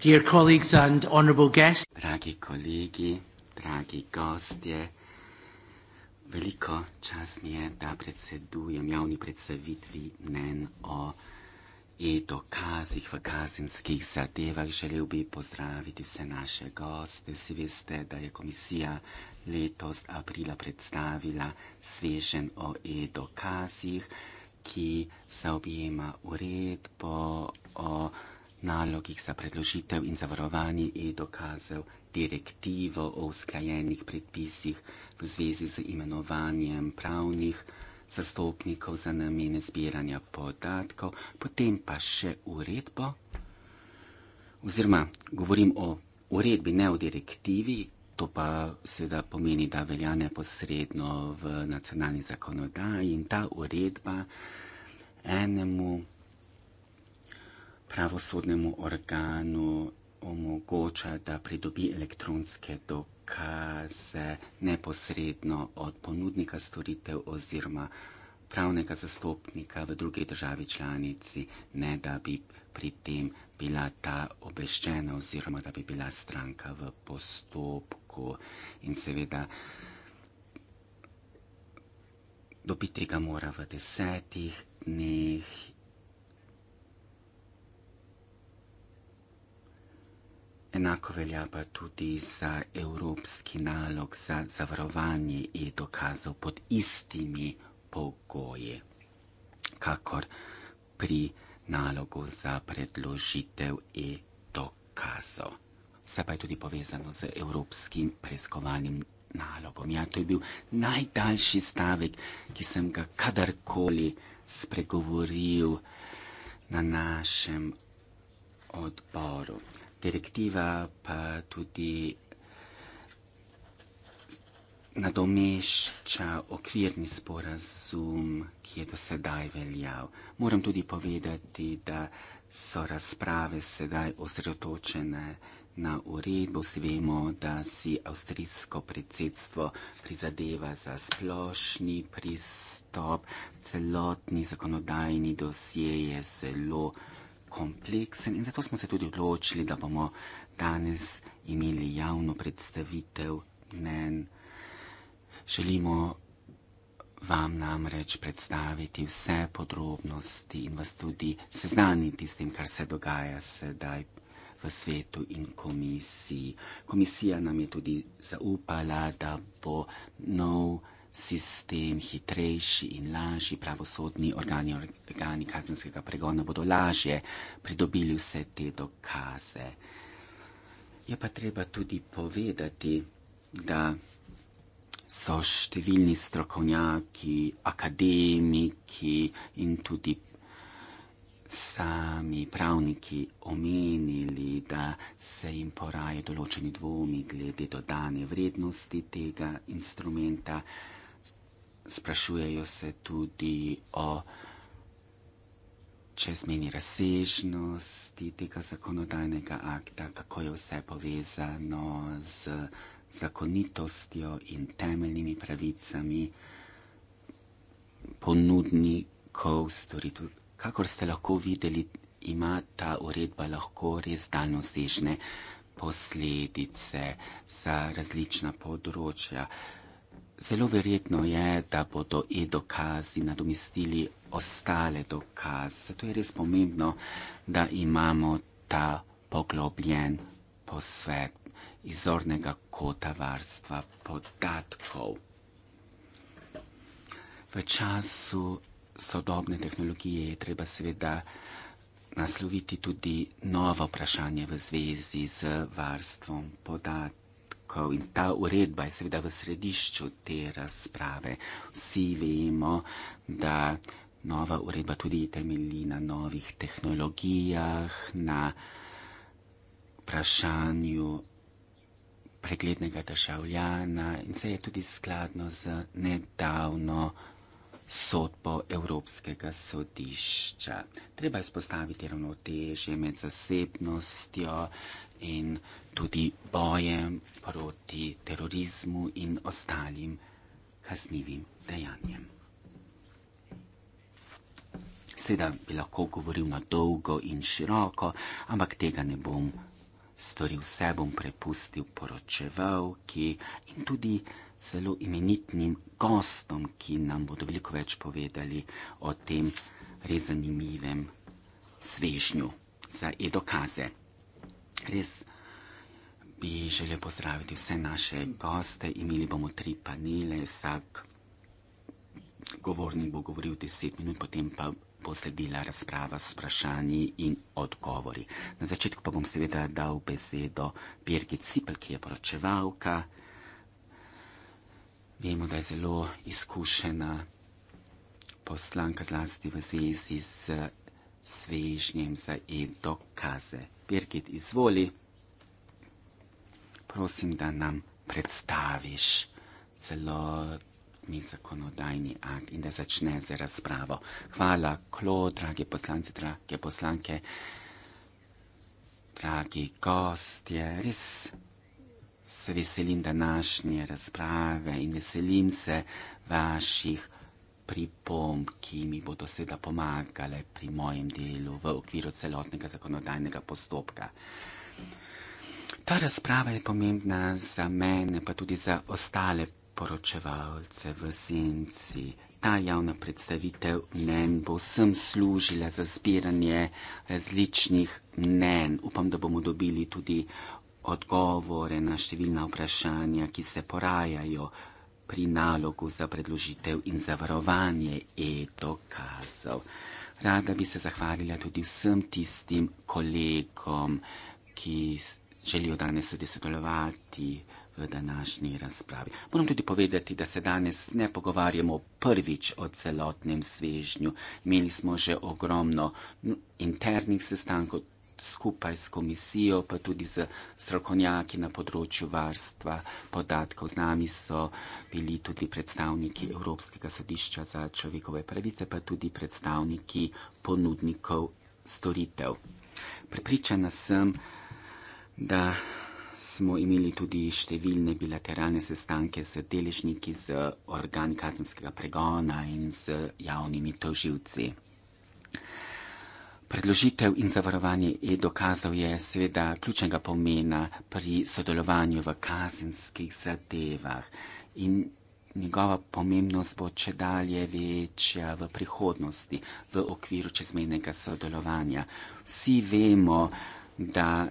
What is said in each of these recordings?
Dear colleagues and honorable guests. Dragi kolegi, dragi gostje, veliko čas mi je, da predsedujem javni predstavitvi mnen o e-dokazih v kazenskih zadevah. Želel bi pozdraviti vse naše goste. Vsi veste, da je komisija letos aprila predstavila svežen o e-dokazih, ki zaobjema uredbo o e-dokazih nalogih za predložitev in zavarovanje e-dokazov direktivo o usklajenih predpisih v zvezi z imenovanjem pravnih zastopnikov za namene zbiranja podatkov, potem pa še uredbo, oziroma govorim o uredbi, ne o direktivi, to pa seveda pomeni, da velja neposredno v nacionalni zakonodaji in ta uredba enemu pravosodnemu organu omogoča, da pridobi elektronske dokaze neposredno od ponudnika storitev oziroma pravnega zastopnika v drugi državi članici, ne da bi pri tem bila ta obveščena oziroma da bi bila stranka v postopku in seveda dobiti ga mora v desetih dneh Enako velja pa tudi za evropski nalog za zavarovanje in dokazov pod istimi pogoji, kakor pri nalogu za predložitev in dokazov. Vse pa je tudi povezano z evropskim preiskovalnim nalogom. Ja, to je bil najdaljši stavek, ki sem ga kadarkoli spregovoril na našem odboru direktiva, pa tudi nadomešča okvirni sporazum, ki je do sedaj veljal. Moram tudi povedati, da so razprave sedaj osredotočene na uredbo. Vsi vemo, da si avstrijsko predsedstvo prizadeva za splošni pristop, celotni zakonodajni dosje je zelo kompleksen in zato smo se tudi odločili, da bomo danes imeli javno predstavitev mnen. Želimo vam namreč predstaviti vse podrobnosti in vas tudi seznaniti s tem, kar se dogaja sedaj v svetu in komisiji. Komisija nam je tudi zaupala, da bo nov sistem hitrejši in lažji, pravosodni organi, organi kazenskega pregona bodo lažje pridobili vse te dokaze. Je pa treba tudi povedati, da so številni strokovnjaki, akademiki in tudi sami pravniki omenili, da se jim porajo določeni dvomi glede dodane vrednosti tega instrumenta sprašujejo se tudi o čezmeni razsežnosti tega zakonodajnega akta, kako je vse povezano z zakonitostjo in temeljnimi pravicami ponudnikov storitev. Kakor ste lahko videli, ima ta uredba lahko res daljnosežne posledice za različna področja. Zelo verjetno je, da bodo e-dokazi nadomestili ostale dokaze. Zato je res pomembno, da imamo ta poglobljen posvet izornega kota varstva podatkov. V času sodobne tehnologije je treba seveda nasloviti tudi novo vprašanje v zvezi z varstvom podatkov otrokov in ta uredba je seveda v središču te razprave. Vsi vemo, da nova uredba tudi temelji na novih tehnologijah, na vprašanju preglednega državljana in se je tudi skladno z nedavno sodbo Evropskega sodišča. Treba je spostaviti ravnotežje med zasebnostjo in tudi bojem proti terorizmu in ostalim kaznivim dejanjem. Seveda bi lahko govoril na dolgo in široko, ampak tega ne bom storil, vse bom prepustil poročevalki in tudi zelo imenitnim gostom, ki nam bodo veliko več povedali o tem res zanimivem svežnju za edokaze. Res bi želel pozdraviti vse naše goste. Imeli bomo tri panele, vsak govornik bo govoril 10 minut, potem pa bo sledila razprava s vprašanji in odgovori. Na začetku pa bom seveda dal besedo Birgit Cipel, ki je poročevalka. Vemo, da je zelo izkušena poslanka zlasti v zvezi s svežnjem za edokaze. Birgit, izvoli. Prosim, da nam predstaviš celotni zakonodajni akt in da začne z razpravo. Hvala, Klo, dragi poslanci, dragi poslanke, dragi gostje. Res se veselim današnje razprave in veselim se vaših pripomb, ki mi bodo seveda pomagale pri mojem delu v okviru celotnega zakonodajnega postopka. Ta razprava je pomembna za mene, pa tudi za ostale poročevalce v senci. Ta javna predstavitev mnen bo vsem služila za zbiranje različnih mnen. Upam, da bomo dobili tudi odgovore na številna vprašanja, ki se porajajo pri nalogu za predložitev in zavarovanje e-dokazov. Rada bi se zahvalila tudi vsem tistim kolegom, ki želijo danes tudi sodelovati v današnji razpravi. Moram tudi povedati, da se danes ne pogovarjamo prvič o celotnem svežnju. Imeli smo že ogromno internih sestankov, skupaj s komisijo, pa tudi z strokovnjaki na področju varstva podatkov. Z nami so bili tudi predstavniki Evropskega sodišča za človekove pravice, pa tudi predstavniki ponudnikov storitev. Pripričana sem, da smo imeli tudi številne bilateralne sestanke z deležniki, z organi kazenskega pregona in z javnimi toživci. Predložitev in zavarovanje e-dokazov je seveda ključnega pomena pri sodelovanju v kazenskih zadevah in njegova pomembnost bo če dalje večja v prihodnosti v okviru čezmenega sodelovanja. Vsi vemo, da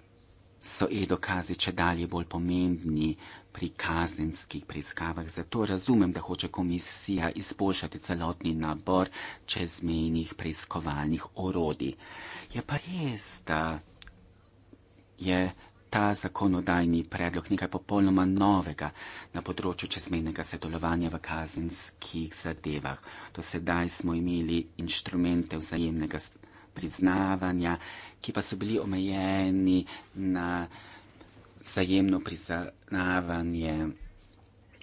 so e-dokazi če dalje bolj pomembni pri kazenskih preiskavah. Zato razumem, da hoče komisija izboljšati celotni nabor čezmejnih preiskovalnih orodij. Je pa res, da je ta zakonodajni predlog nekaj popolnoma novega na področju čezmejnega sodelovanja v kazenskih zadevah. Do sedaj smo imeli inštrumente vzajemnega priznavanja, ki pa so bili omejeni na vzajemno priznavanje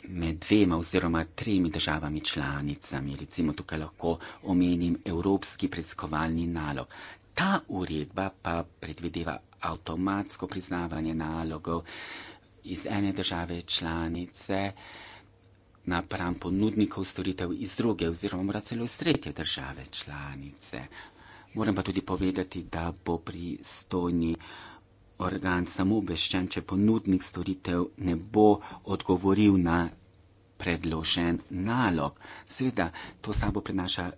med dvema oziroma tremi državami članicami. Recimo tukaj lahko omenim Evropski preiskovalni nalog. Ta uredba pa predvideva avtomatsko priznavanje nalogov iz ene države članice napram ponudnikov storitev iz druge oziroma mora celo iz tretje države članice. Moram pa tudi povedati, da bo pristojni uh, organ samo obveščen, če ponudnik storitev ne bo odgovoril na predložen nalog. Seveda, to sabo prenaša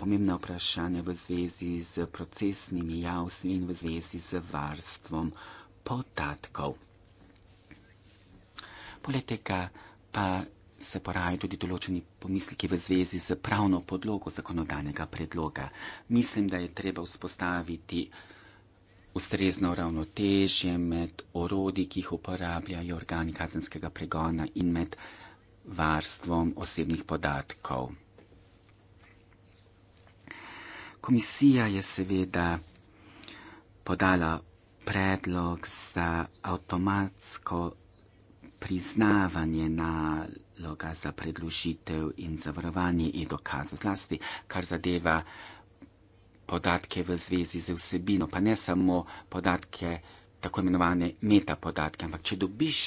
pomembna vprašanja v zvezi z procesnimi javstvi in v zvezi z varstvom podatkov. Poleg tega pa se porajajo tudi določeni pomisliki v zvezi z pravno podlogo zakonodanega predloga. Mislim, da je treba vzpostaviti ustrezno ravnotežje med orodji, ki jih uporabljajo organi kazenskega pregona in med varstvom osebnih podatkov. Komisija je seveda podala predlog za avtomatsko priznavanje naloga za predložitev in zavarovanje e-dokazov, zlasti kar zadeva podatke v zvezi z vsebino, pa ne samo podatke, tako imenovane metapodatke, ampak če dobiš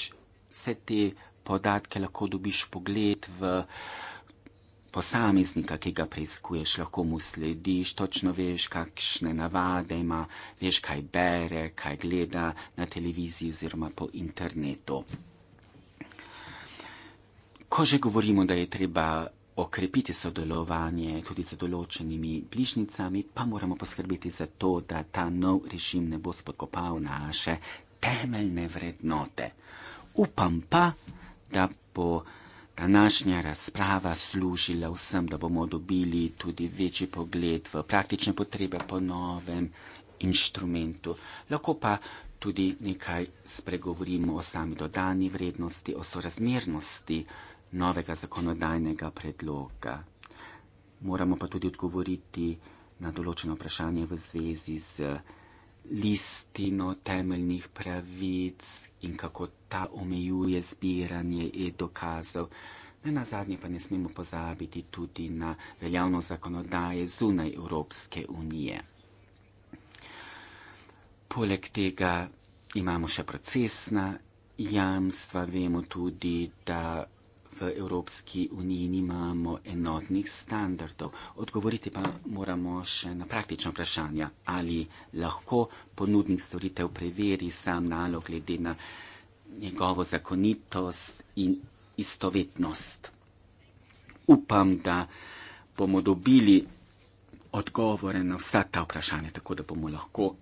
vse te podatke, lahko dobiš pogled v posameznika, ki ga preizkuješ, lahko mu slediš, točno veš, kakšne navade ima, veš, kaj bere, kaj gleda na televiziji oziroma po internetu. Ko že govorimo, da je treba okrepiti sodelovanje tudi z določenimi bližnicami, pa moramo poskrbeti za to, da ta nov režim ne bo spodkopal naše temeljne vrednote. Upam pa, da bo današnja razprava služila vsem, da bomo dobili tudi večji pogled v praktične potrebe po novem inštrumentu. Lahko pa tudi nekaj spregovorimo o sami dodani vrednosti, o sorazmernosti, novega zakonodajnega predloga. Moramo pa tudi odgovoriti na določeno vprašanje v zvezi z eh, listino temeljnih pravic in kako ta omejuje zbiranje e-dokazov. Ne na zadnje pa ne smemo pozabiti tudi na veljavno zakonodaje zunaj Evropske unije. Poleg tega imamo še procesna jamstva, vemo tudi, da v Evropski uniji nimamo enotnih standardov. Odgovoriti pa moramo še na praktično vprašanje, ali lahko ponudnik storitev preveri sam nalog glede na njegovo zakonitost in istovetnost. Upam, da bomo dobili odgovore na vsa ta vprašanja, tako da bomo lahko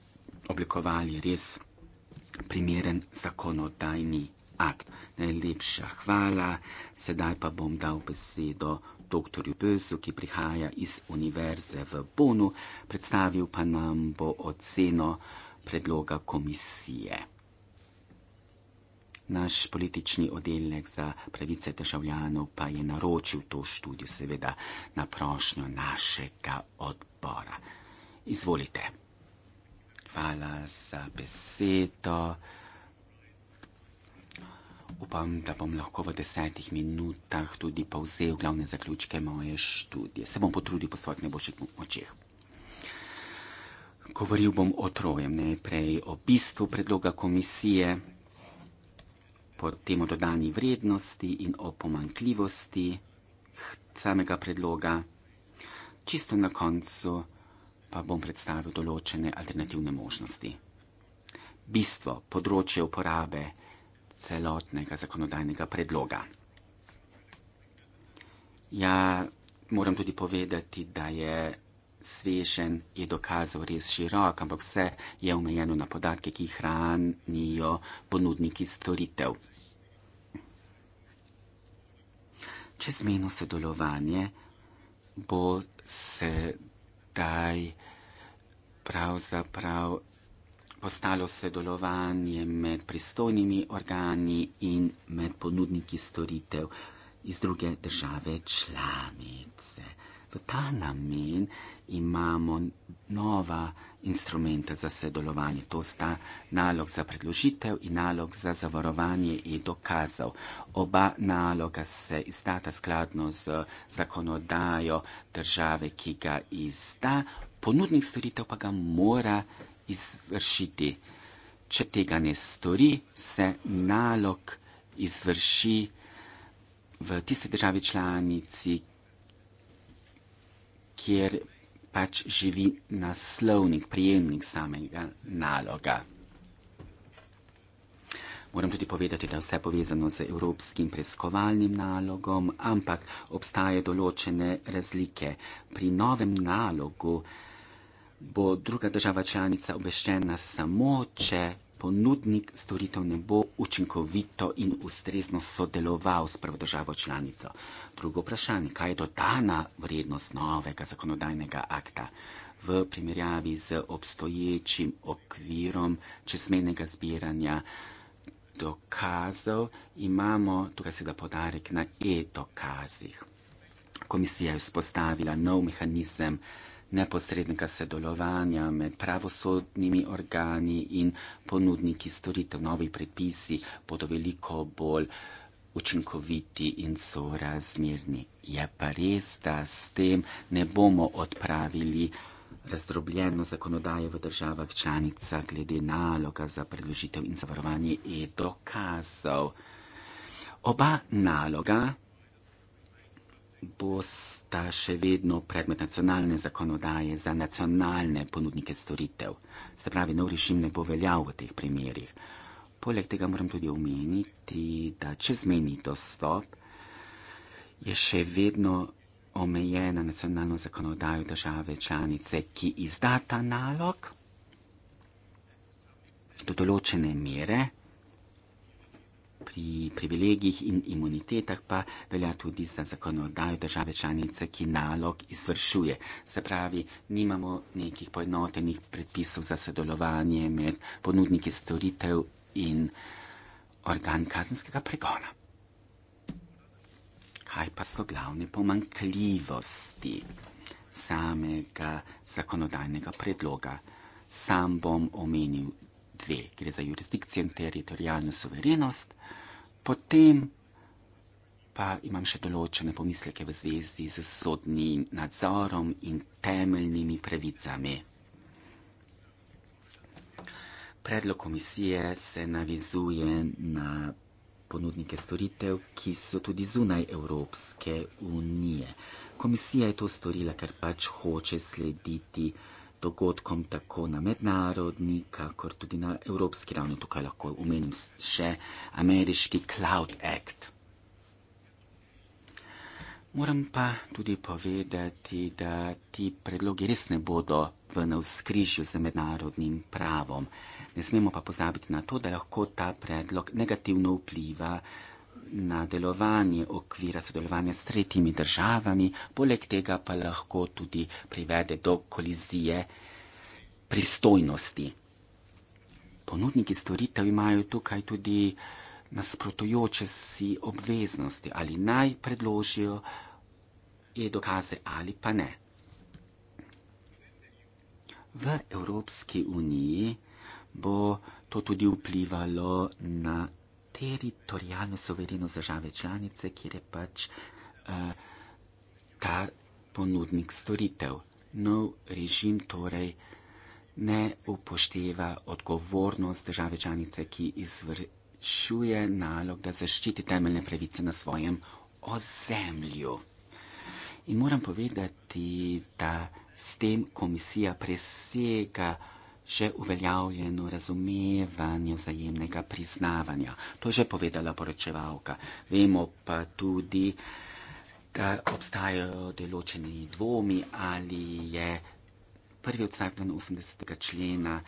oblikovali res primeren zakonodajni akt. Najlepša hvala. Sedaj pa bom dal besedo dr. Bösu, ki prihaja iz Univerze v Bonu, predstavil pa nam bo oceno predloga komisije. Naš politični oddelek za pravice državljanov pa je naročil to študijo, seveda na prošnjo našega odbora. Izvolite. Hvala za besedo upam, da bom lahko v desetih minutah tudi povzel glavne zaključke moje študije. Se bom potrudil po svojih najboljših močeh. Govoril bom o trojem, najprej o bistvu predloga komisije, potem o dodani vrednosti in o pomankljivosti samega predloga. Čisto na koncu pa bom predstavil določene alternativne možnosti. Bistvo, področje uporabe, celotnega zakonodajnega predloga. Ja, moram tudi povedati, da je svežen je dokazal res širok, ampak vse je omejeno na podatke, ki hranijo ponudniki storitev. Čezmeno sodelovanje bo sedaj pravzaprav postalo sodelovanje med pristojnimi organi in med ponudniki storitev iz druge države članice. V ta namen imamo nova instrumenta za sodelovanje. To sta nalog za predložitev in nalog za zavarovanje in dokazov. Oba naloga se izdata skladno z zakonodajo države, ki ga izda, ponudnik storitev pa ga mora izvršiti. Če tega ne stori, se nalog izvrši v tiste državi članici, kjer pač živi naslovnik, prijemnik samega naloga. Moram tudi povedati, da je vse povezano z evropskim preiskovalnim nalogom, ampak obstajajo določene razlike. Pri novem nalogu bo druga država članica obveščena samo, če ponudnik storitev ne bo učinkovito in ustrezno sodeloval s prvo državo članico. Drugo vprašanje, kaj je dodana vrednost novega zakonodajnega akta v primerjavi z obstoječim okvirom čezmenega zbiranja dokazov, imamo tukaj seveda podarek na e-dokazih. Komisija je vzpostavila nov mehanizem neposrednega sodelovanja med pravosodnimi organi in ponudniki storitev. Novi predpisi bodo veliko bolj učinkoviti in sorazmerni. Je pa res, da s tem ne bomo odpravili razdrobljeno zakonodajo v državah članica glede naloga za predložitev in zavarovanje e-dokazov. Oba naloga bosta še vedno predmet nacionalne zakonodaje za nacionalne ponudnike storitev. Se pravi, nov rešim ne bo veljal v teh primerjih. Poleg tega moram tudi omeniti, da če zmeni dostop, je še vedno omejena nacionalno zakonodajo države članice, ki izda ta nalog do določene mere pri privilegijih in imunitetah pa velja tudi za zakonodajo države članice, ki nalog izvršuje. Se pravi, nimamo nekih poenotenih predpisov za sodelovanje med ponudniki storitev in organ kazenskega pregona. Kaj pa so glavne pomankljivosti samega zakonodajnega predloga? Sam bom omenil dve, gre za jurisdikcijo in teritorijalno suverenost, potem pa imam še določene pomisleke v zvezi z sodnim nadzorom in temeljnimi pravicami. Predlog komisije se navizuje na ponudnike storitev, ki so tudi zunaj Evropske unije. Komisija je to storila, ker pač hoče slediti dogodkom, tako na mednarodni, kakor tudi na evropski ravni. Tukaj lahko omenim še ameriški Cloud Act. Moram pa tudi povedati, da ti predlogi res ne bodo v navskrižju z mednarodnim pravom. Ne smemo pa pozabiti na to, da lahko ta predlog negativno vpliva na delovanje okvira sodelovanja s tretjimi državami, poleg tega pa lahko tudi privede do kolizije pristojnosti. Ponudniki storitev imajo tukaj tudi nasprotujoče si obveznosti, ali naj predložijo e-dokaze ali pa ne. V Evropski uniji bo to tudi vplivalo na teritorijalno soverenost države članice, kjer je pač eh, ta ponudnik storitev. Nov režim torej ne upošteva odgovornost države članice, ki izvršuje nalog, da zaščiti temeljne pravice na svojem ozemlju. In moram povedati, da s tem komisija presega še uveljavljeno razumevanje vzajemnega priznavanja. To je že povedala poročevalka. Vemo pa tudi, da obstajajo določeni dvomi, ali je prvi odstavek 80. člena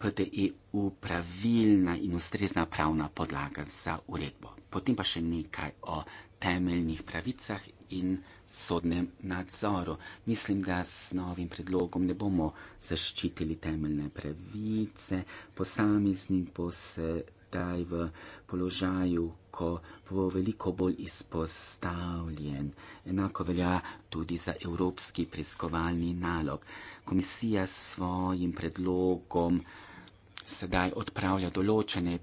PDEU pravilna in ustrezna pravna podlaga za uredbo. Potem pa še nekaj o temeljnih pravicah in sodnem nadzoru. Mislim, da s novim predlogom ne bomo zaščitili temeljne pravice, posameznik bo sedaj v položaju, ko bo veliko bolj izpostavljen. Enako velja tudi za evropski preiskovalni nalog. Komisija s svojim predlogom sedaj odpravlja določene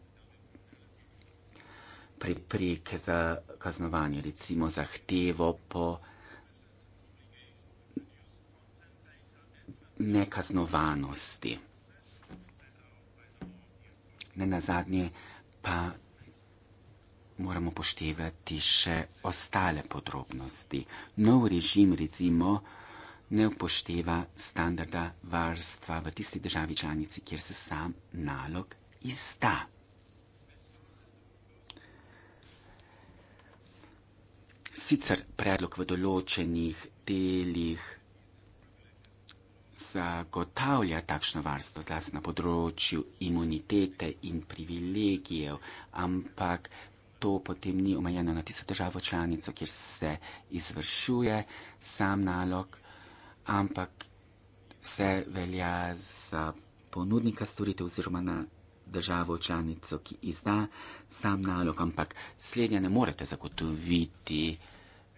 prepreke za kaznovanje, recimo zahtevo po nekaznovanosti. Ne na zadnje pa moramo poštevati še ostale podrobnosti. Nov režim recimo ne upošteva standarda varstva v tisti državi članici, kjer se sam nalog izda. Sicer predlog v določenih delih zagotavlja takšno varstvo, zlasti na področju imunitete in privilegijev, ampak to potem ni omejeno na tisto državo članico, kjer se izvršuje sam nalog, ampak vse velja za ponudnika storitev oziroma na državo članico, ki izda sam nalog, ampak slednje ne morete zagotoviti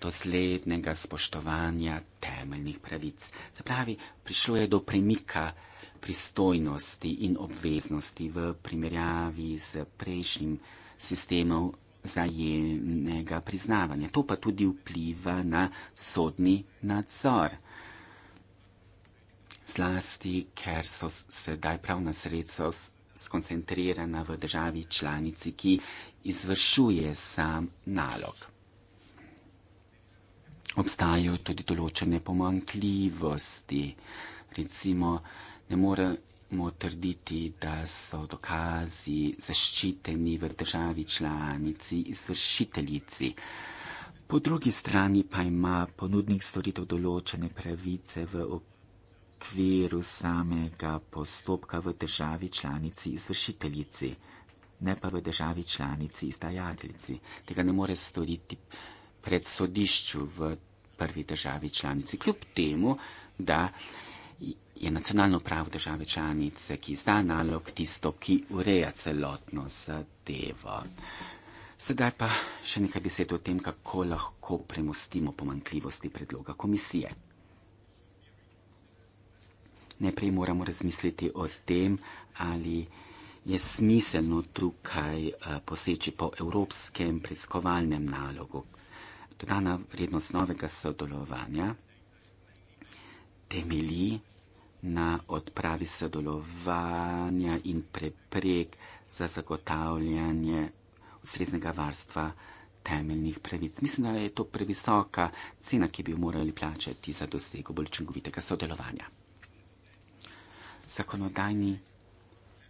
doslednega spoštovanja temeljnih pravic. Se pravi, prišlo je do premika pristojnosti in obveznosti v primerjavi s prejšnjim sistemom zajemnega priznavanja. To pa tudi vpliva na sodni nadzor. Zlasti, ker so sedaj pravna sredstva skoncentrirana v državi članici, ki izvršuje sam nalog obstajajo tudi določene pomankljivosti. Recimo, ne moremo trditi, da so dokazi zaščiteni v državi članici izvršiteljici. Po drugi strani pa ima ponudnik storitev določene pravice v okviru samega postopka v državi članici izvršiteljici, ne pa v državi članici izdajateljici. Tega ne more storiti pred sodišču v prvi državi članici, kljub temu, da je nacionalno pravo države članice, ki izda nalog, tisto, ki ureja celotno zadevo. Sedaj pa še nekaj besed o tem, kako lahko premostimo pomankljivosti predloga komisije. Najprej moramo razmisliti o tem, ali je smiselno tukaj eh, poseči po evropskem preiskovalnem nalogu, dodana vrednost novega sodelovanja temelji na odpravi sodelovanja in preprek za zagotavljanje ustreznega varstva temeljnih pravic. Mislim, da je to previsoka cena, ki bi jo morali plačati za dosego bolj učinkovitega sodelovanja. Zakonodajni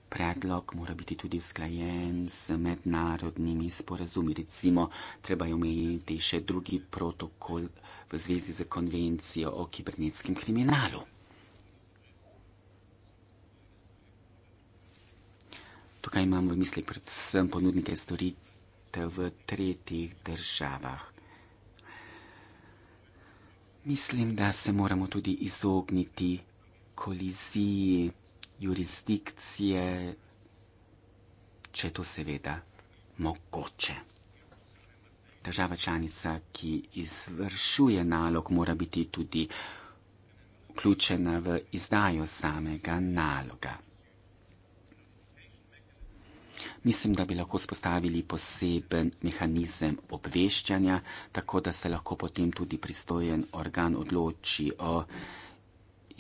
predlog mora biti tudi usklajen z mednarodnimi sporazumi. Recimo, treba je omeniti še drugi protokol v zvezi z konvencijo o kibernetskem kriminalu. Tukaj imam v misli predvsem ponudnike storitev v tretjih državah. Mislim, da se moramo tudi izogniti koliziji jurisdikcije, če je to seveda mogoče. Država članica, ki izvršuje nalog, mora biti tudi vključena v izdajo samega naloga. Mislim, da bi lahko spostavili poseben mehanizem obveščanja, tako da se lahko potem tudi pristojen organ odloči o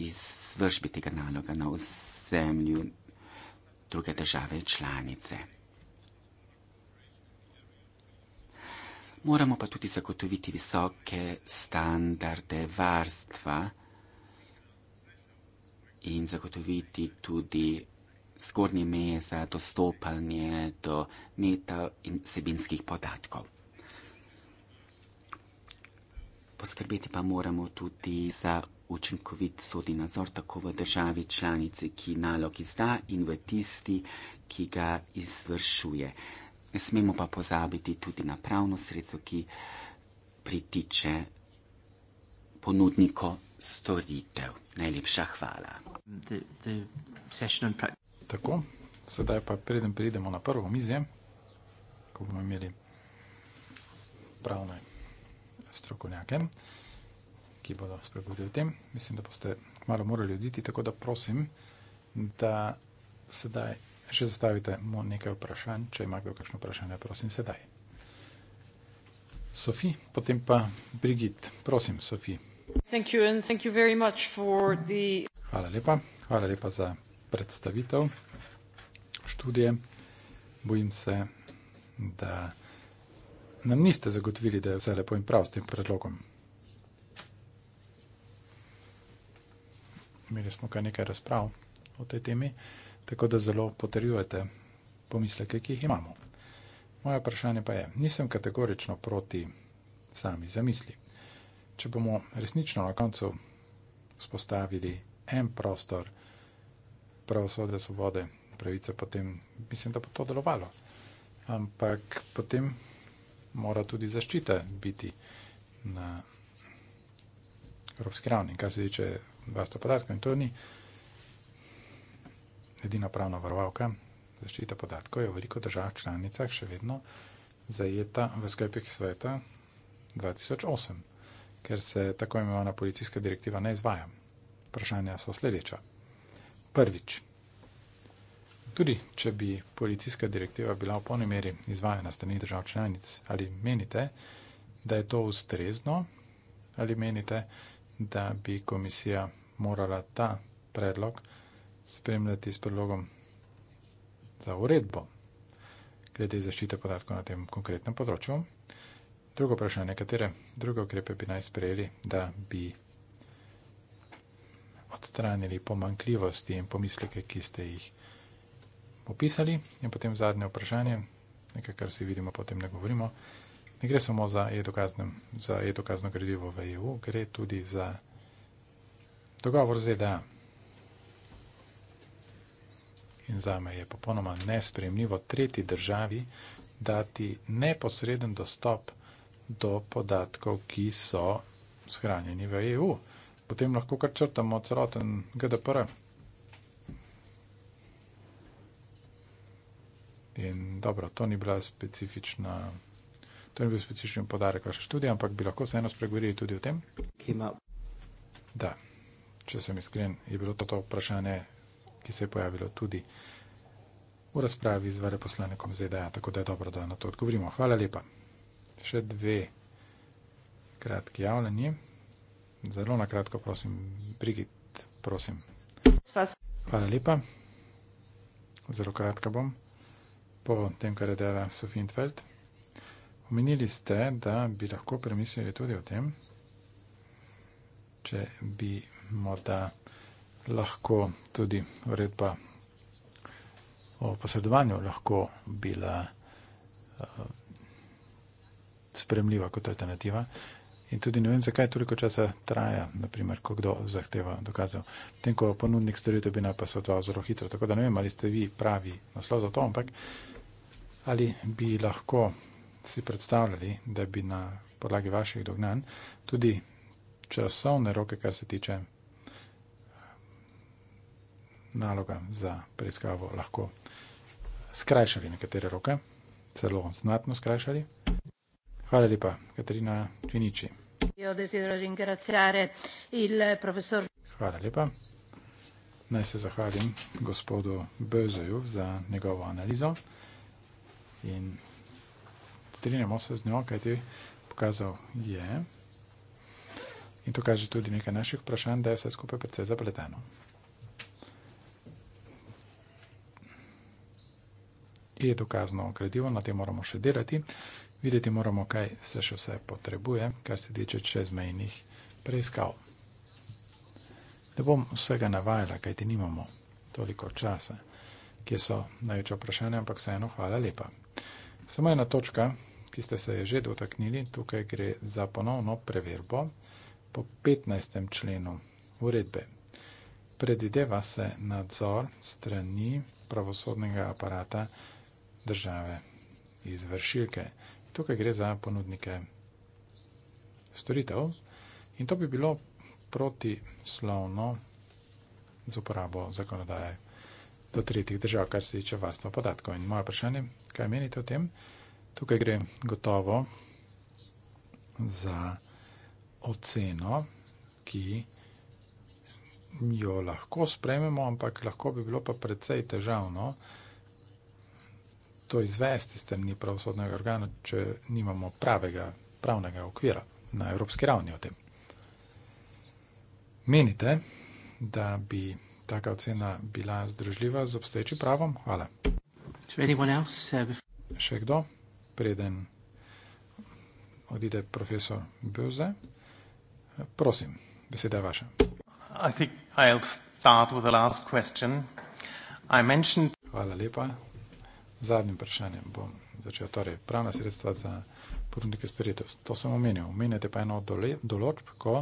izvršbi tega naloga na ozemlju druge države članice. Moramo pa tudi zagotoviti visoke standarde varstva in zagotoviti tudi zgornje meje za dostopanje do meta in sebinskih podatkov. Poskrbeti pa moramo tudi za učinkovit sodni nadzor, tako v državi članici, ki nalog izda in v tisti, ki ga izvršuje. Ne smemo pa pozabiti tudi na pravno sredstvo, ki pritiče ponudniko storitev. Najlepša hvala. The, the tako, sedaj pa preden pridemo na prvo mizje, ko bomo imeli pravne strokovnjake ki bodo spregovorili o tem. Mislim, da boste malo morali oditi, tako da prosim, da sedaj še zastavite mu nekaj vprašanj, če ima kdo kakšno vprašanje, prosim sedaj. Sofi, potem pa Brigit. Prosim, Sofi. Hvala lepa. Hvala lepa za predstavitev študije. Bojim se, da nam niste zagotovili, da je vse lepo in prav s tem predlogom. imeli smo kar nekaj razprav o tej temi, tako da zelo potrjujete pomisleke, ki jih imamo. Moje vprašanje pa je, nisem kategorično proti sami zamisli. Če bomo resnično na koncu spostavili en prostor pravosodja svobode, pravice, potem mislim, da bo to delovalo. Ampak potem mora tudi zaščita biti na evropski ravni, kar se tiče vrsto podatkov in to ni edina pravna varovalka. Zaščita podatkov je v veliko državah članicah še vedno zajeta v sklepih sveta 2008, ker se tako imenovana policijska direktiva ne izvaja. Vprašanja so sledeča. Prvič, tudi če bi policijska direktiva bila v polni meri izvajana strani držav članic, ali menite, da je to ustrezno, ali menite, da da bi komisija morala ta predlog spremljati s predlogom za uredbo glede zaščite podatkov na tem konkretnem področju. Drugo vprašanje, katere druge ukrepe bi naj sprejeli, da bi odstranili pomankljivosti in pomisleke, ki ste jih opisali. In potem zadnje vprašanje, nekaj, kar si vidimo, potem ne govorimo ne gre samo za e-dokazno, za e-dokazno gradivo v EU, gre tudi za dogovor ZDA. In za me je popolnoma nespremljivo tretji državi dati neposreden dostop do podatkov, ki so shranjeni v EU. Potem lahko kar črtamo celoten GDPR. In dobro, to ni bila specifična. To ni bil specifičen podarek vaše študije, ampak bi lahko vseeno spregovorili tudi o tem. Kima. Da, če sem iskren, je bilo to, to vprašanje, ki se je pojavilo tudi v razpravi z veleposlanikom ZDA, tako da je dobro, da na to odgovorimo. Hvala lepa. Še dve kratki javljanje. Zelo na kratko, prosim, Brigit, prosim. Spas. Hvala lepa. Zelo kratka bom. Po tem, kar je dela Sofijn Tveld. Omenili ste, da bi lahko premislili tudi o tem, če bi morda lahko tudi uredba o posredovanju lahko bila eh, spremljiva kot alternativa. In tudi ne vem, zakaj toliko časa traja, naprimer, ko kdo zahteva dokazov. Tem, ko ponudnik storitev bi pa svetoval zelo hitro, tako da ne vem, ali ste vi pravi naslov za to, ampak ali bi lahko si predstavljali, da bi na podlagi vaših dognanj tudi časovne roke, kar se tiče naloga za preiskavo, lahko skrajšali nekatere roke, celo znatno skrajšali. Hvala lepa, Katarina Tvinici. Hvala lepa. Naj se zahvalim gospodu Bözeju za njegovo analizo in strinjamo se z njo, kaj ti pokazal je. In to kaže tudi nekaj naših vprašanj, da je vse skupaj precej zapleteno. Je dokazno gradivo, na tem moramo še delati, videti moramo, kaj se še vse potrebuje, kar se tiče čezmejnih preiskav. Ne bom vsega navajala, kaj ti nimamo toliko časa, kje so največje vprašanje, ampak vseeno hvala lepa. Samo ena točka, ki ste se je že dotaknili, tukaj gre za ponovno preverbo po 15. členu uredbe. Predideva se nadzor strani pravosodnega aparata države izvršilke. Tukaj gre za ponudnike storitev in to bi bilo protislovno z uporabo zakonodaje do tretjih držav, kar se tiče varstva podatkov. In moja vprašanje, kaj menite o tem? Tukaj gre gotovo za oceno, ki jo lahko sprememo, ampak lahko bi bilo pa precej težavno to izvesti strani pravosodnega organa, če nimamo pravega pravnega okvira na evropski ravni o tem. Menite, da bi taka ocena bila združljiva z obstoječim pravom? Hvala. Uh, Še kdo? preden odide profesor Böze. Prosim, beseda je vaša. I think I'll start with the last question. I mentioned... Hvala lepa. Zadnjim vprašanjem bom začel. Torej, pravna sredstva za ponudnike storitev. To sem omenil. Omenjate pa eno določb, ko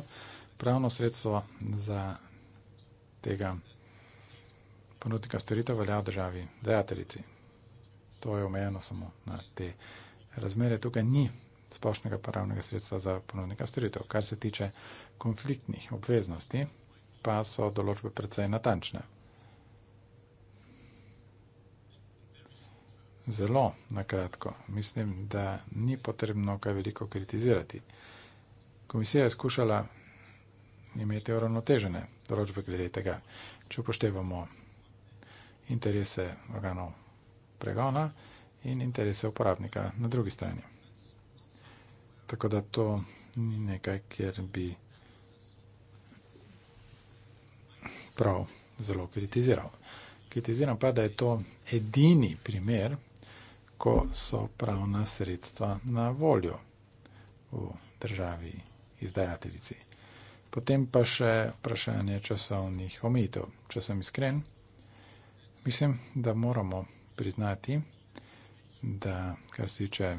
pravno sredstvo za tega ponudnika storitev velja v državi dajateljici. To je omejeno samo na te razmere tukaj ni splošnega pravnega sredstva za ponovnika storitev. Kar se tiče konfliktnih obveznosti, pa so določbe precej natančne. Zelo nakratko, mislim, da ni potrebno kaj veliko kritizirati. Komisija je skušala imeti uravnotežene določbe glede tega, če upoštevamo interese organov pregona in interese uporabnika na drugi strani. Tako da to ni nekaj, kjer bi prav zelo kritiziral. Kritiziram pa, da je to edini primer, ko so pravna sredstva na voljo v državi izdajateljici. Potem pa še vprašanje časovnih omejitev. Če sem iskren, mislim, da moramo priznati, da kar se tiče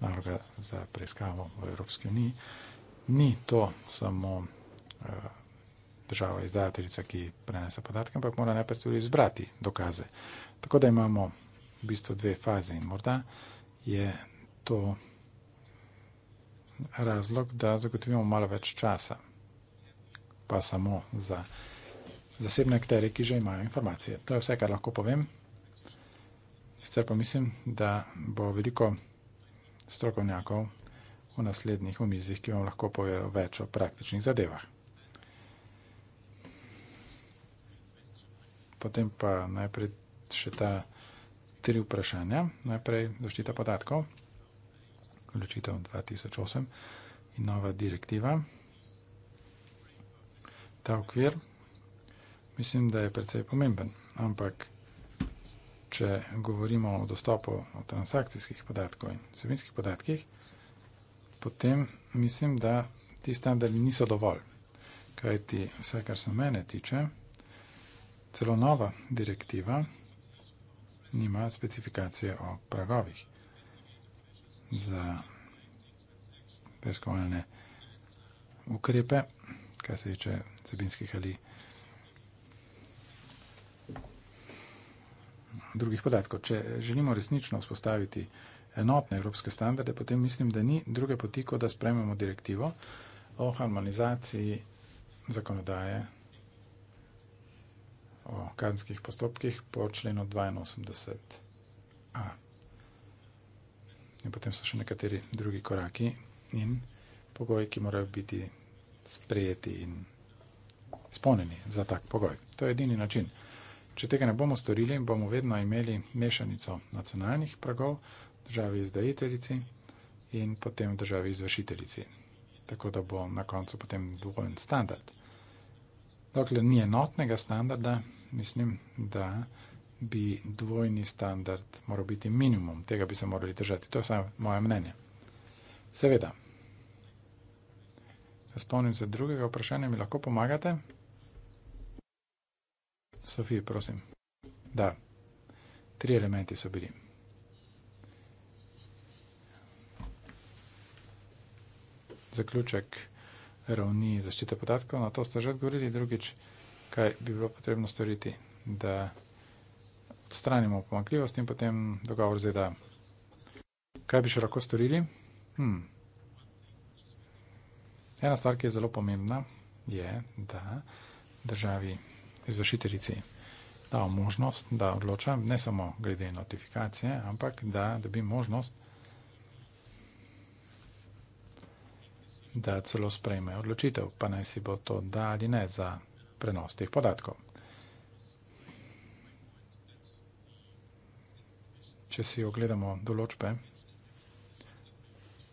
naloga za preiskavo v Evropski uniji, ni to samo eh, država izdajateljica, ki prenese podatke, ampak mora najprej tudi izbrati dokaze. Tako da imamo v bistvu dve faze in morda je to razlog, da zagotovimo malo več časa, pa samo za izdajateljice zasebne akterje, ki že imajo informacije. To je vse, kar lahko povem. Sicer pa mislim, da bo veliko strokovnjakov v naslednjih omizjih, ki vam lahko povejo več o praktičnih zadevah. Potem pa najprej še ta tri vprašanja. Najprej zaščita podatkov, vključitev 2008 in nova direktiva. Ta okvir mislim, da je precej pomemben. Ampak, če govorimo o dostopu do transakcijskih podatkov in vsebinskih podatkih, potem mislim, da ti standardi niso dovolj. Kaj ti, vse kar se mene tiče, celo nova direktiva nima specifikacije o pragovih za preiskovalne ukrepe, kar se tiče vsebinskih ali. drugih podatkov. Če želimo resnično vzpostaviti enotne evropske standarde, potem mislim, da ni druge poti, kot da sprememo direktivo o harmonizaciji zakonodaje o kazenskih postopkih po členu 82a. In potem so še nekateri drugi koraki in pogoji, ki morajo biti sprejeti in izpolnjeni za tak pogoj. To je edini način. Če tega ne bomo storili, bomo vedno imeli mešanico nacionalnih pragov, državi izdajiteljici in potem državi izvršiteljici. Tako da bo na koncu potem dvojen standard. Dokler ni enotnega standarda, mislim, da bi dvojni standard moral biti minimum, tega bi se morali držati. To je samo moje mnenje. Seveda. Spomnim se drugega vprašanja, mi lahko pomagate? Sofije, prosim. Da, tri elementi so bili. Zaključek ravni zaščite podatkov, na to ste že odgovorili, drugič, kaj bi bilo potrebno storiti, da odstranimo pomakljivost in potem dogovor zdaj, e da kaj bi še lahko storili. Hmm. Ena stvar, ki je zelo pomembna, je, da državi izvršiteljici dal možnost, da odloča, ne samo glede notifikacije, ampak da dobi možnost, da celo sprejme odločitev, pa naj si bo to da ali ne za prenos teh podatkov. Če si ogledamo določbe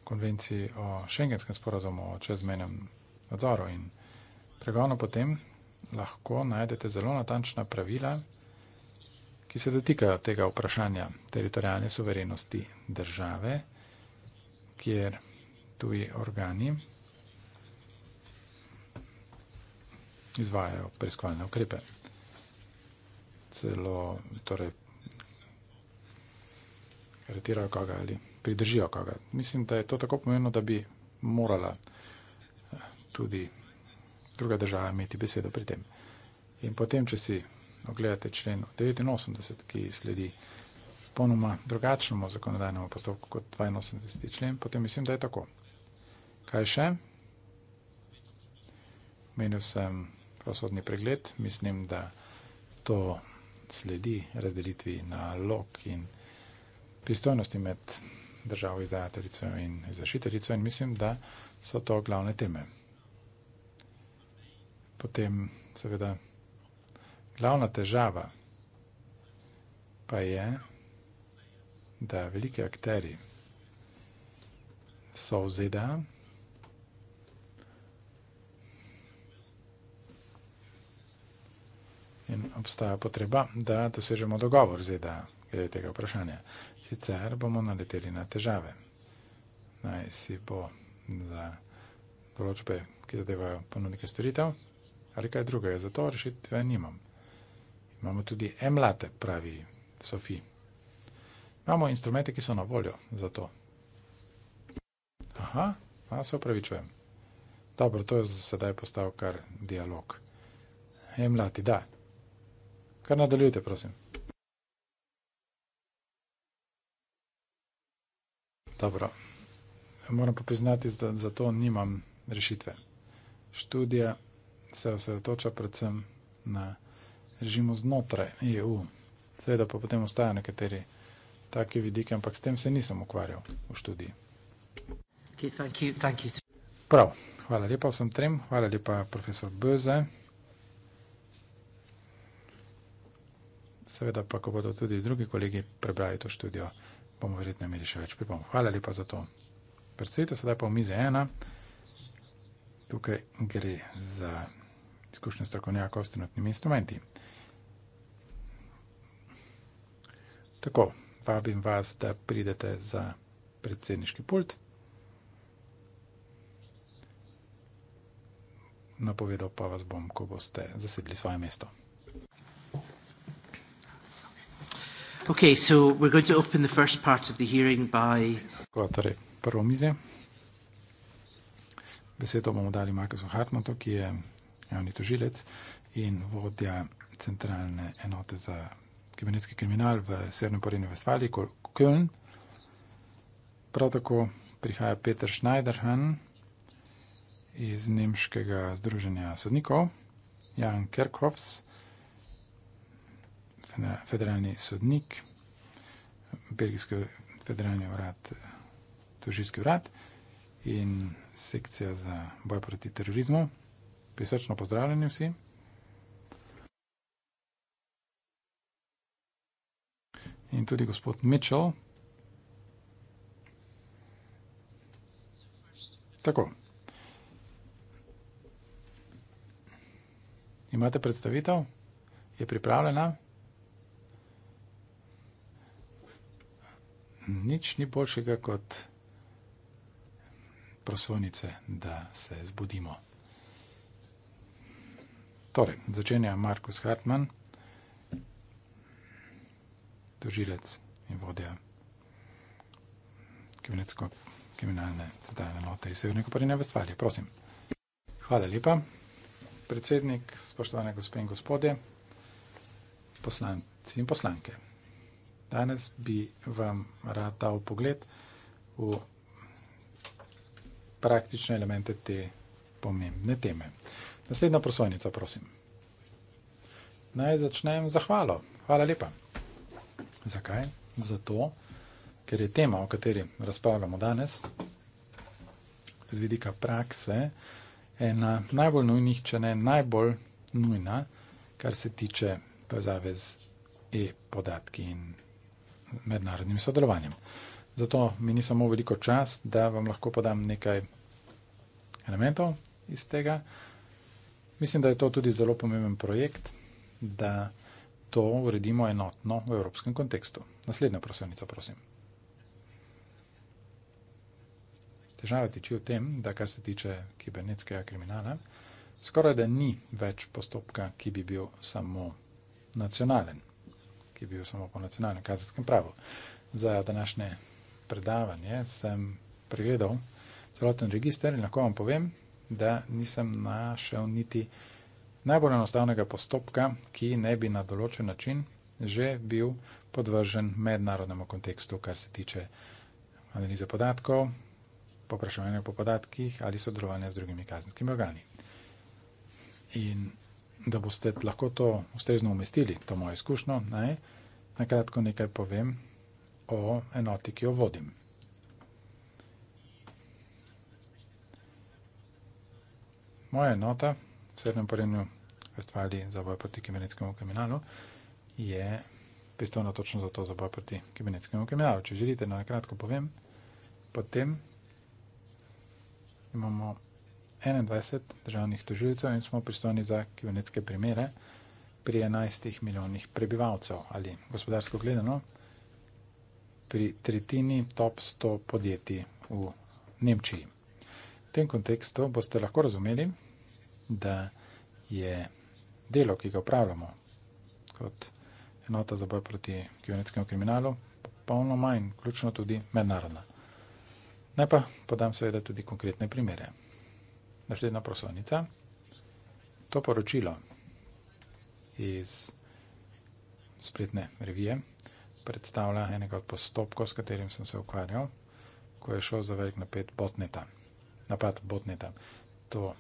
konvenciji o šengenskem sporazumu o čezmenem nadzoru in pregovno potem, lahko najdete zelo natančna pravila, ki se dotikajo tega vprašanja teritorijalne suverenosti države, kjer tuji organi izvajajo preiskovalne ukrepe. Celo, torej, aretirajo koga ali pridržijo koga. Mislim, da je to tako pomembno, da bi morala eh, tudi druga država imeti besedo pri tem. In potem, če si ogledate člen 89, ki sledi ponoma drugačnemu zakonodajnemu postopku kot 82. člen, potem mislim, da je tako. Kaj še? Menil sem prosodni pregled, mislim, da to sledi razdelitvi na lok in pristojnosti med državo izdajateljico in izvršiteljico in mislim, da so to glavne teme potem seveda glavna težava pa je, da veliki akteri so vzeda, In obstaja potreba, da dosežemo dogovor zeda glede tega vprašanja. Sicer bomo naleteli na težave. Naj si bo za določbe, ki zadevajo ponudnike storitev, ali kaj drugega, zato rešitve nimam. Imamo tudi emlate, pravi Sofi. Imamo instrumente, ki so na voljo za to. Aha, a se upravičujem. Dobro, to je za sedaj postal kar dialog. Emlati, da. Kar nadaljujte, prosim. Dobro, moram pa priznati, da za to nimam rešitve. Študija se osredotoča predvsem na režimo znotraj EU. Seveda pa potem ostajajo nekateri taki vidiki, ampak s tem se nisem ukvarjal v študiji. Prav, hvala lepa vsem trem, hvala lepa profesor Böze. Seveda pa, ko bodo tudi drugi kolegi prebrali to študijo, bomo verjetno imeli še več pripomb. Hvala lepa za to. Predstavitev sedaj pa v mize ena. Tukaj gre za izkušnja strokovnjakov s trenutnimi instrumenti. Tako, vabim vas, da pridete za predsedniški pult. Napovedal pa vas bom, ko boste zasedli svoje mesto. Okay, so we're going to open the first part of the hearing by... Tako, torej, prvo mize. Besedo bomo dali Markusu Hartmanu, ki je javni tožilec in vodja centralne enote za kibernetski kriminal v Severnem Porinu v Svali, Köln. Prav tako prihaja Peter Schneiderhan iz Nemškega združenja sodnikov, Jan Kerkhoffs, federalni sodnik, Belgijski federalni urad, tožilski urad in sekcija za boj proti terorizmu. Prisrčno pozdravljeni vsi. In tudi gospod Mitchell. Tako. Imate predstavitev? Je pripravljena? Nič ni boljšega kot prosovnice, da se zbudimo. Torej, začenja Markus Hartmann, tožilec in vodja kriminalne centralne note iz Severne Koparine v Stvarje. Prosim. Hvala lepa. Predsednik, spoštovane gospe in gospode, poslanci in poslanke. Danes bi vam rad dal pogled v praktične elemente te pomembne teme. Uh, Naslednja prosojnica, prosim. Naj začnem z zahvalo. Hvala lepa. Zakaj? Zato, ker je tema, o kateri razpravljamo danes, z vidika prakse, ena najbolj nujnih, če ne najbolj nujna, kar se tiče povezave z e-podatki in mednarodnim sodelovanjem. Zato mi ni samo veliko čas, da vam lahko podam nekaj elementov iz tega. Mislim, da je to tudi zelo pomemben projekt, da to uredimo enotno v evropskem kontekstu. Naslednja prosilnica, prosim. Težava tiči v tem, da kar se tiče kibernetskega kriminala, skoraj da ni več postopka, ki bi bil samo nacionalen, ki bi bil samo po nacionalnem kazenskem pravu. Za današnje predavanje sem pregledal celoten register in lahko vam povem, da nisem našel niti najbolj enostavnega postopka, ki ne bi na določen način že bil podvržen mednarodnemu kontekstu, kar se tiče analize podatkov, popraševanja po podatkih ali sodelovanja z drugimi kazenskimi organi. In da boste lahko to ustrezno umestili, to moje izkušnjo, naj na kratko nekaj povem o enoti, ki jo vodim. Moja enota v srednjem porenju festivali za boj proti kibernetskemu kriminalu je pristojna točno za to za boj proti kibernetskemu kriminalu. Če želite, na kratko povem, potem imamo 21 državnih tožilcev in smo pristojni za kibernetske primere pri 11 milijonih prebivalcev ali gospodarsko gledano pri tretjini top 100 podjetij v Nemčiji. V tem kontekstu boste lahko razumeli, da je delo, ki ga upravljamo kot enota za boj proti kibernetskemu kriminalu, popolnoma in ključno tudi mednarodna. Naj pa podam seveda tudi konkretne primere. Naslednja prosovnica. To poročilo iz spletne revije predstavlja enega od postopkov, s katerim sem se ukvarjal, ko je šlo za velik napet botneta napad botneta. To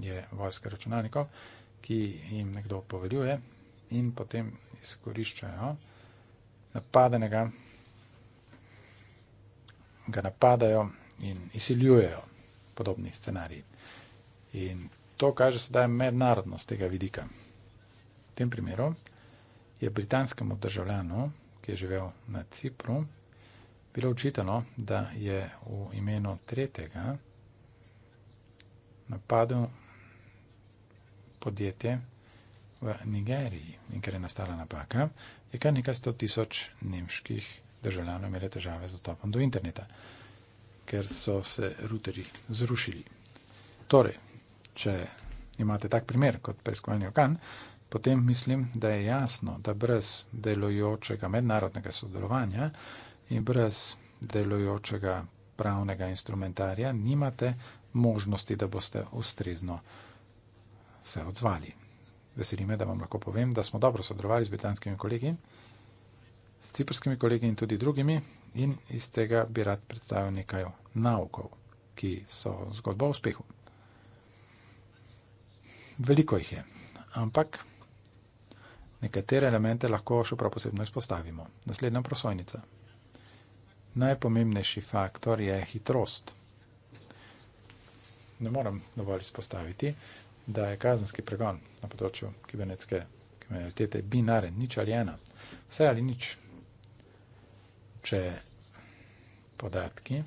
je vojska računalnikov, ki jim nekdo poveljuje in potem izkoriščajo napadenega, ga napadajo in izsiljujejo podobni scenariji. In to kaže sedaj mednarodno z tega vidika. V tem primeru je britanskemu državljanu, ki je živel na Cipru, bilo očitano, no, da je v imenu tretjega napadel podjetje v Nigeriji in ker je nastala napaka, je kar nekaj sto tisoč nemških državljanov imele težave z dostopom do interneta, ker so se ruteri zrušili. Torej, če imate tak primer kot preiskovalni organ, potem mislim, da je jasno, da brez delojočega mednarodnega sodelovanja in brez delujočega pravnega instrumentarja nimate možnosti, da boste ustrezno se odzvali. Veseli me, da vam lahko povem, da smo dobro sodelovali z britanskimi kolegi, s ciprskimi kolegi in tudi drugimi in iz tega bi rad predstavil nekaj naukov, ki so zgodba o uspehu. Veliko jih je, ampak nekatere elemente lahko še prav posebno izpostavimo. Naslednja prosojnica. Najpomembnejši faktor je hitrost. Ne morem dovolj izpostaviti, da je kazenski pregon na področju kibernetske kriminalitete binaren, nič ali ena, vse ali nič. Če podatki,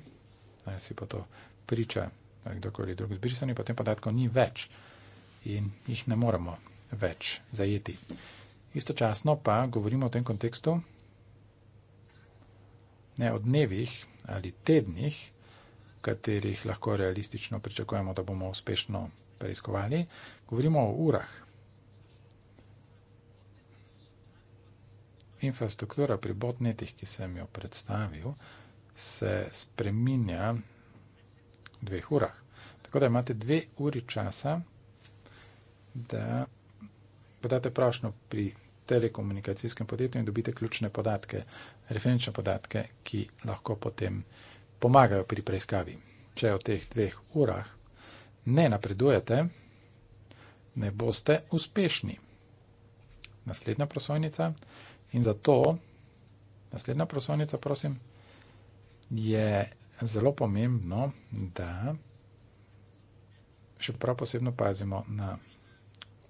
naj si pa to priča ali kdorkoli drug zbrisani, potem podatkov ni več in jih ne moremo več zajeti. Istočasno pa govorimo v tem kontekstu, ne o dnevih ali tednih, katerih lahko realistično pričakujemo, da bomo uspešno preiskovali, govorimo o urah. Infrastruktura pri botnetih, ki sem jo predstavil, se spreminja v dveh urah. Tako da imate dve uri časa, da podate prošnjo pri telekomunikacijskem podjetju in dobite ključne podatke, referenčne podatke, ki lahko potem pomagajo pri preiskavi. Če v teh dveh urah ne napredujete, ne boste uspešni. Naslednja prosojnica in zato naslednja prosojnica, prosim, je zelo pomembno, da še prav posebno pazimo na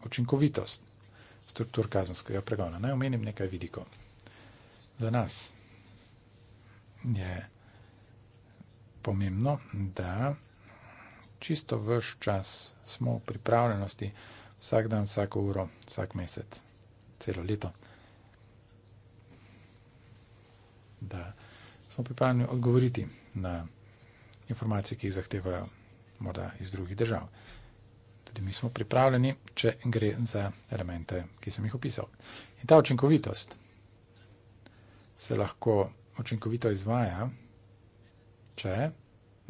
učinkovitost struktur kazenskega pregona. Naj omenim nekaj vidikov. Za nas je pomembno, da čisto vrš čas smo v pripravljenosti vsak dan, vsako uro, vsak mesec, celo leto. Da smo pripravljeni odgovoriti na informacije, ki jih zahtevajo morda iz drugih držav tudi mi smo pripravljeni, če gre za elemente, ki sem jih opisal. In ta učinkovitost se lahko učinkovito izvaja, če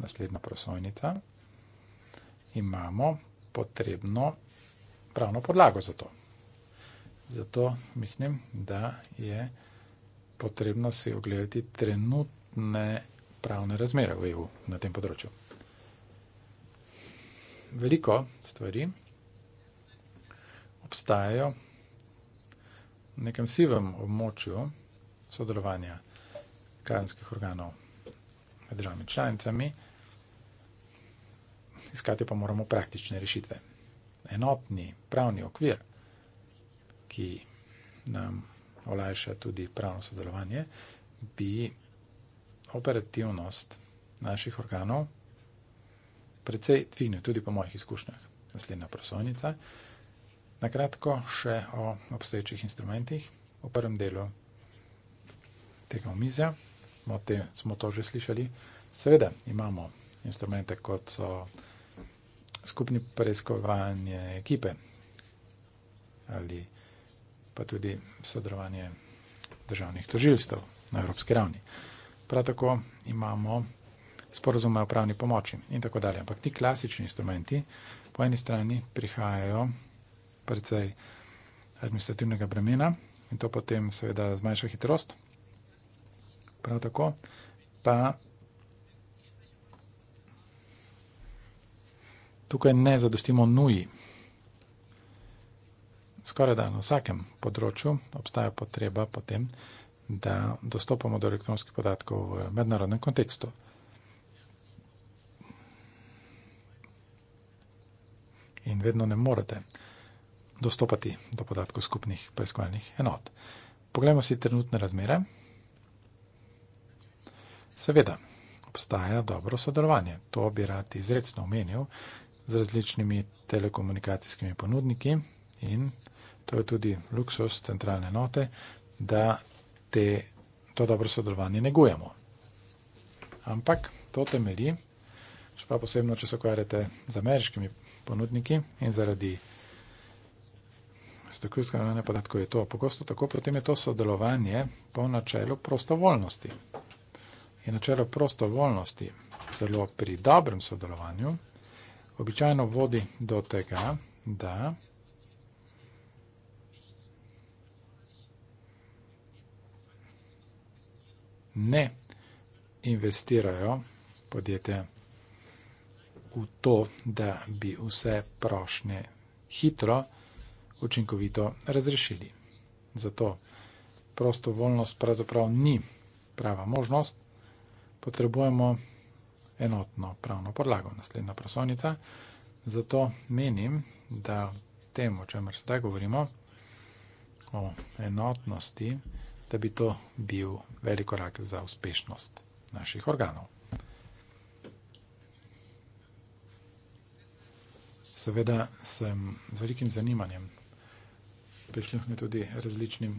naslednja prosojnica imamo potrebno pravno podlago za to. Zato mislim, da je potrebno si ogledati trenutne pravne razmere v EU na tem področju veliko stvari obstajajo v nekem sivem območju sodelovanja kazenskih organov med državami članicami. Iskati pa moramo praktične rešitve. Enotni pravni okvir, ki nam olajša tudi pravno sodelovanje, bi operativnost naših organov precej dvignil, tudi po mojih izkušnjah. Naslednja prosojnica. Na kratko še o obstoječih instrumentih. V prvem delu tega omizja smo, te, smo to že slišali. Seveda imamo instrumente, kot so skupni preiskovanje ekipe ali pa tudi sodelovanje državnih tožilstv na evropski ravni. Prav tako imamo sporozume o pravni pomoči in tako dalje. Ampak ti klasični instrumenti po eni strani prihajajo predvsej administrativnega bremena in to potem seveda zmanjša hitrost. Prav tako pa tukaj ne zadostimo nuji. Skoraj da na vsakem področju obstaja potreba potem, da dostopamo do elektronskih podatkov v mednarodnem kontekstu. in vedno ne morete dostopati do podatkov skupnih preiskovalnih enot. Poglejmo si trenutne razmere. Seveda, obstaja dobro sodelovanje, to bi rad izredno omenil, z različnimi telekomunikacijskimi ponudniki in to je tudi luksus centralne note, da te, to dobro sodelovanje negujemo. Ampak to temelji, še pa posebno, če se ukvarjate z ameriškimi ponudniki, ponudniki in zaradi strokovnjskega ravnanja podatkov je to. Pogosto tako potem je to sodelovanje po načelu prostovoljnosti. In načelo prostovoljnosti, celo pri dobrem sodelovanju, običajno vodi do tega, da ne investirajo podjetja v to, da bi vse prošnje hitro, učinkovito razrešili. Zato prostovoljnost pravzaprav ni prava možnost, potrebujemo enotno pravno podlago. Naslednja prosovnica. Zato menim, da tem, o čemer sedaj govorimo, o enotnosti, da bi to bil velik korak za uspešnost naših organov. seveda sem z velikim zanimanjem prisluhnil tudi različnim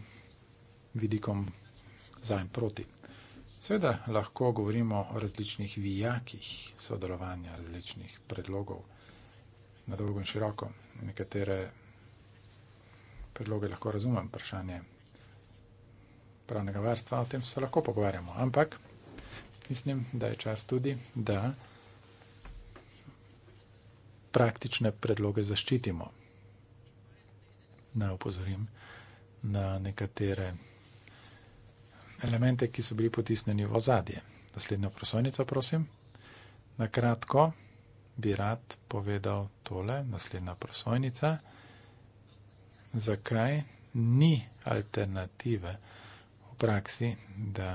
vidikom za in proti. Seveda lahko govorimo o različnih vijakih sodelovanja, različnih predlogov na dolgo in široko. Nekatere predloge lahko razumem, vprašanje pravnega varstva, o tem se lahko pogovarjamo. Ampak mislim, da je čas tudi, da praktične predloge zaščitimo. Naj upozorim na nekatere elemente, ki so bili potisnjeni v ozadje. Naslednja prosojnica, prosim. Na kratko bi rad povedal tole, naslednja prosojnica, zakaj ni alternative v praksi, da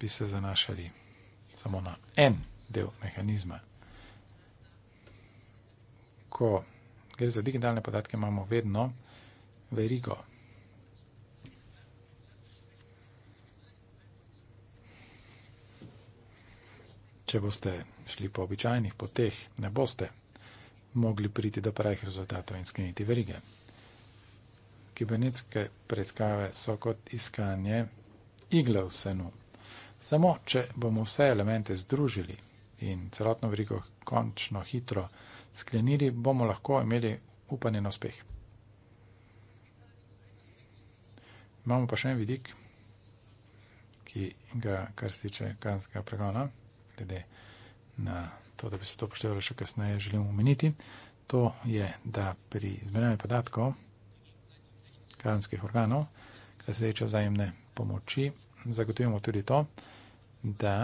bi se zanašali samo na en del mehanizma ko gre za digitalne podatke, imamo vedno verigo. Če boste šli po običajnih poteh, ne boste mogli priti do pravih rezultatov in skeniti verige. Kibernetske preiskave so kot iskanje igle v senu. Samo, če bomo vse elemente združili in celotno verigo končno hitro razvijali, sklenili, bomo lahko imeli upanje na uspeh. Imamo pa še en vidik, ki ga, kar se tiče kazenskega pregona, glede na to, da bi se to poštevalo še kasneje, želim omeniti. To je, da pri zmerjanju podatkov kazenskih organov, kar se tiče vzajemne pomoči, zagotovimo tudi to, da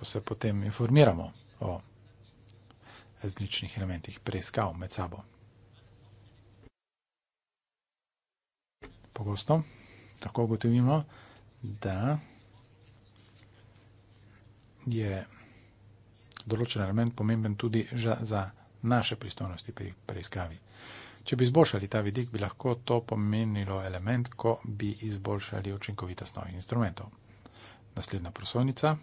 pa se potem informiramo o različnih elementih preiskav med sabo. Pogosto lahko ugotovimo, da je določen element pomemben tudi za naše pristojnosti pri preiskavi. Če bi izboljšali ta vidik, bi lahko to pomenilo element, ko bi izboljšali učinkovitost novih instrumentov. Naslednja prosovnica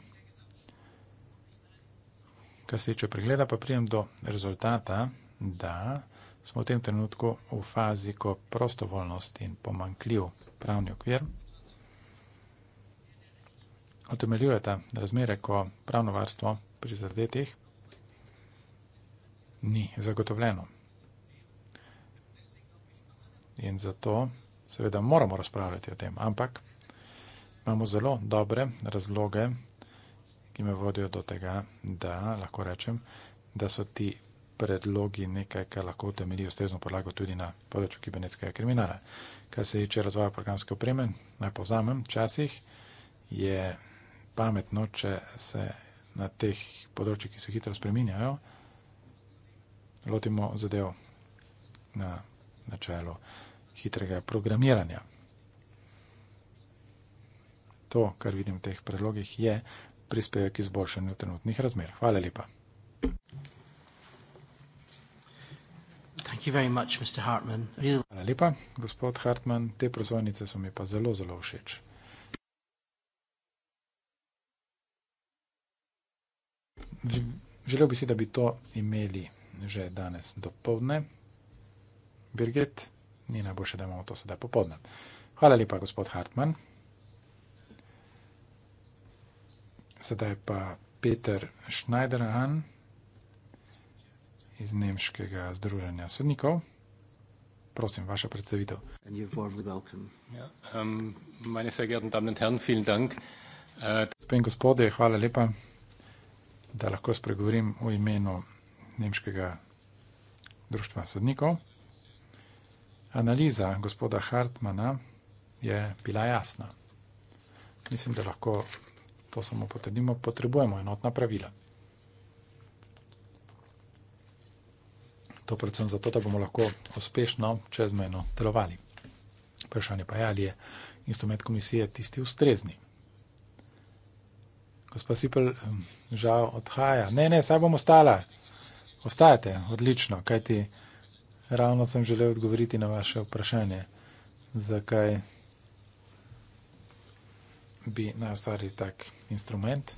Kar se tiče pregleda, pa prijem do rezultata, da smo v tem trenutku v fazi, ko prostovoljnost in pomankljiv pravni okvir utemeljujeta razmere, ko pravno varstvo pri zadetih ni zagotovljeno. In zato seveda moramo razpravljati o tem, ampak imamo zelo dobre razloge, ki me vodijo do tega, da lahko rečem, da so ti predlogi nekaj, kar lahko temelji ustrezno podlago tudi na področju kibernetskega kriminala. Kar se tiče razvoja programske opreme, naj povzamem, včasih je pametno, če se na teh področjih, ki se hitro spreminjajo, lotimo zadev na načelo hitrega programiranja. To, kar vidim v teh predlogih, je, prispeje k izboljšanju trenutnih razmer. Hvala lepa. Hvala lepa, gospod Hartman. Te prozornice so mi pa zelo, zelo všeč. Želel bi si, da bi to imeli že danes do povdne. Birgit, ni najboljše, da imamo to sedaj popovdne. Hvala lepa, gospod Hartman. Sedaj pa Peter Schneiderhan iz Nemškega združenja sodnikov. Prosim, vaša predstavitev. Ja, äh, Gospe in gospode, hvala lepa, da lahko spregovorim v imenu Nemškega društva sodnikov. Analiza gospoda Hartmana je bila jasna. Mislim, da lahko to samo potrdimo, potrebujemo enotna pravila. To predvsem zato, da bomo lahko uspešno čezmejno delovali. Vprašanje pa je, ali je instrument komisije tisti ustrezni. Gospa Sipel, žal, odhaja. Ne, ne, saj bom ostala. Ostajate, odlično, kajti ravno sem želel odgovoriti na vaše vprašanje, zakaj bi naj ustvarili tak instrument,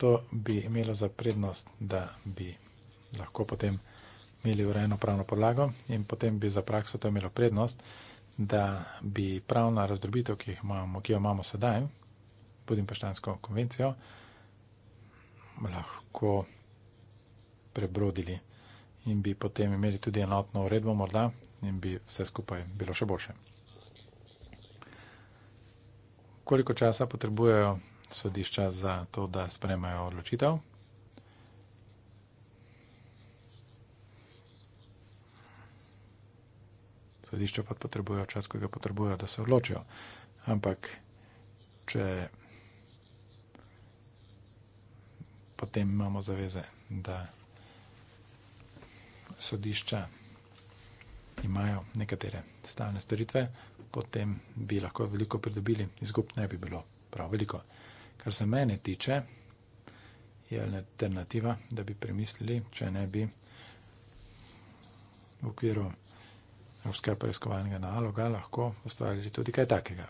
to bi imelo za prednost, da bi lahko potem imeli urejeno pravno podlago in potem bi za prakso to imelo prednost, da bi pravna razdrobitev, ki, imamo, ki jo imamo sedaj, Budimpeštansko konvencijo, lahko prebrodili in bi potem imeli tudi enotno uredbo morda in bi vse skupaj bilo še boljše koliko časa potrebujejo sodišča za to, da sprejmejo odločitev? Sodišča pa potrebujejo čas, ko ga potrebujejo, da se odločijo. Ampak, če potem imamo zaveze, da sodišča imajo nekatere stalne storitve, potem bi lahko veliko pridobili, izgub ne bi bilo prav veliko. Kar se mene tiče, je alternativa, da bi premislili, če ne bi v okviru Evropskega preiskovalnega naloga lahko ustvarili tudi kaj takega.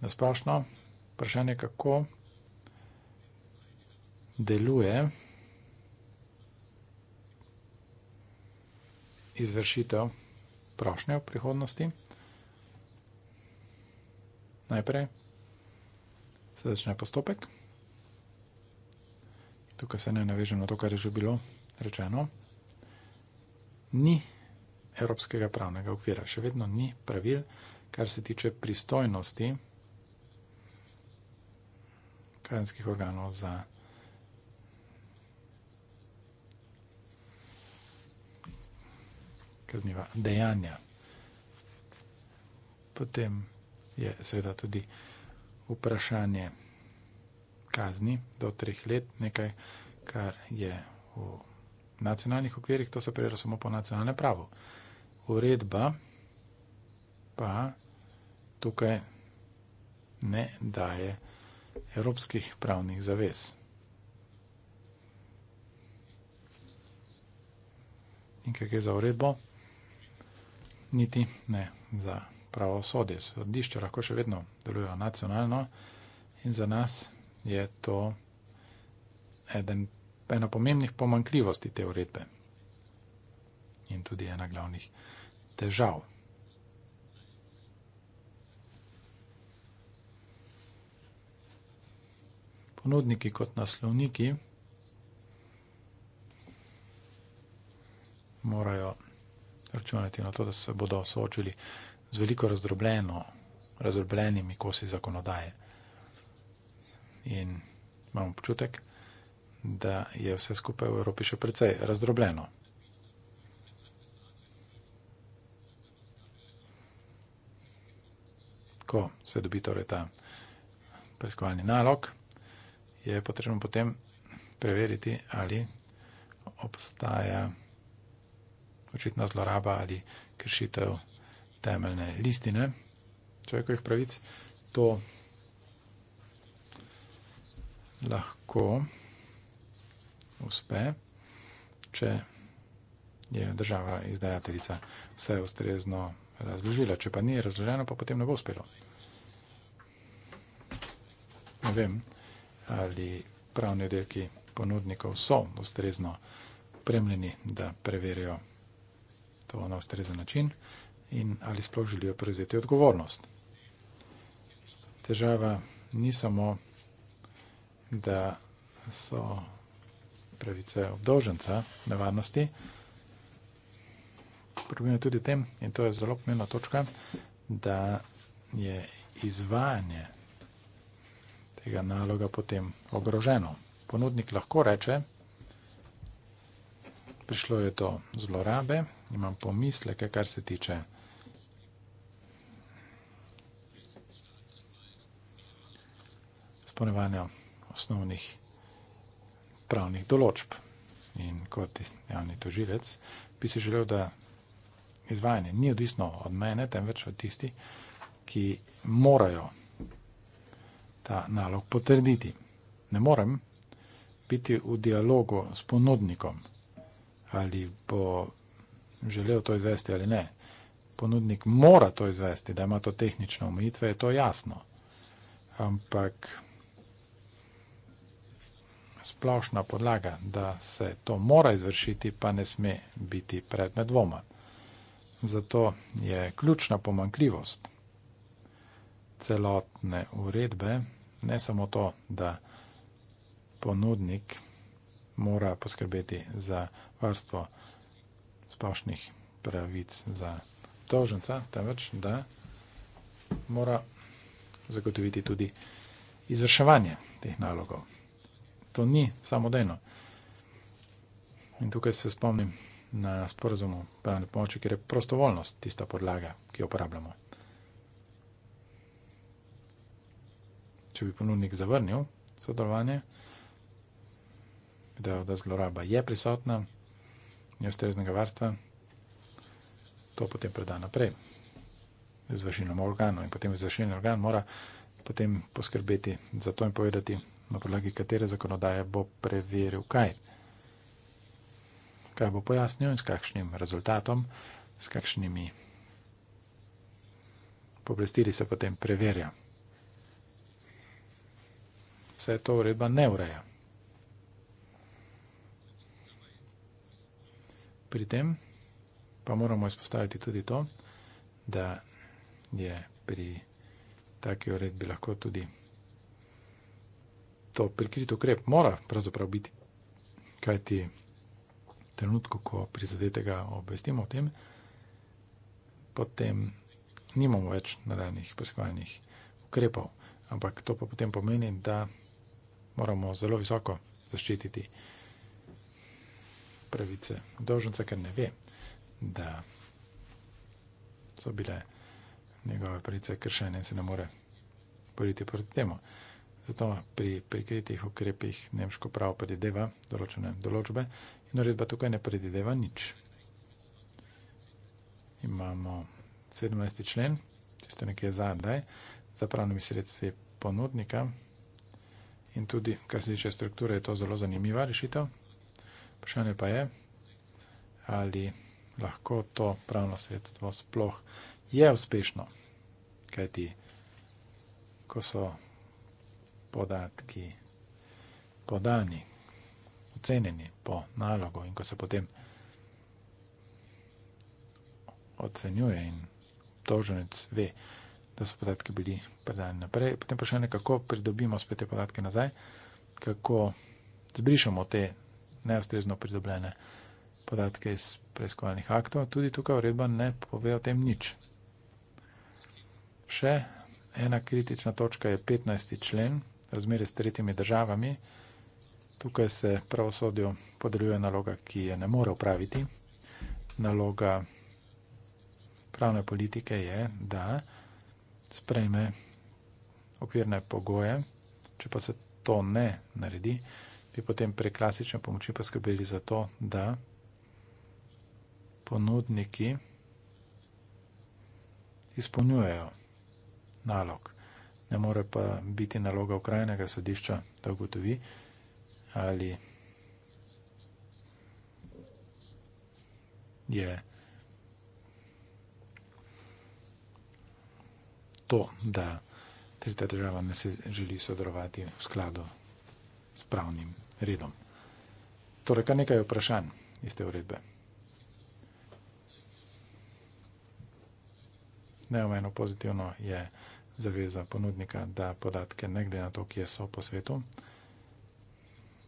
Nasplošno vprašanje, kako deluje izvršitev prošnje v prihodnosti. Najprej se začne postopek. Tukaj se ne navežem na to, kar je že bilo rečeno. Ni evropskega pravnega okvira, še vedno ni pravil, kar se tiče pristojnosti kazenskih organov za kazniva dejanja. Potem je seveda tudi vprašanje kazni do treh let, nekaj, kar je v nacionalnih okvirih, to se prera samo po nacionalnem pravu. Uredba pa tukaj ne daje evropskih pravnih zavez. In ker gre za uredbo, niti ne za pravosodje. Sodišče lahko še vedno deluje nacionalno in za nas je to eden, eno pomembnih pomankljivosti te uredbe in tudi ena glavnih težav. Ponudniki kot naslovniki morajo računati na to, da se bodo soočili z veliko razdrobljeno, razdrobljenimi kosi zakonodaje. In imamo občutek, da je vse skupaj v Evropi še precej razdrobljeno. Ko se dobi torej ta preiskovalni nalog, je potrebno potem preveriti, ali obstaja očitna zloraba ali kršitev temeljne listine človekovih pravic. To lahko uspe, če je država izdajateljica vse ustrezno razložila. Če pa ni razloženo, pa potem ne bo uspelo. Ne vem, ali pravni oddelki ponudnikov so ustrezno opremljeni, da preverijo to na ustrezen način in ali sploh želijo prevzeti odgovornost. Težava ni samo, da so pravice obdolženca nevarnosti, problem je tudi v tem, in to je zelo pomembna točka, da je izvajanje tega naloga potem ogroženo. Ponudnik lahko reče, prišlo je do zlorabe, imam pomisleke, kar se tiče sponevanja osnovnih pravnih določb. In kot javni tožilec bi si želel, da izvajanje ni odvisno od mene, temveč od tisti, ki morajo ta nalog potrditi. Ne morem biti v dialogu s ponudnikom ali bo želel to izvesti ali ne. Ponudnik mora to izvesti, da ima to tehnične omejitve, je to jasno. Ampak splošna podlaga, da se to mora izvršiti, pa ne sme biti predmet dvoma. Zato je ključna pomankljivost celotne uredbe, ne samo to, da ponudnik mora poskrbeti za varstvo splošnih pravic za toženca, temveč da mora zagotoviti tudi izvrševanje teh nalogov. To ni samodejno. In tukaj se spomnim na sporozumu pravne pomoči, kjer je prostovoljnost tista podlaga, ki jo uporabljamo. Če bi ponudnik zavrnil sodelovanje, da, da zloraba je prisotna, neustreznega varstva, to potem preda naprej izvršilnemu organu in potem izvršilni organ mora potem poskrbeti za to in povedati, na podlagi katere zakonodaje bo preveril kaj. Kaj bo pojasnil in s kakšnim rezultatom, s kakšnimi poblestili se potem preverja. Vse to uredba ne ureja. pri tem pa moramo izpostaviti tudi to, da je pri taki uredbi lahko tudi to prikrit ukrep, mora pravzaprav biti, kajti trenutku, ko prizadetega obvestimo o tem, potem nimamo več nadaljnih preiskovalnih ukrepov. Ampak to pa potem pomeni, da moramo zelo visoko zaščititi pravice dožnice, ker ne ve, da so bile njegove pravice kršene in se ne more boriti proti temu. Zato pri prikritih ukrepih nemško pravo predideva določene določbe in uredba tukaj ne predideva nič. Imamo 17. člen, tisto nekje zadaj, za pravnimi sredstvi ponudnika in tudi, kar se tiče strukture, je to zelo zanimiva rešitev. Vprašanje pa je, ali lahko to pravno sredstvo sploh je uspešno, kajti ko so podatki podani, ocenjeni po nalogu in ko se potem ocenjuje in toženec ve, da so podatki bili predani naprej, potem vprašanje, kako pridobimo spet te podatke nazaj, kako zbrišemo te neustrezno pridobljene podatke iz preiskovalnih aktov. Tudi tukaj uredba ne pove o tem nič. Še ena kritična točka je 15. člen, razmere s tretjimi državami. Tukaj se pravosodju podeljuje naloga, ki je ne more upraviti. Naloga pravne politike je, da sprejme okvirne pogoje, če pa se to ne naredi, bi potem prek klasične pomoči poskrbeli za to, da ponudniki izpolnjujejo nalog. Ne more pa biti naloga okrajnega sodišča, da ugotovi ali je to, da tretja država ne se želi sodelovati v skladu s pravnim redom. Torej, kar nekaj vprašanj iz te uredbe. Neomejno pozitivno je zaveza ponudnika, da podatke ne glede na to, kje so po svetu,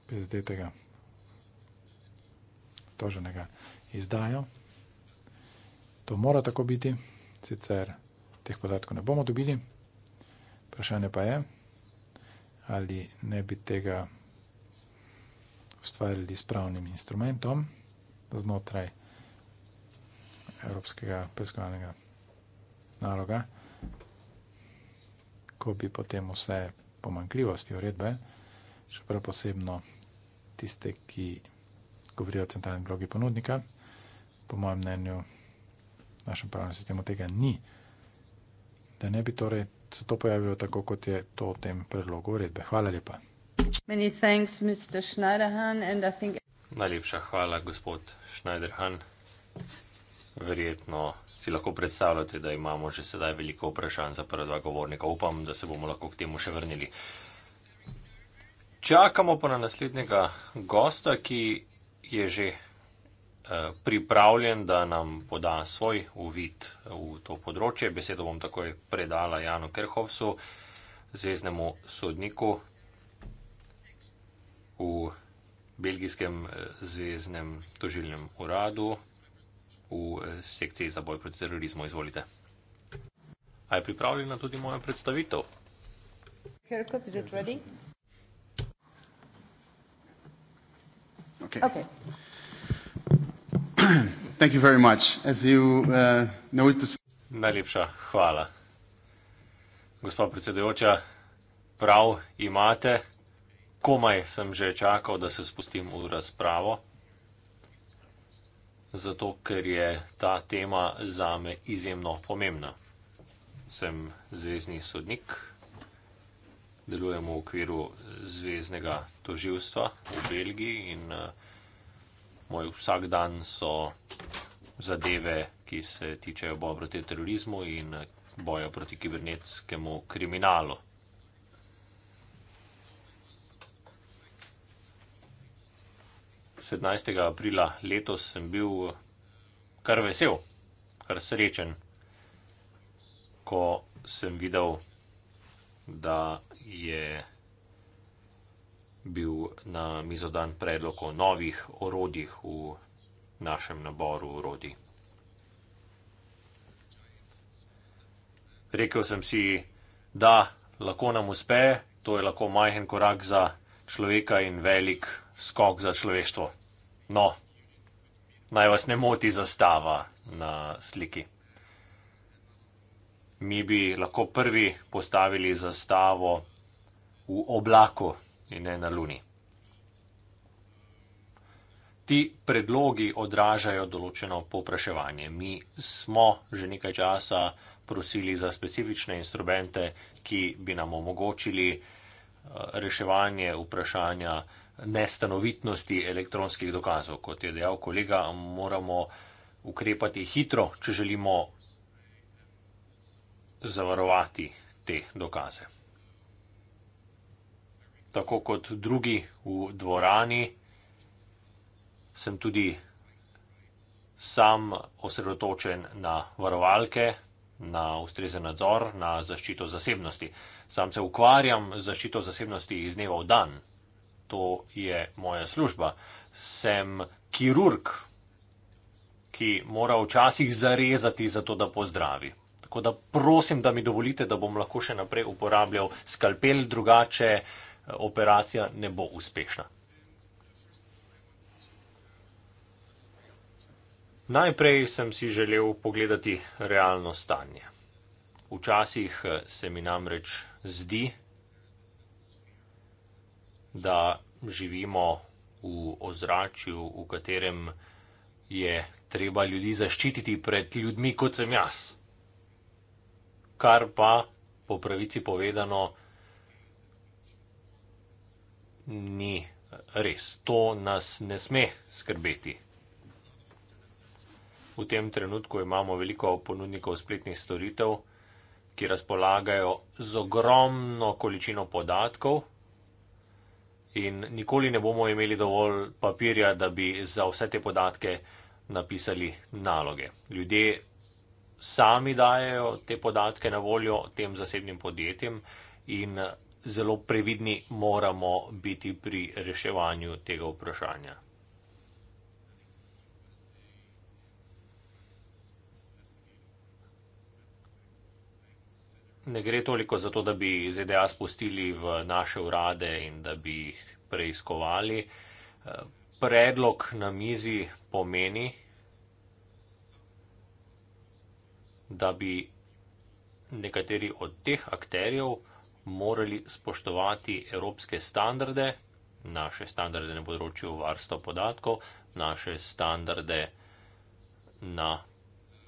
prizadetega toženega izdajo. To mora tako biti, sicer teh podatkov ne bomo dobili. Vprašanje pa je, ali ne bi tega ustvarili s pravnim instrumentom znotraj Evropskega preiskovalnega naloga, ko bi potem vse pomankljivosti uredbe, še prav posebno tiste, ki govorijo o centralni vlogi ponudnika, po mojem mnenju, v našem pravnem sistemu tega ni, da ne bi torej se to pojavilo tako, kot je to v tem predlogu uredbe. Hvala lepa. Najlepša hvala, gospod Schneiderhan. Verjetno si lahko predstavljate, da imamo že sedaj veliko vprašanj za prva dva govornika. Upam, da se bomo lahko k temu še vrnili. Čakamo pa na naslednjega gosta, ki je že eh, pripravljen, da nam poda svoj uvid eh, v to področje. Besedo bom takoj predala Janu Kerhovsu, zveznemu sodniku, v belgijskem eh, zvezdnem tožilnem uradu v eh, sekciji za boj proti terorizmu. Izvolite. A je pripravljena tudi moja predstavitev? Kirkup, je to ready? Ok. okay. Thank you very much. As you, uh, know, this... Najlepša hvala. Gospa predsedujoča, prav imate komaj sem že čakal, da se spustim v razpravo, zato ker je ta tema za me izjemno pomembna. Sem zvezdni sodnik, delujem v okviru zvezdnega toživstva v Belgiji in eh, moj vsak dan so zadeve, ki se tičejo boja proti terorizmu in eh, boja proti kibernetskemu kriminalu. 17. aprila letos sem bil kar vesel, kar srečen, ko sem videl, da je bil na mizo dan predlog o novih orodjih v našem naboru orodij. Rekl sem si, da lahko nam uspe, to je lahko majhen korak za človeka in velik korak skok za človeštvo. No, naj vas ne moti zastava na sliki. Mi bi lahko prvi postavili zastavo v oblaku in ne na luni. Ti predlogi odražajo določeno popraševanje. Mi smo že nekaj časa prosili za specifične instrumente, ki bi nam omogočili eh, reševanje vprašanja nestanovitnosti elektronskih dokazov. Kot je dejal kolega, moramo ukrepati hitro, če želimo zavarovati te dokaze. Tako kot drugi v dvorani, sem tudi sam osredotočen na varovalke, na ustrezen nadzor, na zaščito zasebnosti. Sam se ukvarjam z zaščito zasebnosti iz dneva v dan, to je moja služba. Sem kirurg, ki mora včasih zarezati, zato da pozdravi. Tako da prosim, da mi dovolite, da bom lahko še naprej uporabljal skalpel, drugače eh, operacija ne bo uspešna. Najprej sem si želel pogledati realno stanje. Včasih eh, se mi namreč zdi, da živimo v ozračju, v katerem je treba ljudi zaščititi pred ljudmi, kot sem jaz. Kar pa, po pravici povedano, ni res. To nas ne sme skrbeti. V tem trenutku imamo veliko ponudnikov spletnih storitev, ki razpolagajo z ogromno količino podatkov, in nikoli ne bomo imeli dovolj papirja, da bi za vse te podatke napisali naloge. Ljudje sami dajo te podatke na voljo tem zasebnim podjetjem in zelo previdni moramo biti pri reševanju tega vprašanja. ne gre toliko za to, da bi ZDA spustili v naše urade in da bi jih preiskovali. Eh, predlog na mizi pomeni, da bi nekateri od teh akterjev morali spoštovati evropske standarde, naše standarde na področju varstva podatkov, naše standarde na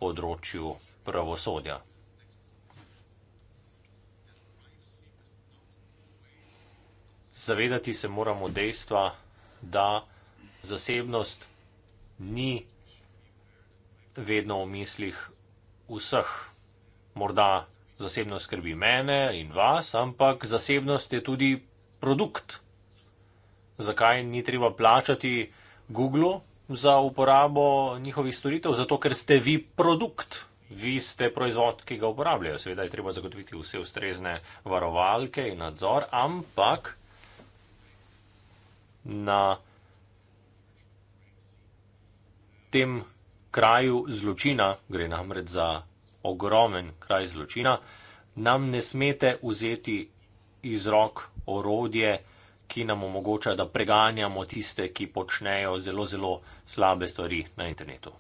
področju pravosodja. zavedati se moramo dejstva, da zasebnost ni vedno v mislih vseh. Morda zasebnost skrbi mene in vas, ampak zasebnost je tudi produkt. Zakaj ni treba plačati Google za uporabo njihovih storitev? Zato, ker ste vi produkt. Vi ste proizvod, ki ga uporabljajo. Seveda je treba zagotoviti vse ustrezne varovalke in nadzor, ampak na tem kraju zločina, gre namreč za ogromen kraj zločina, nam ne smete vzeti iz rok orodje, ki nam omogoča, da preganjamo tiste, ki počnejo zelo, zelo slabe stvari na internetu.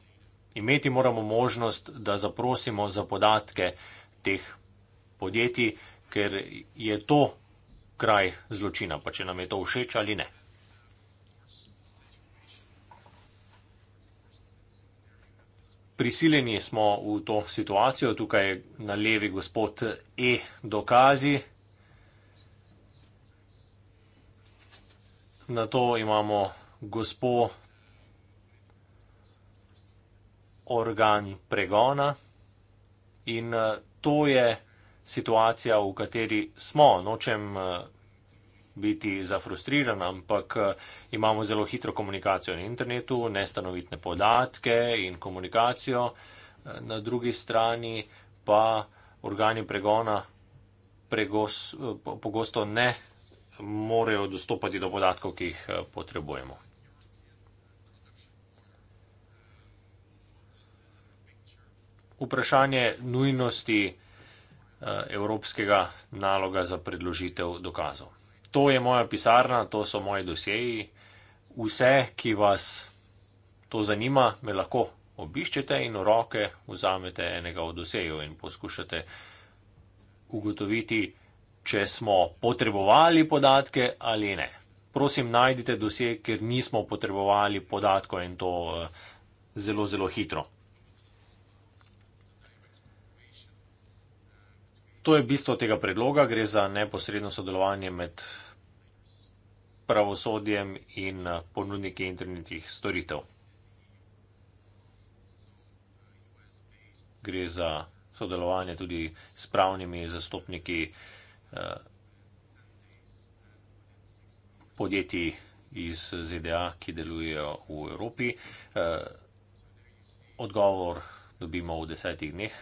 Imeti moramo možnost, da zaprosimo za podatke teh podjetij, ker je to kraj zločina, pa če nam je to všeč ali ne. prisiljeni smo v to situacijo. Tukaj je na levi gospod E. Dokazi. Na to imamo gospod organ pregona. In eh, to je situacija, v kateri smo. Nočem eh, biti zafrustriran, ampak eh, imamo zelo hitro komunikacijo na internetu, nestanovitne podatke in komunikacijo. Eh, na drugi strani pa organi pregona pregos, eh, pogosto ne morejo dostopati do podatkov, ki jih potrebujemo. Vprašanje nujnosti evropskega naloga za predložitev dokazov to je moja pisarna, to so moji dosjeji. Vse, ki vas to zanima, me lahko obiščete in v roke vzamete enega od dosjejev in poskušate ugotoviti, če smo potrebovali podatke ali ne. Prosim, najdite dosje, ker nismo potrebovali podatkov in to eh, zelo, zelo hitro. To je bistvo tega predloga, gre za neposredno sodelovanje med pravosodjem in eh, ponudniki internetnih storitev. Gre za sodelovanje tudi s pravnimi zastopniki eh, podjetij iz ZDA, ki delujejo v Evropi. Eh, odgovor dobimo v desetih dneh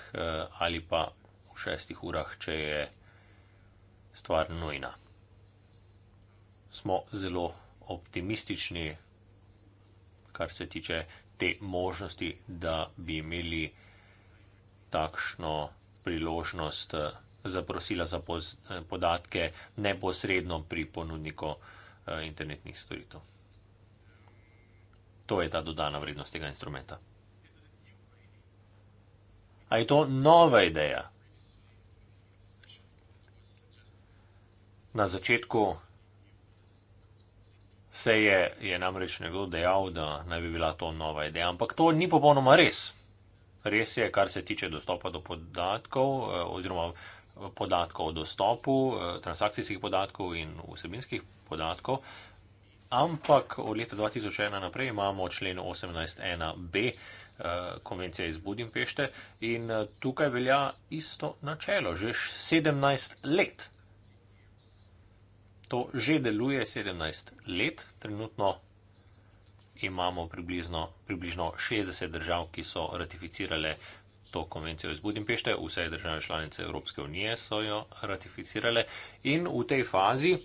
ali pa šestih urah, če je stvar nujna. Smo zelo optimistični, kar se tiče te možnosti, da bi imeli takšno priložnost eh, zaprosila za eh, podatke neposredno pri ponudniku eh, internetnih storitev. To je ta dodana vrednost tega instrumenta. A je to nova ideja? Na začetku seje je namreč nekdo dejal, da naj bi bila to nova ideja, ampak to ni popolnoma res. Res je, kar se tiče dostopa do podatkov eh, oziroma eh, podatkov o dostopu, eh, transakcijskih podatkov in vsebinskih podatkov, ampak od leta 2001 naprej imamo člen 18.1b konvencije iz Budimpešte in tukaj velja isto načelo, že 17 let. To že deluje 17 let, trenutno imamo približno, približno 60 držav, ki so ratificirale to konvencijo iz Budimpešte, vse države članice Evropske unije so jo ratificirale in v tej fazi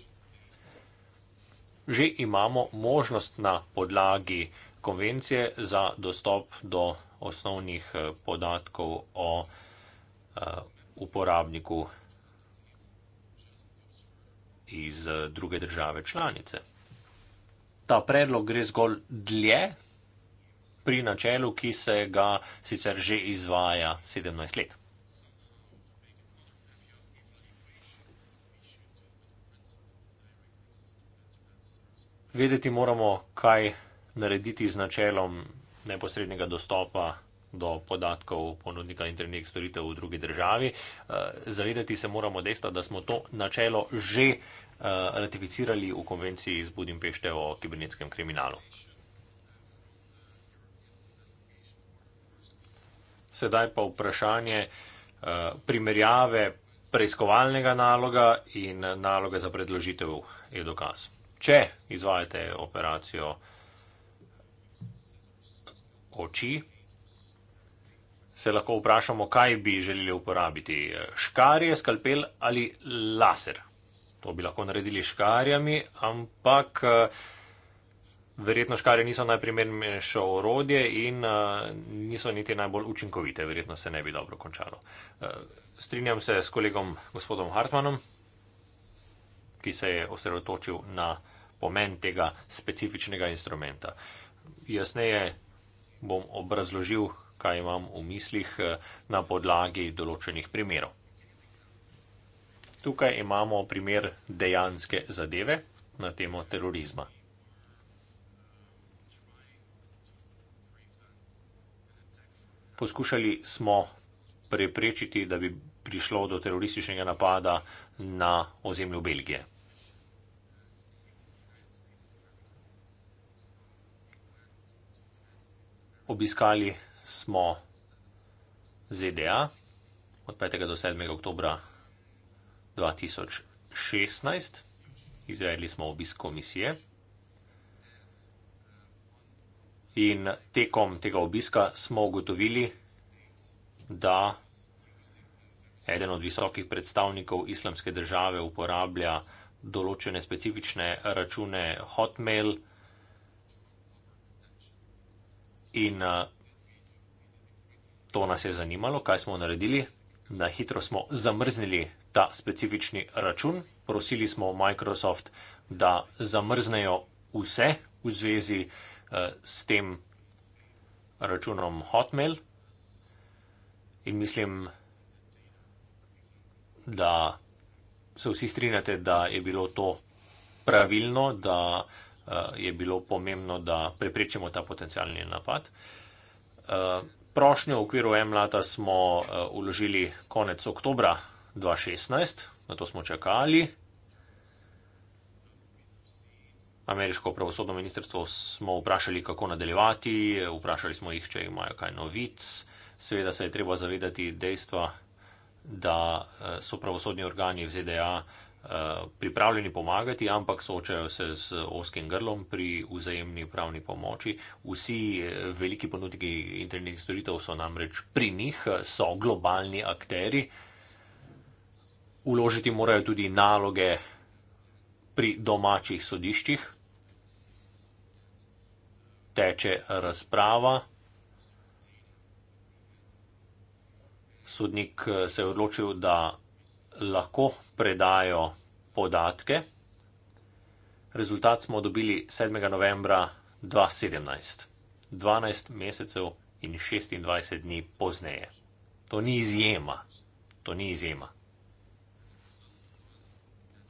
že imamo možnost na podlagi konvencije za dostop do osnovnih eh, podatkov o eh, uporabniku iz eh, druge države članice. Ta predlog gre zgolj dlje pri načelu, ki se ga sicer že izvaja 17 let. Vedeti moramo, kaj narediti z načelom neposrednega dostopa do podatkov ponudnika internetnih storitev v drugi državi. Eh, zavedati se moramo dejstva, da smo to načelo že izvajali. Eh, ratificirali v konvenciji iz Budimpešte o kibernetskem kriminalu. Sedaj pa vprašanje eh, primerjave preiskovalnega naloga in naloga za predložitev e-dokaz. Če izvajate operacijo oči, se lahko vprašamo, kaj bi želeli uporabiti. Eh, škarje, skalpel ali laser? To bi lahko naredili škarjami, ampak eh, verjetno škare niso najprimernejše orodje in eh, niso niti najbolj učinkovite. Verjetno se ne bi dobro končalo. Eh, strinjam se s kolegom gospodom Hartmanom, ki se je osredotočil na pomen tega specifičnega instrumenta. Jasneje bom obrazložil, kaj imam v mislih na podlagi določenih primerov tukaj imamo primer dejanske zadeve na temo terorizma. Poskušali smo preprečiti, da bi prišlo do terorističnega napada na ozemlju Belgije. Obiskali smo ZDA od 5. do 7. oktobra 2016, izvedli smo obisk komisije in tekom tega obiska smo ugotovili, da eden od visokih predstavnikov islamske države uporablja določene specifične račune Hotmail in eh, to nas je zanimalo, kaj smo naredili. Na hitro smo zamrznili ta specifični račun. Prosili smo Microsoft, da zamrznejo vse v zvezi eh, s tem računom Hotmail. In mislim, da se vsi strinjate, da je bilo to pravilno, da eh, je bilo pomembno, da preprečimo ta potencijalni napad. Eh, prošnjo v okviru MLAT-a smo uložili konec oktobra 2016, na to smo čakali. Ameriško pravosodno ministrstvo smo vprašali, kako nadaljevati, vprašali smo jih, če imajo kaj novic. Seveda se je treba zavedati dejstva, da eh, so pravosodni organi v ZDA eh, pripravljeni pomagati, ampak soočajo se z oskim grlom pri vzajemni pravni pomoči. Vsi eh, veliki ponudniki internetnih storitev so namreč pri njih, so globalni akteri uložiti morajo tudi naloge pri domačih sodiščih. Teče razprava. Sodnik eh, se je odločil, da lahko predajo podatke. Rezultat smo dobili 7. novembra 2017, 12 mesecev in 26 dni pozneje. To ni izjema, to ni izjema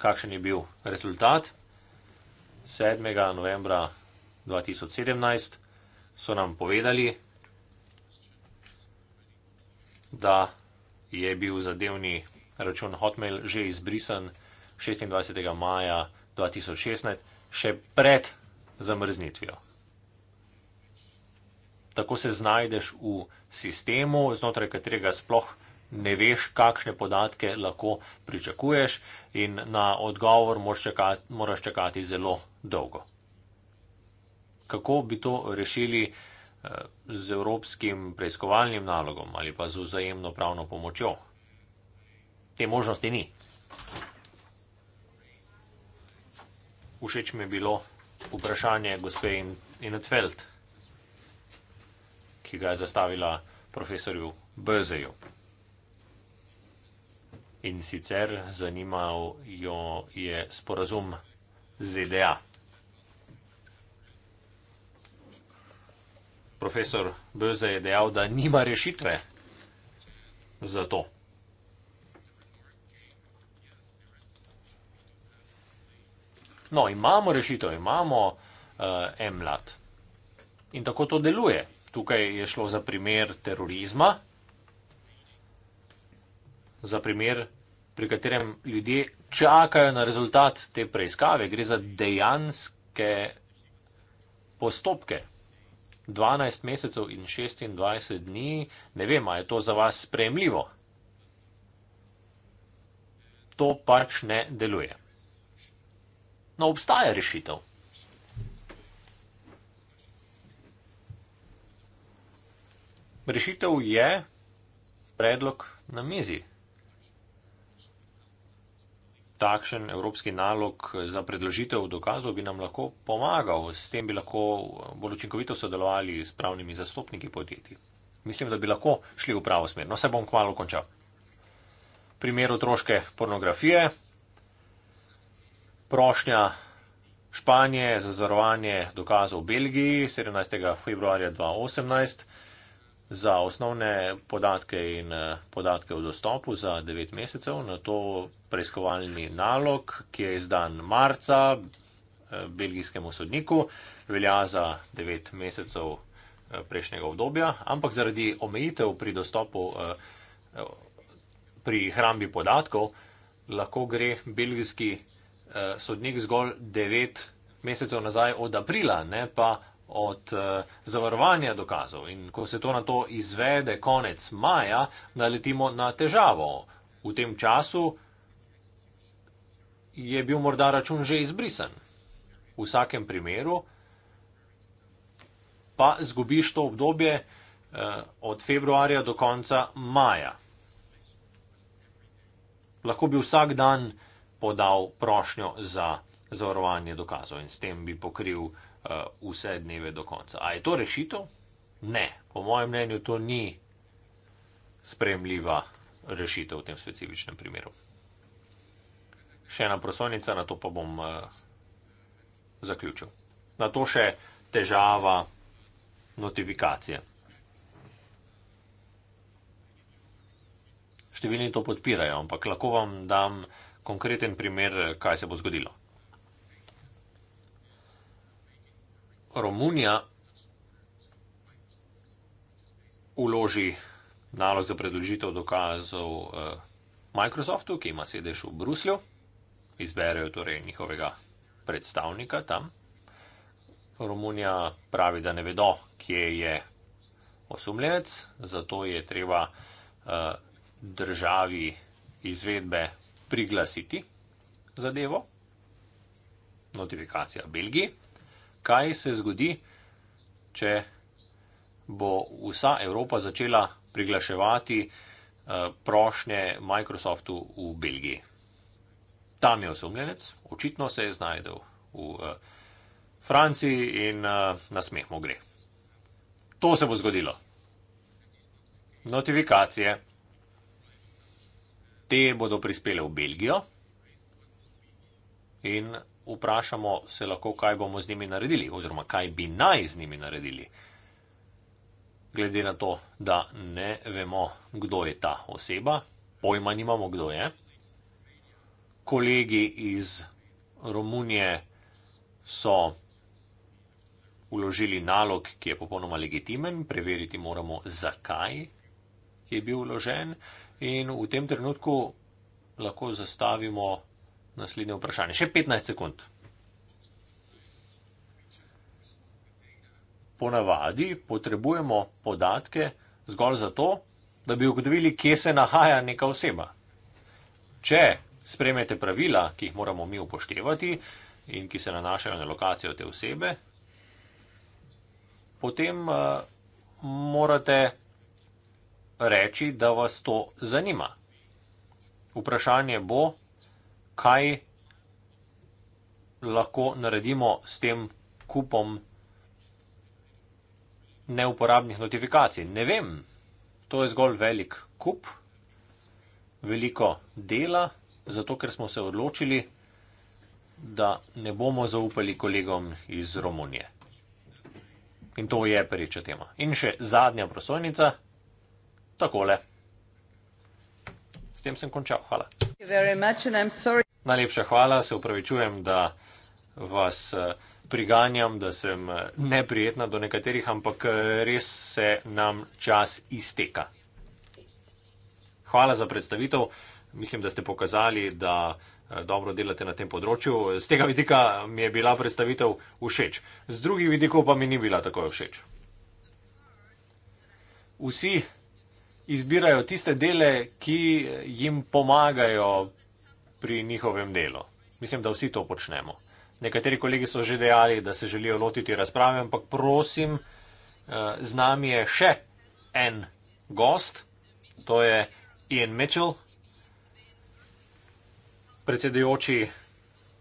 kakšen je bil rezultat. 7. novembra 2017 so nam povedali, da je bil zadevni račun Hotmail že izbrisan 26. maja 2016, še pred zamrznitvijo. Tako se znajdeš v sistemu, znotraj katerega sploh ne veš, kakšne podatke lahko pričakuješ in na odgovor moraš čakati, moraš čakati zelo dolgo. Kako bi to rešili eh, z evropskim preiskovalnim nalogom ali pa z vzajemno pravno pomočjo? Te možnosti ni. Všeč mi je bilo vprašanje gospe Inetfeld, ki ga je zastavila profesorju Bezeju in sicer zanimal jo je sporazum ZDA. Profesor Böze je dejal, da nima rešitve za to. No, imamo rešitev, imamo uh, eh, MLAT. In tako to deluje. Tukaj je šlo za primer terorizma za primer, pri katerem ljudje čakajo na rezultat te preiskave. Gre za dejanske postopke. 12 mesecev in 26 dni, ne vem, ali je to za vas sprejemljivo. To pač ne deluje. No, obstaja rešitev. Rešitev je predlog na mizi takšen evropski nalog za predložitev dokazov bi nam lahko pomagal, s tem bi lahko bolj učinkovito sodelovali s pravnimi zastopniki podjetij. Mislim, da bi lahko šli v pravo smer. No, se bom kmalo končal. Primer otroške pornografije, prošnja Španije za zvarovanje dokazov v Belgiji 17. februarja 2018 za osnovne podatke in eh, podatke o dostopu za 9 mesecev, na to preiskovalni nalog, ki je izdan marca eh, belgijskemu sodniku, velja za 9 mesecev eh, prejšnjega obdobja, ampak zaradi omejitev pri dostopu pri hrambi podatkov lahko gre belgijski sodnik zgolj 9 mesecev nazaj od aprila, ne pa od uh, zavarovanja dokazov. In ko se to na to izvede konec maja, naletimo na težavo. V tem času je bil morda račun že izbrisen. V vsakem primeru pa zgubiš to obdobje uh, od februarja do konca maja. Lahko bi vsak dan podal prošnjo za zavarovanje dokazov in s tem bi pokril uh, uh, vse dneve do konca. A je to rešitev? Ne, po mojem mnenju to ni spremljiva rešitev v tem specifičnem primeru. Še ena prosojnica, na to pa bom uh, zaključil. Na to še težava notifikacije. Številni to podpirajo, ampak lahko vam dam konkreten primer, kaj se bo zgodilo. Romunija uloži nalog za predložitev dokazov eh, Microsoftu, ki ima sedež v Bruslju, izberejo torej njihovega predstavnika tam. Romunija pravi, da ne vedo, kje je osumljenec, zato je treba eh, državi izvedbe priglasiti zadevo. Notifikacija Belgiji kaj se zgodi, če bo vsa Evropa začela priglaševati eh, prošnje Microsoftu v Belgiji. Tam je osumljenec, očitno se je znajdel v eh, Franciji in eh, na smeh mu gre. To se bo zgodilo. Notifikacije. Te bodo prispele v Belgijo in vprašamo se lahko, kaj bomo z njimi naredili, oziroma kaj bi naj z njimi naredili. Glede na to, da ne vemo, kdo je ta oseba, pojma nimamo, kdo je. Kolegi iz Romunije so uložili nalog, ki je popolnoma legitimen, preveriti moramo, zakaj je bil uložen, in v tem trenutku lahko zastavimo naslednje vprašanje. Še 15 sekund. Ponavadi potrebujemo podatke zgolj zato, da bi ugotovili, kje se nahaja neka oseba. Če spremete pravila, ki jih moramo mi upoštevati in ki se nanašajo na lokacijo te osebe, potem uh, morate reči, da vas to zanima. Vprašanje bo, kaj lahko naredimo s tem kupom neuporabnih notifikacij. Ne vem, to je zgolj velik kup, veliko dela, zato ker smo se odločili, da ne bomo zaupali kolegom iz Romunije. In to je priča tema. In še zadnja prosojnica, takole. S tem sem končal. Hvala. Najlepša hvala, se upravičujem, da vas eh, priganjam, da sem eh, neprijetna do nekaterih, ampak eh, res se nam čas izteka. Hvala za predstavitev. Mislim, da ste pokazali, da dobro delate na tem področju. Z tega vidika mi je bila predstavitev všeč, z drugih vidikov pa mi ni bila tako všeč. Vsi izbirajo tiste dele, ki jim pomagajo pri njihovem delu. Mislim, da vsi to počnemo. Nekateri kolegi so že dejali, da se želijo lotiti razprave, ampak prosim, eh, z nami je še en gost, to je Ian Mitchell, predsedujoči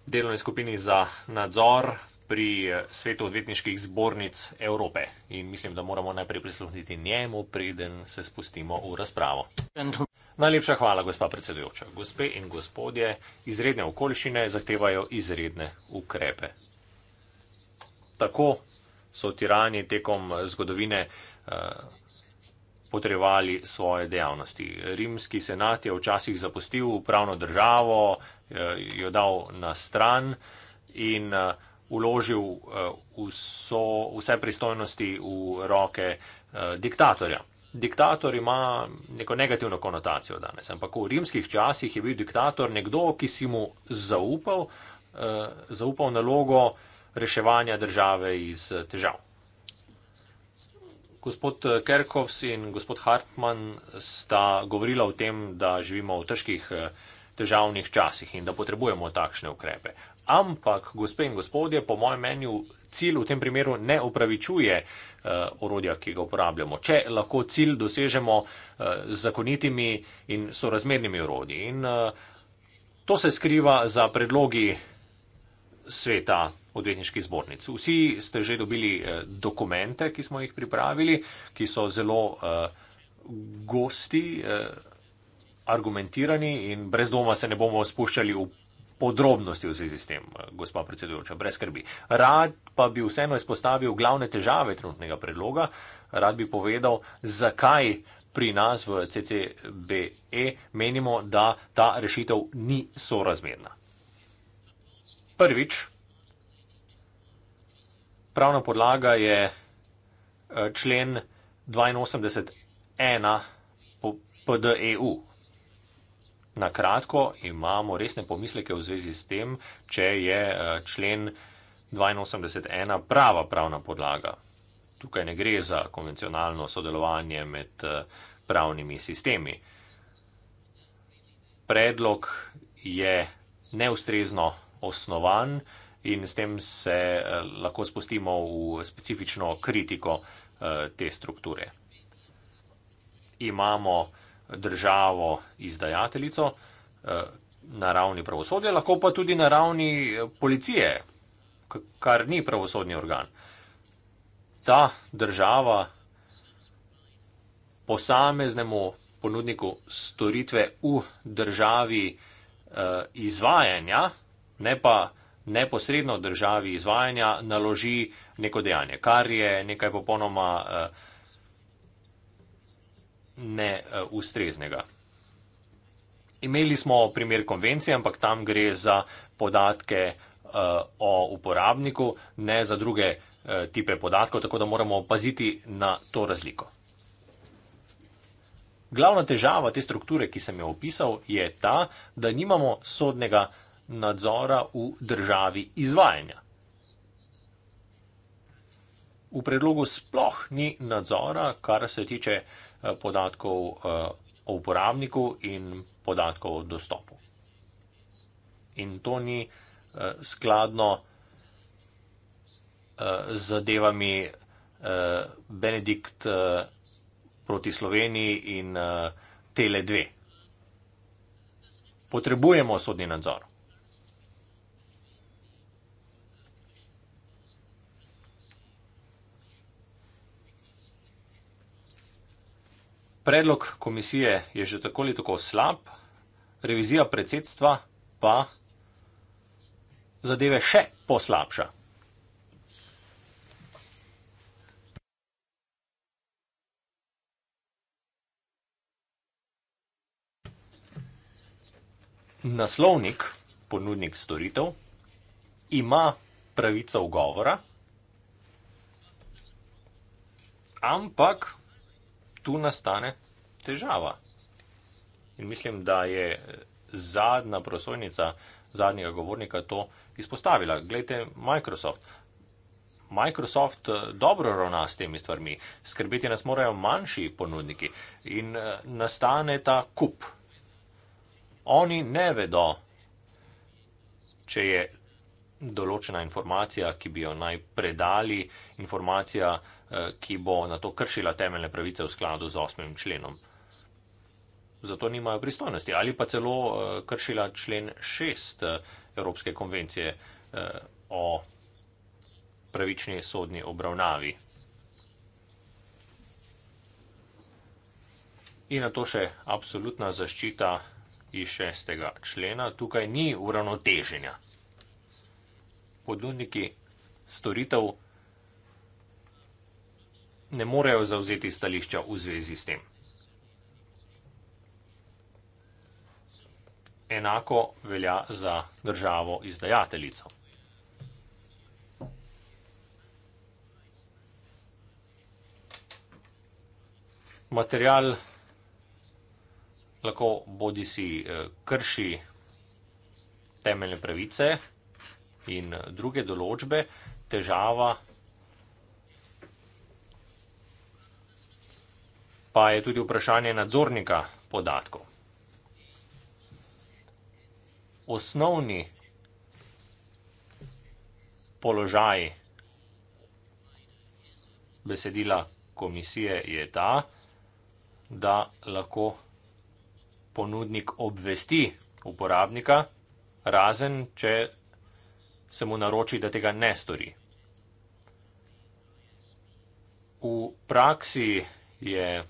delovne skupini za nadzor pri eh, svetu odvetniških zbornic Evrope. In mislim, da moramo najprej prisluhniti njemu, preden se spustimo v razpravo. Najlepša hvala, gospa predsedujoča. Gospe in gospodje, izredne okoliščine zahtevajo izredne ukrepe. Tako so tirani tekom eh, zgodovine eh, potrebovali svoje dejavnosti. Rimski senat je včasih zapustil pravno državo, jo dal na stran in uh, uložil eh, vso, vse pristojnosti v roke eh, diktatorja. Diktator ima neko negativno konotacijo danes, ampak v rimskih časih je bil diktator nekdo, ki si mu zaupal, eh, zaupal nalogo reševanja države iz težav. Gospod Kerkovs in gospod Hartmann sta govorila o tem, da živimo v težkih, težavnih časih in da potrebujemo takšne ukrepe. Ampak, gospe in gospodje, po mojem mnenju, cilj v tem primeru ne upravičuje uh, orodja, ki ga uporabljamo. Če lahko cilj dosežemo uh, z zakonitimi in sorazmernimi orodji. In uh, to se skriva za predlogi sveta odvetniških zbornic. Vsi ste že dobili uh, dokumente, ki smo jih pripravili, ki so zelo uh, gosti. Uh, argumentirani in brez doma se ne bomo spuščali v podrobnosti v zvezi s tem, eh, gospa predsedujoča, brez skrbi. Rad pa bi vseeno izpostavil glavne težave trenutnega predloga, rad bi povedal, zakaj pri nas v CCBE menimo, da ta rešitev ni sorazmerna. Prvič, pravna podlaga je eh, člen 82.1 pod EU, Na kratko imamo resne pomisleke v zvezi s tem, če je eh, člen 82.1 prava pravna podlaga. Tukaj ne gre za konvencionalno sodelovanje med eh, pravnimi sistemi. Predlog je neustrezno osnovan in s tem se eh, lahko spustimo v specifično kritiko te strukture. Imamo državo izdajateljico eh, na ravni pravosodja, lahko pa tudi na ravni eh, policije, kar ni pravosodni organ. Ta država posameznemu ponudniku storitve v državi eh, izvajanja, ne pa neposredno državi izvajanja, naloži neko dejanje, kar je nekaj popolnoma ne uh, ustreznega. Imeli smo primer konvencije, ampak tam gre za podatke uh, o uporabniku, ne za druge uh, tipe podatkov, tako da moramo paziti na to razliko. Glavna težava te strukture, ki sem jo opisal, je ta, da nimamo sodnega nadzora v državi izvajanja. V predlogu sploh ni nadzora, kar se tiče uh, Eh, podatkov eh, o uporabniku in podatkov o dostopu. In to ni eh, skladno z zadevami Benedikt proti Sloveniji in Tele 2. Potrebujemo sodni nadzor. Predlog komisije je že tako ali tako slab, revizija predsedstva pa zadeve še poslabša. Naslovnik, ponudnik storitev, ima pravico ugovora, ampak tu nastane težava. In mislim, da je zadnja prosojnica zadnjega govornika to izpostavila. Glejte, Microsoft. Microsoft eh, dobro ravna s temi stvarmi, skrbeti nas morajo manjši ponudniki in eh, nastane ta kup. Oni ne vedo, če je določena informacija, ki bi jo naj predali, informacija Eh, ki bo na to kršila temeljne pravice v skladu z osmim členom. Zato nimajo pristojnosti ali pa celo eh, kršila člen šest eh, Evropske konvencije o pravični sodni obravnavi. In na to še absolutna zaščita iz šestega člena. Tukaj ni uravnoteženja. Podnudniki storitev ne morejo zauzeti stališča v zvezi s tem. Enako velja za državo izdajateljico. Material lahko bodi si eh, krši temeljne pravice in druge določbe, težava pa je tudi vprašanje nadzornika podatkov. Osnovni položaj besedila komisije je ta, da lahko ponudnik obvesti uporabnika, razen če se mu naroči, da tega ne stori. V praksi je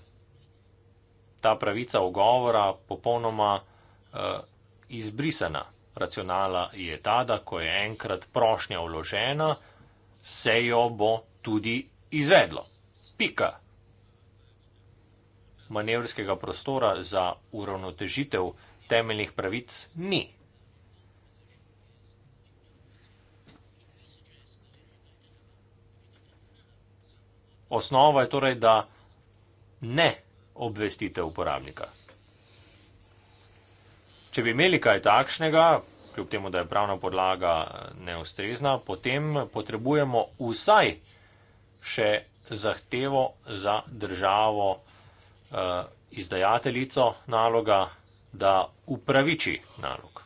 ta pravica ogovora popolnoma uh, izbrisana. Racionala je ta, da ko je enkrat prošnja vložena, se jo bo tudi izvedlo. Pika. Manevrskega prostora za uravnotežitev temeljnih pravic ni. Osnova je torej, da ne obvestite uporabnika. Če bi imeli kaj takšnega, kljub temu, da je pravna podlaga eh, neustrezna, potem potrebujemo vsaj še zahtevo za državo eh, izdajateljico naloga, da upraviči nalog.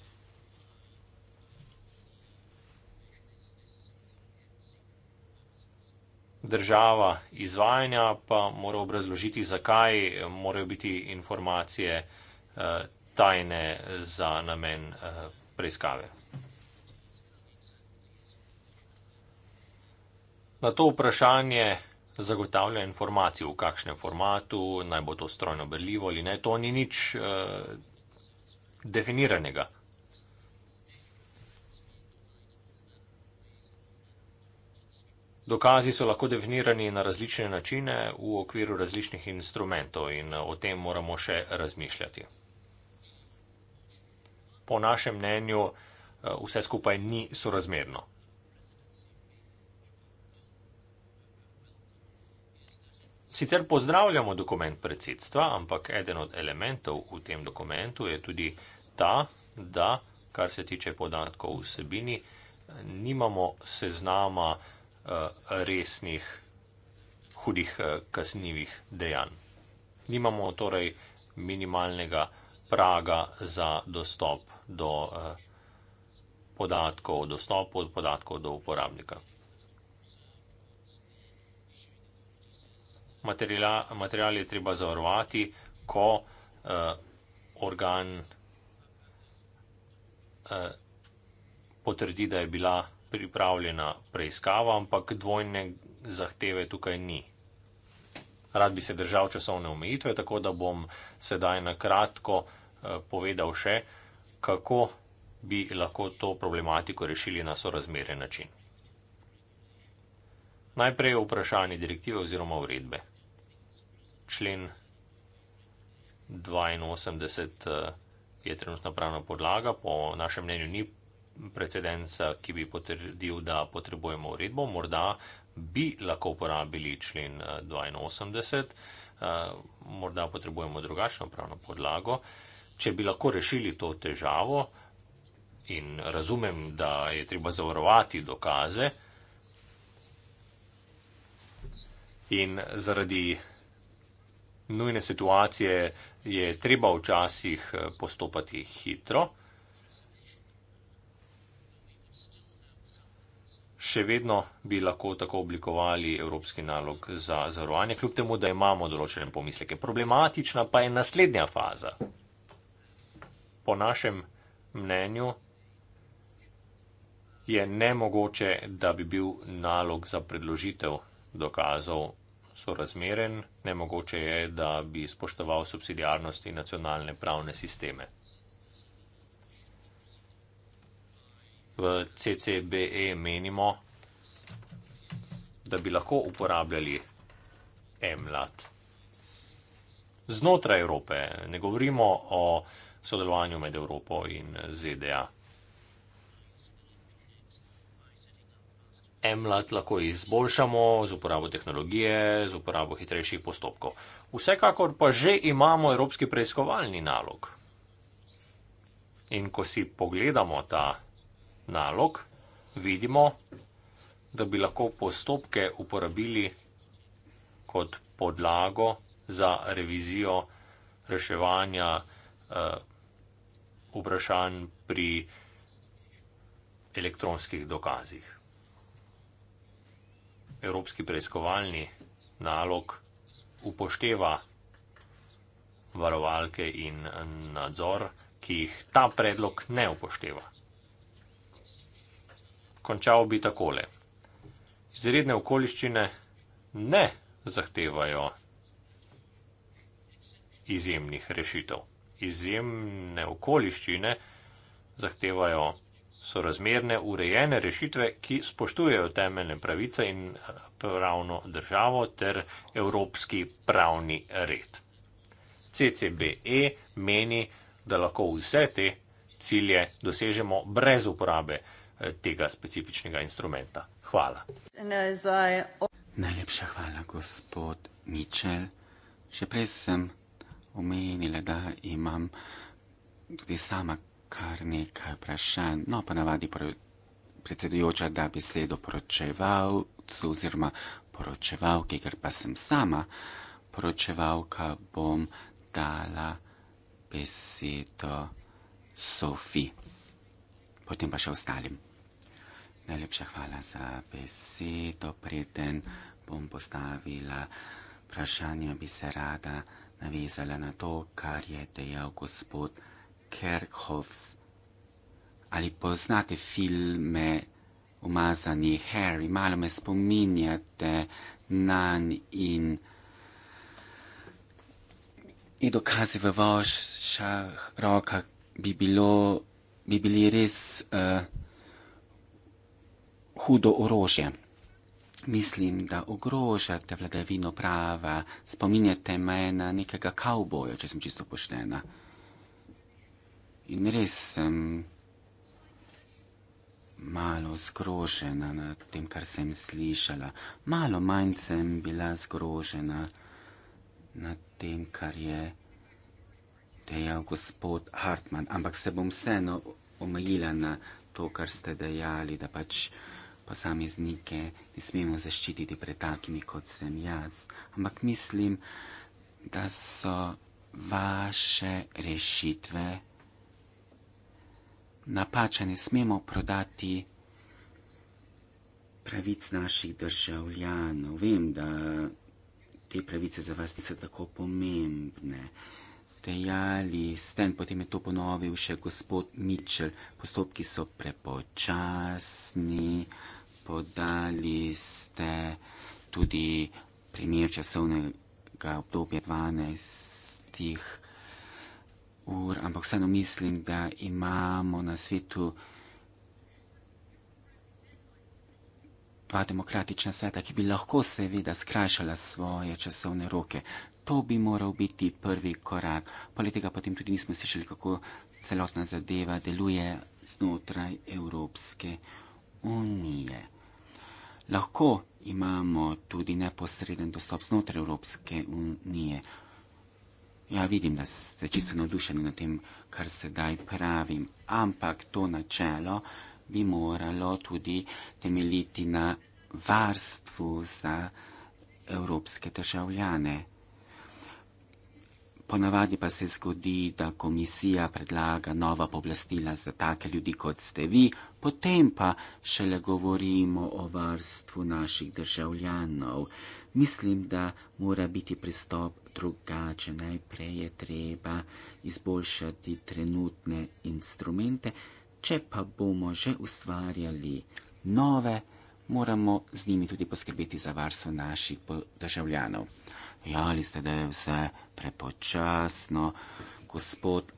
država izvajanja, pa mora obrazložiti, zakaj morajo biti informacije eh, tajne za namen eh, preiskave. Na to vprašanje zagotavlja informacije v kakšnem formatu, naj bo to strojno berljivo ali ne, to ni nič eh, definiranega. Dokazi so lahko definirani na različne načine v okviru različnih instrumentov in o tem moramo še razmišljati. Po našem mnenju eh, vse skupaj ni sorazmerno. Sicer pozdravljamo dokument predsedstva, ampak eden od elementov v tem dokumentu je tudi ta, da, kar se tiče podatkov vsebini, nimamo seznama Eh, resnih, hudih, eh, kaznjivih dejanj. Nimamo torej minimalnega praga za dostop do eh, podatkov, dostop od podatkov do uporabnika. Materiala, material je treba zavarovati, ko eh, organ eh, potrdi, da je bila pripravljena preiskava, ampak dvojne zahteve tukaj ni. Rad bi se držal časovne omejitve, tako da bom sedaj na kratko eh, povedal še, kako bi lahko to problematiko rešili na sorazmeren način. Najprej je vprašanje direktive oziroma uredbe. Člen 82 eh, je trenutna pravna podlaga, po našem mnenju ni precedensa, ki bi potrdil, da potrebujemo uredbo, morda bi lahko uporabili člen 82, eh, eh, morda potrebujemo drugačno pravno podlago. Če bi lahko rešili to težavo in razumem, da je treba zavarovati dokaze in zaradi nujne situacije je treba včasih eh, postopati hitro, še vedno bi lahko tako oblikovali evropski nalog za zavarovanje, kljub temu, da imamo določene pomisleke. Problematična pa je naslednja faza. Po našem mnenju je nemogoče, da bi bil nalog za predložitev dokazov sorazmeren, nemogoče je, da bi spoštoval subsidijarnost in nacionalne pravne sisteme. v CCBE menimo, da bi lahko uporabljali MLAT. Znotraj Evrope, ne govorimo o sodelovanju med Evropo in ZDA. MLAT lahko izboljšamo z uporabo tehnologije, z uporabo hitrejših postopkov. Vsekakor pa že imamo evropski preiskovalni nalog. In ko si pogledamo ta nalog, vidimo, da bi lahko postopke uporabili kot podlago za revizijo reševanja eh, vprašanj pri elektronskih dokazih. Evropski preiskovalni nalog upošteva varovalke in nadzor, ki jih ta predlog ne upošteva končal bi takole. Izredne okoliščine ne zahtevajo izjemnih rešitev. Izjemne okoliščine zahtevajo sorazmerne, urejene rešitve, ki spoštujejo temeljne pravice in eh, pravno državo ter evropski pravni red. CCBE meni, da lahko vse te cilje dosežemo brez uporabe Eh, tega specifičnega instrumenta. Hvala. Najlepša hvala, gospod Mičel. Še prej sem omenila, da imam tudi sama kar nekaj vprašanj. No, pa navadi predsedujoča, da bi se doporočeval oziroma poročevalke, ker pa sem sama poročevalka, bom dala besedo Sofi, potem pa še ostalim. Najlepša hvala za besedo. Preden bom postavila vprašanje, bi se rada navezala na to, kar je dejal gospod Kerkhoffs. Ali poznate filme Umazani Harry? Malo me spominjate na in in dokazi v vaših rokah bi bilo, bi bili res uh, hudo orožje. Mislim, da ogrožate vladavino prava, spominjate me na nekega kavboja, če sem čisto poštena. In res sem malo zgrožena nad tem, kar sem slišala. Malo manj sem bila zgrožena nad tem, kar je dejal gospod Hartmann, ampak se bom vseeno omejila na to, kar ste dejali, da pač posameznike ne smemo zaščititi pred takimi, kot sem jaz, ampak mislim, da so vaše rešitve napačne. Ne smemo prodati pravic naših državljanov. Vem, da te pravice za vas niso tako pomembne. Dejali ste, in potem je to ponovil še gospod Mičel, postopki so prepočasni podali ste tudi primer časovnega obdobja 12 ur, ampak vseeno mislim, da imamo na svetu dva demokratična sveta, ki bi lahko seveda skrajšala svoje časovne roke. To bi moral biti prvi korak. Poleg tega potem tudi nismo slišali, kako celotna zadeva deluje znotraj Evropske unije lahko imamo tudi neposreden dostop znotraj Evropske unije. Ja, vidim, da ste čisto navdušeni na tem, kar sedaj pravim, ampak to načelo bi moralo tudi temeljiti na varstvu za evropske državljane. Ponavadi pa se zgodi, da komisija predlaga nova poblastila za take ljudi, kot ste vi, potem pa šele govorimo o varstvu naših državljanov. Mislim, da mora biti pristop drugače. Najprej je treba izboljšati trenutne instrumente, če pa bomo že ustvarjali nove, moramo z njimi tudi poskrbeti za varstvo naših državljanov. Jali ste, da je vse prepočasno. Gospod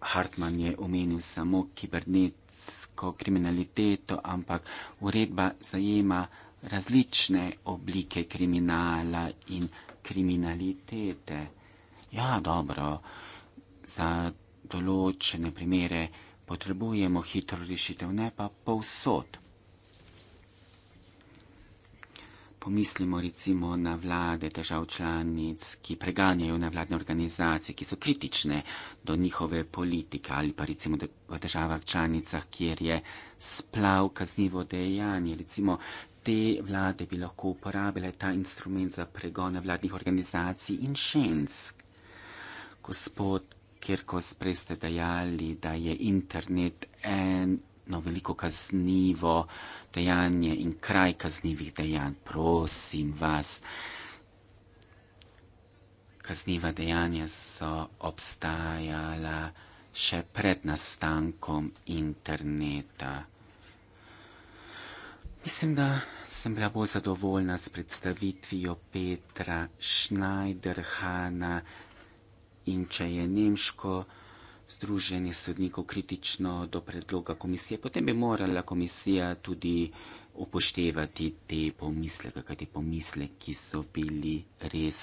Hartmann je omenil samo kibernetsko kriminaliteto, ampak uredba zajema različne oblike kriminala in kriminalitete. Ja, dobro, za določene primere potrebujemo hitro rešitev, ne pa povsod. pomislimo recimo na vlade držav članic, ki preganjajo na vladne organizacije, ki so kritične do njihove politike ali pa recimo v državah članicah, kjer je splav kaznivo dejanje, recimo te vlade bi lahko uporabile ta instrument za pregon vladnih organizacij in žensk. Gospod Kirkos, prej ste dejali, da je internet eno veliko kaznivo dejanje in kraj kaznivih dejanj. Prosim vas, kazniva dejanja so obstajala še pred nastankom interneta. Mislim, da sem bila bolj zadovoljna s predstavitvijo Petra Schneiderhana in če je nemško, združenje sodnikov kritično do predloga komisije, potem bi morala komisija tudi upoštevati te pomisleke, kajti pomisleki so bili res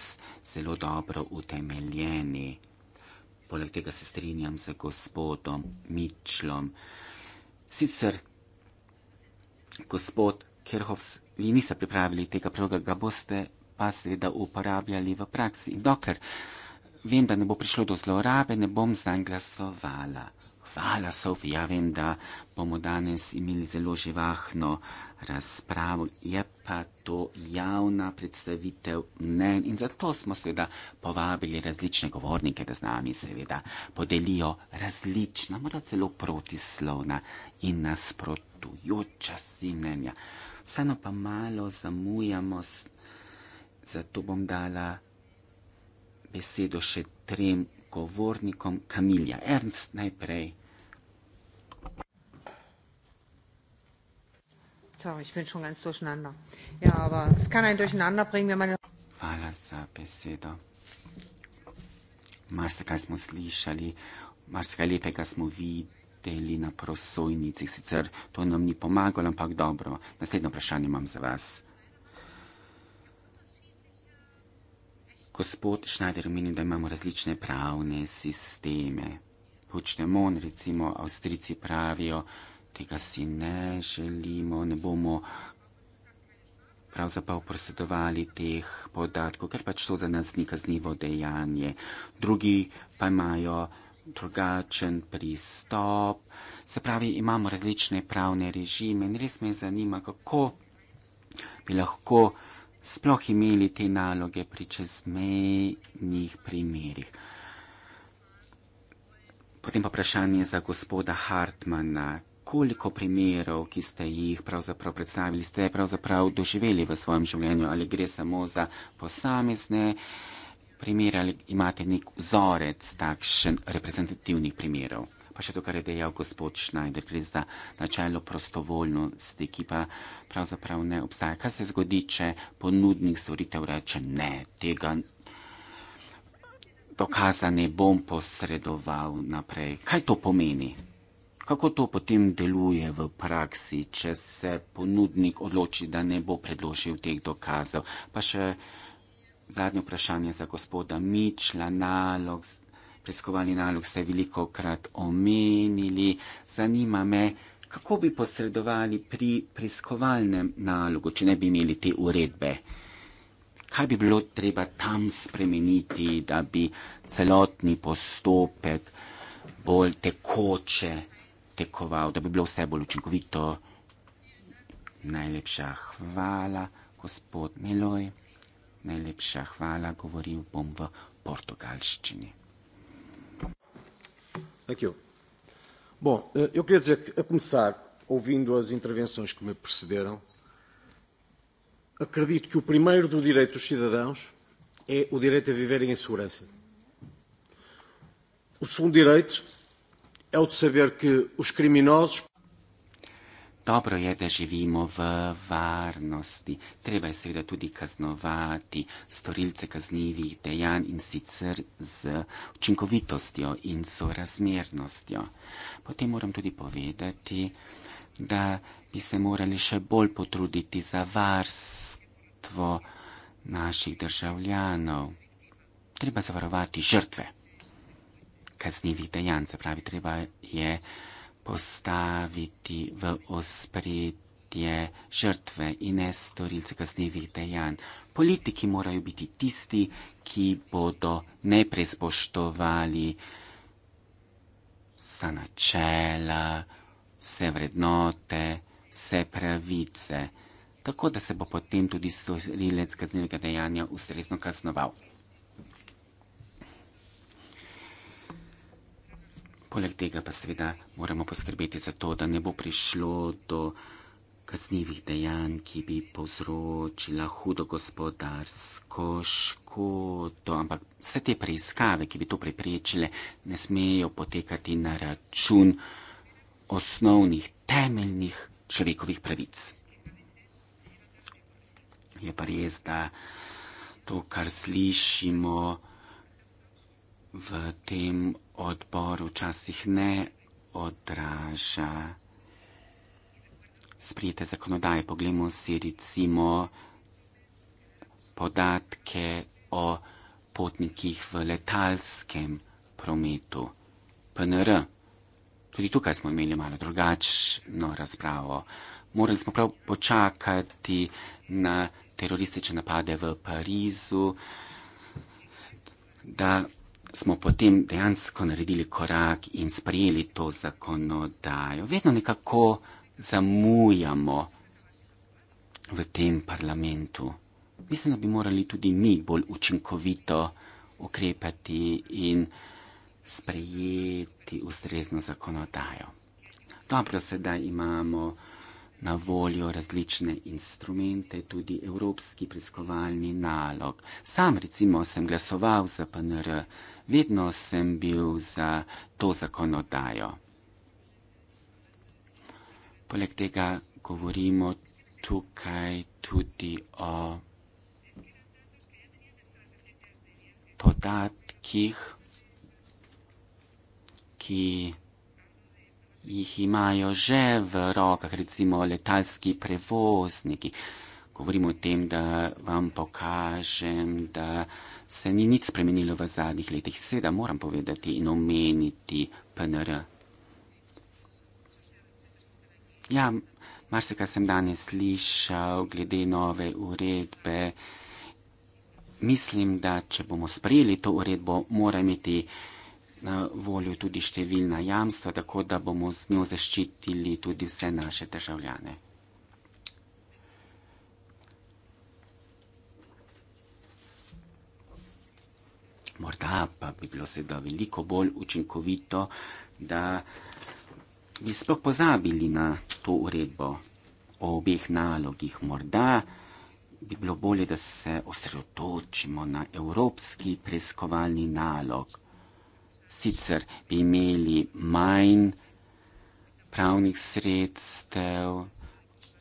zelo dobro utemeljeni. Poleg tega se strinjam z gospodom Mičlom. Sicer, gospod Kerhovs, vi niste pripravili tega predloga, ga boste pa seveda uporabljali v praksi. Dokler vem, da ne bo prišlo do zlorabe, ne bom zanj glasovala. Hvala, Sofija, ja vem, da bomo danes imeli zelo živahno razpravo, je pa to javna predstavitev mnen in zato smo seveda povabili različne govornike, da z nami seveda podelijo različna, morda celo protislovna in nasprotujoča si mnenja. Vseeno pa malo zamujamo, zato bom dala besedo še trem govornikom. Kamilja Ernst najprej. Ja, Hvala za besedo. Marsikaj smo slišali, marsikaj lepega smo videli na prosojnicah, sicer to nam ni pomagalo, ampak dobro. Naslednje vprašanje imam za vas. Gospod Schneider meni, da imamo različne pravne sisteme. Počnemo, recimo, Avstrici pravijo, tega si ne želimo, ne bomo pravzaprav posredovali teh podatkov, ker pač to za nas ni kaznivo dejanje. Drugi pa imajo drugačen pristop. Se pravi, imamo različne pravne režime in res me zanima, kako bi lahko sploh imeli te naloge pri čezmejnih primerih. Potem pa vprašanje za gospoda Hartmana. Koliko primerov, ki ste jih pravzaprav predstavili, ste pravzaprav doživeli v svojem življenju, ali gre samo za posamezne primere, ali imate nek vzorec takšen reprezentativnih primerov? pa še to, kar je dejal gospod Schneider, gre za načelo prostovoljnosti, ki pa pravzaprav ne obstaja. Kaj se zgodi, če ponudnik storitev reče ne, tega dokaza ne bom posredoval naprej? Kaj to pomeni? Kako to potem deluje v praksi, če se ponudnik odloči, da ne bo predložil teh dokazov? Pa še zadnje vprašanje za gospoda Mičla, nalog preiskovalni nalog ste veliko krat omenili. Zanima me, kako bi posredovali pri preiskovalnem nalogu, če ne bi imeli te uredbe. Kaj bi bilo treba tam spremeniti, da bi celotni postopek bolj tekoče tekoval, da bi bilo vse bolj učinkovito? Najlepša hvala, gospod Meloj. Najlepša hvala, govoril bom v portugalščini. Thank you. Bom, eh, eu queria dizer que, a começar, ouvindo as intervenções que me precederam, acredito que o primeiro do direito dos cidadãos é o direito a viverem em segurança. O segundo direito é o de saber que os criminosos. Dobro je, da živimo v varnosti. Treba je seveda tudi kaznovati storilce kaznjivih dejanj in sicer z učinkovitostjo in sorazmernostjo. Potem moram tudi povedati, da bi se morali še bolj potruditi za varstvo naših državljanov. Treba zavarovati žrtve kaznjivih dejanj, se pravi, treba je postaviti v ospredje žrtve in ne storilce kaznevih dejanj. Politiki morajo biti tisti, ki bodo najprej spoštovali vsa načela, vse vrednote, vse pravice, tako da se bo potem tudi storilec kaznevega dejanja ustrezno kaznoval. Poleg tega pa seveda moramo poskrbeti za to, da ne bo prišlo do kaznjivih dejanj, ki bi povzročila hudo gospodarsko škodo, ampak vse te preiskave, ki bi to preprečile, ne smejo potekati na račun osnovnih, temeljnih človekovih pravic. Je pa res, da to, kar slišimo, v tem odboru včasih ne odraža sprijete zakonodaje. Poglejmo si recimo podatke o potnikih v letalskem prometu. PNR. Tudi tukaj smo imeli malo drugačno razpravo. Morali smo prav počakati na teroristične napade v Parizu, da smo potem dejansko naredili korak in sprejeli to zakonodajo. Vedno nekako zamujamo v tem parlamentu. Mislim, da bi morali tudi mi bolj učinkovito ukrepati in sprejeti ustrezno zakonodajo. Dobro se, da imamo na voljo različne instrumente, tudi evropski preiskovalni nalog. Sam recimo sem glasoval za PNR, vedno sem bil za to zakonodajo. Poleg tega govorimo tukaj tudi o podatkih, ki jih imajo že v rokah, recimo letalski prevozniki. Govorim o tem, da vam pokažem, da se ni nič spremenilo v zadnjih letih. Seveda moram povedati in omeniti PNR. Ja, marsikaj sem danes slišal glede nove uredbe. Mislim, da če bomo sprejeli to uredbo, mora imeti na voljo tudi številna jamstva, tako da bomo z njo zaščitili tudi vse naše državljane. Morda pa bi bilo seveda veliko bolj učinkovito, da bi sploh pozabili na to uredbo o obeh nalogih. Morda bi bilo bolje, da se osredotočimo na evropski preiskovalni nalog, sicer bi imeli manj pravnih sredstev,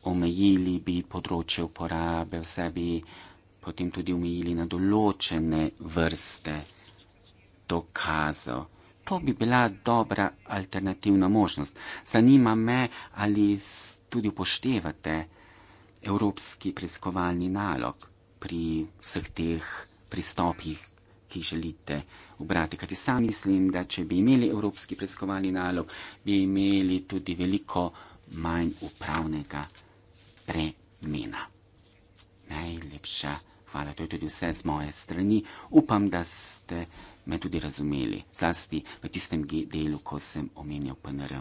omejili bi področje uporabe, vse bi potem tudi omejili na določene vrste dokazov. To bi bila dobra alternativna možnost. Zanima me, ali tudi upoštevate evropski preiskovalni nalog pri vseh teh pristopih, ki želite obrati. Kajti sam mislim, da če bi imeli evropski preiskovalni nalog, bi imeli tudi veliko manj upravnega premena. Najlepša hvala, to je tudi vse z moje strani. Upam, da ste me tudi razumeli, zlasti v tistem delu, ko sem omenjal PNR.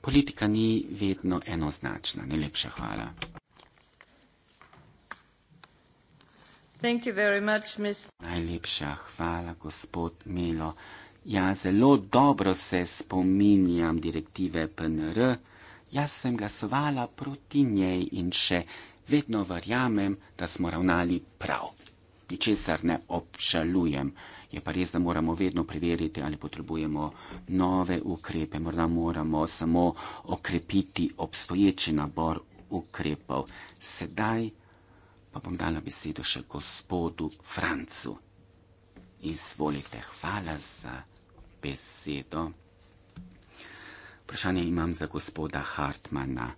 Politika ni vedno enoznačna. Najlepša hvala. Najlepša hvala, gospod Melo. Ja, zelo dobro se spominjam direktive PNR. Jaz sem glasovala proti njej in še vedno verjamem, da smo ravnali prav. Ničesar ne obžalujem. Je pa res, da moramo vedno preveriti, ali potrebujemo nove ukrepe. Morda moramo samo okrepiti obstoječi nabor ukrepov. Sedaj pa bom dala besedo še gospodu Francu. Izvolite, hvala za besedo. Vprašanje imam za gospoda Hartmana.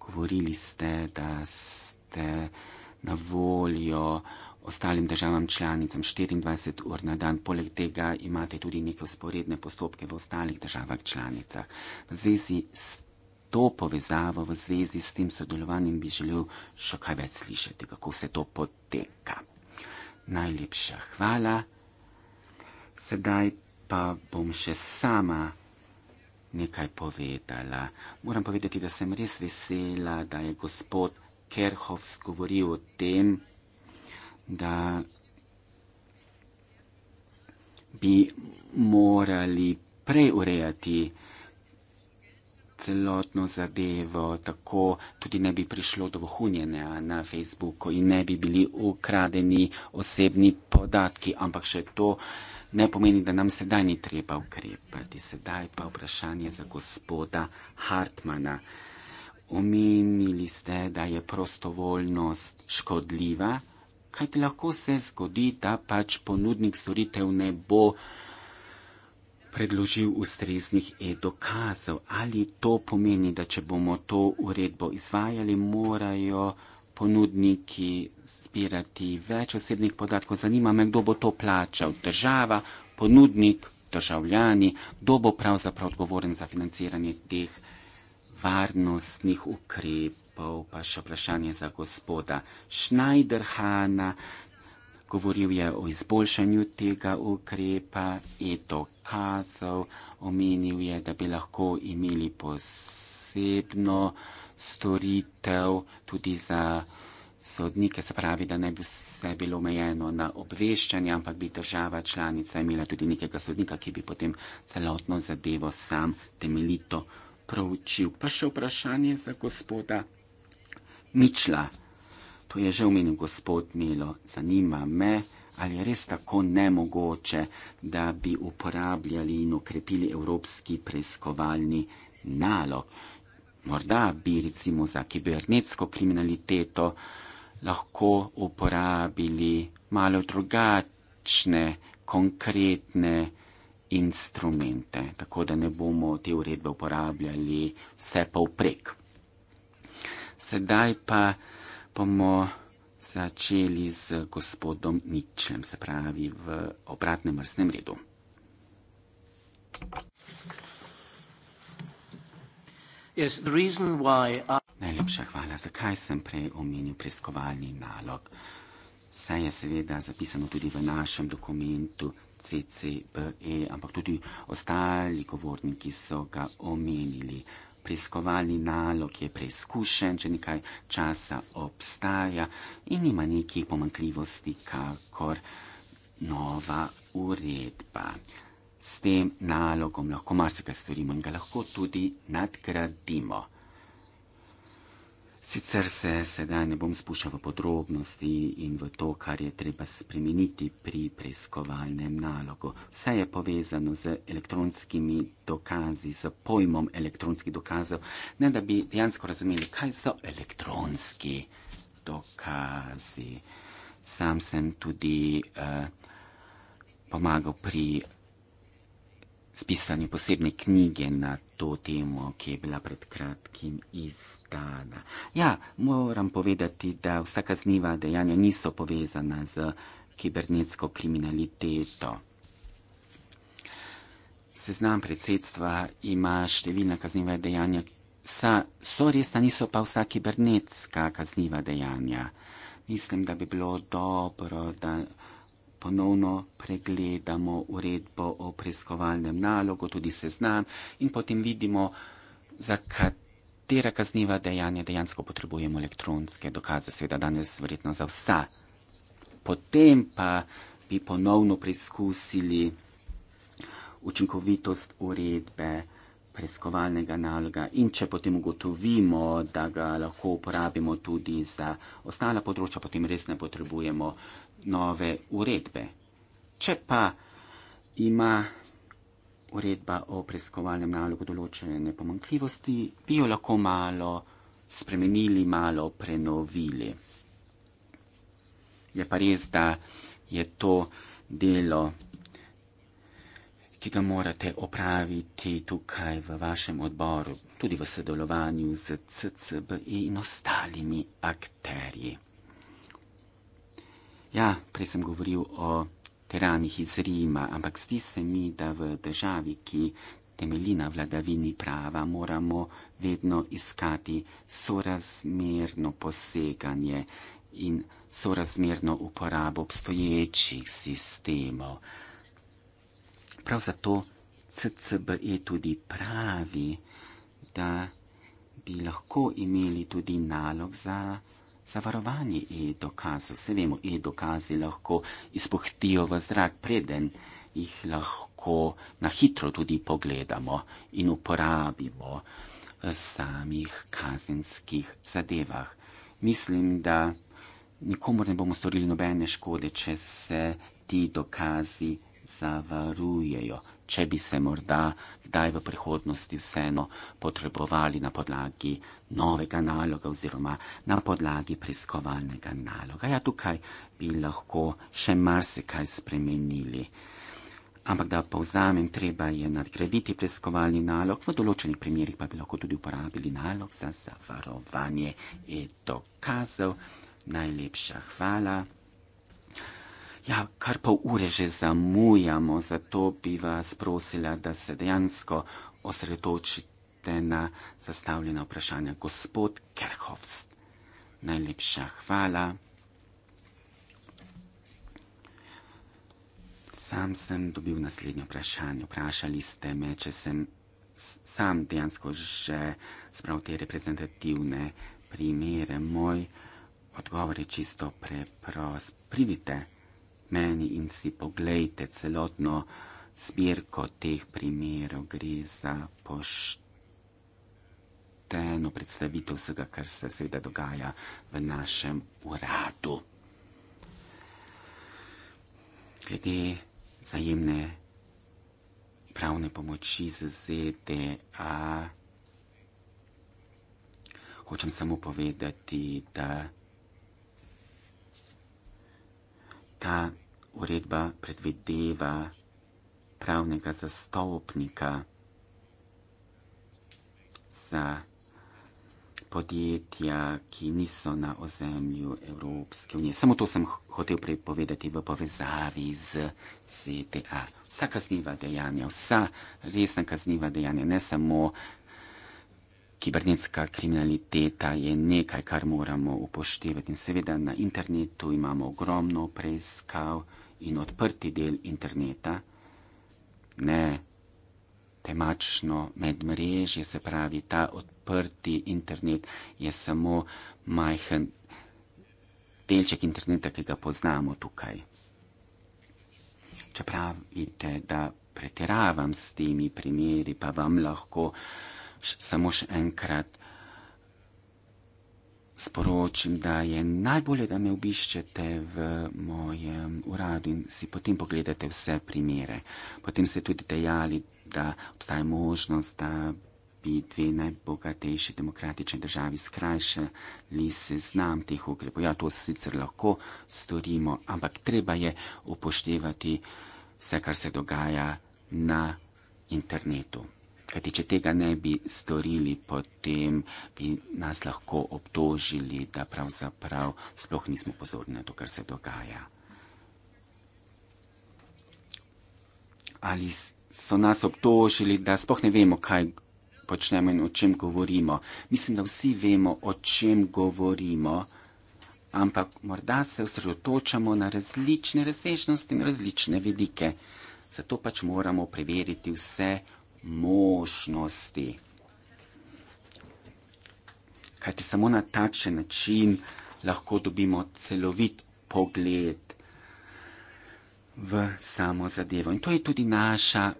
Govorili ste, da ste na voljo ostalim državam članicam 24 ur na dan. Poleg tega imate tudi neke usporedne postopke v ostalih državah članicah. V zvezi s to povezavo v zvezi s tem sodelovanjem, bi želel še kaj več slišati, kako se to poteka. Najlepša hvala. Sedaj pa bom še sama nekaj povedala. Moram povedati, da sem res vesela, da je gospod Kerhov govoril o tem, da bi morali prej urejati celotno zadevo, tako tudi ne bi prišlo do vohunjenja na Facebooku in ne bi bili ukradeni osebni podatki, ampak še to ne pomeni, da nam sedaj ni treba ukrepati. Sedaj pa vprašanje za gospoda Hartmana. Omenili ste, da je prostovoljnost škodljiva, kaj lahko se zgodi, da pač ponudnik storitev ne bo predložil ustreznih e-dokazov. Ali to pomeni, da če bomo to uredbo izvajali, morajo ponudniki zbirati več osebnih podatkov? Zanima me, kdo bo to plačal. Država, ponudnik, državljani, kdo bo pravzaprav odgovoren za financiranje teh varnostnih ukrepov? Pa še vprašanje za gospoda Schneiderhana. Govoril je o izboljšanju tega ukrepa, je dokazal, omenil je, da bi lahko imeli posebno storitev tudi za sodnike, se pravi, da ne bi vse bilo omejeno na obveščanje, ampak bi država članica imela tudi nekega sodnika, ki bi potem celotno zadevo sam temeljito proučil. Pa še vprašanje za gospoda Mičla. To je že omenil gospod Milo. Zanima me, ali je res tako nemogoče, da bi uporabljali in ukrepili evropski preiskovalni nalog. Morda bi recimo za kibernetsko kriminaliteto lahko uporabili malo drugačne, konkretne instrumente, tako da ne bomo te uredbe uporabljali vse pa vprek. Sedaj pa bomo začeli z gospodom Ničem, se pravi v obratnem vrstnem redu. Yes, I... Najlepša hvala. Zakaj sem prej omenil preiskovalni nalog? Vse je seveda zapisano tudi v našem dokumentu CCBE, ampak tudi ostali govorniki so ga omenili preiskovalni nalog je preizkušen, če nekaj časa obstaja in nima nekih pomankljivosti, kakor nova uredba. S tem nalogom lahko marsikaj storimo in ga lahko tudi nadgradimo. Sicer se sedaj ne bom spuščal v podrobnosti in v to, kar je treba spremeniti pri preiskovalnem nalogu. Vse je povezano z elektronskimi dokazi, z pojmom elektronskih dokazov, ne da bi dejansko razumeli, kaj so elektronski dokazi. Sam sem tudi uh, pomagal pri spisanju posebne knjige na to temo, ki je bila pred kratkim izdana. Ja, moram povedati, da vsa kazniva dejanja niso povezana z kibernetsko kriminaliteto. Seznam predsedstva ima številna kazniva dejanja, vsa, so resna, niso pa vsa kibernetska kazniva dejanja. Mislim, da bi bilo dobro, da ponovno pregledamo uredbo o preiskovalnem nalogu, tudi seznam in potem vidimo, za katera kazniva dejanja dejansko potrebujemo elektronske dokaze, seveda danes verjetno za vsa. Potem pa bi ponovno preizkusili učinkovitost uredbe preiskovalnega naloga in če potem ugotovimo, da ga lahko uporabimo tudi za ostala področja, potem res ne potrebujemo nove uredbe. Če pa ima uredba o preiskovalnem nalogu določene pomankljivosti, bi jo lahko malo spremenili, malo prenovili. Je pa res, da je to delo, ki ga morate opraviti tukaj v vašem odboru, tudi v sodelovanju z CCB e in ostalimi akterji. Ja, prej sem govoril o tiranih iz Rima, ampak zdi se mi, da v državi, ki temelji na vladavini prava, moramo vedno iskati sorazmerno poseganje in sorazmerno uporabo obstoječih sistemov. Prav zato CCBE tudi pravi, da bi lahko imeli tudi nalog za zavarovani e-dokaz. Vse vemo, e-dokazi lahko izpuhtijo v zrak, preden jih lahko na hitro tudi pogledamo in uporabimo v samih kazenskih zadevah. Mislim, da nikomor ne bomo storili nobene škode, če se ti dokazi zavarujejo če bi se morda kdaj v prihodnosti vseeno potrebovali na podlagi novega naloga oziroma na podlagi preiskovalnega naloga. Ja, tukaj bi lahko še marsikaj spremenili. Ampak da povzamem, treba je nadgraditi preiskovalni nalog, v določenih primerjih pa bi lahko tudi uporabili nalog za zavarovanje e dokazov. Najlepša hvala. Ja, kar pol ure že zamujamo, zato bi vas prosila, da se dejansko osredotočite na zastavljena vprašanja. Gospod Kerhovst, najlepša hvala. Sam sem dobil naslednje vprašanje. Vprašali ste me, če sem sam dejansko že spravil te reprezentativne primere. Moj odgovor je čisto preprost. Pridite meni in si pogledajte celotno zbirko teh primerov. Gre za pošteno predstavitev vsega, kar se seveda dogaja v našem uradu. Glede zajemne pravne pomoči z ZDA. Hočem samo povedati, da ta uredba predvideva pravnega zastopnika za podjetja, ki niso na ozemlju Evropske unije. Samo to sem hotel prej povedati v povezavi z ZDA. Vsa kazniva dejanja, vsa resna kazniva dejanja, ne samo kibernetska kriminaliteta je nekaj, kar moramo upoštevati. In seveda na internetu imamo ogromno preiskav in odprti del interneta, ne temačno medmrežje, se pravi, ta odprti internet je samo majhen delček interneta, ki ga poznamo tukaj. Če pravite, da pretiravam s temi primeri, pa vam lahko samo še enkrat sporočim, da je najbolje, da me obiščete v mojem uradu in si potem pogledate vse primere. Potem ste tudi dejali, da obstaja možnost, da bi dve najbogatejši demokratični državi skrajšali seznam teh ukrepov. Ja, to sicer lahko storimo, ampak treba je upoštevati vse, kar se dogaja na internetu. Kajti, če tega ne bi storili, potem bi nas lahko obtožili, da pravzaprav sploh nismo pozorni na to, kar se dogaja. Ali so nas obtožili, da sploh ne vemo, kaj počnemo in o čem govorimo. Mislim, da vsi vemo, o čem govorimo, ampak morda se osredotočamo na različne razsežnosti in različne vidike. Zato pač moramo preveriti vse možnosti. Kaj ti samo na takšen način lahko dobimo celovit pogled v samo zadevo. In to je tudi naša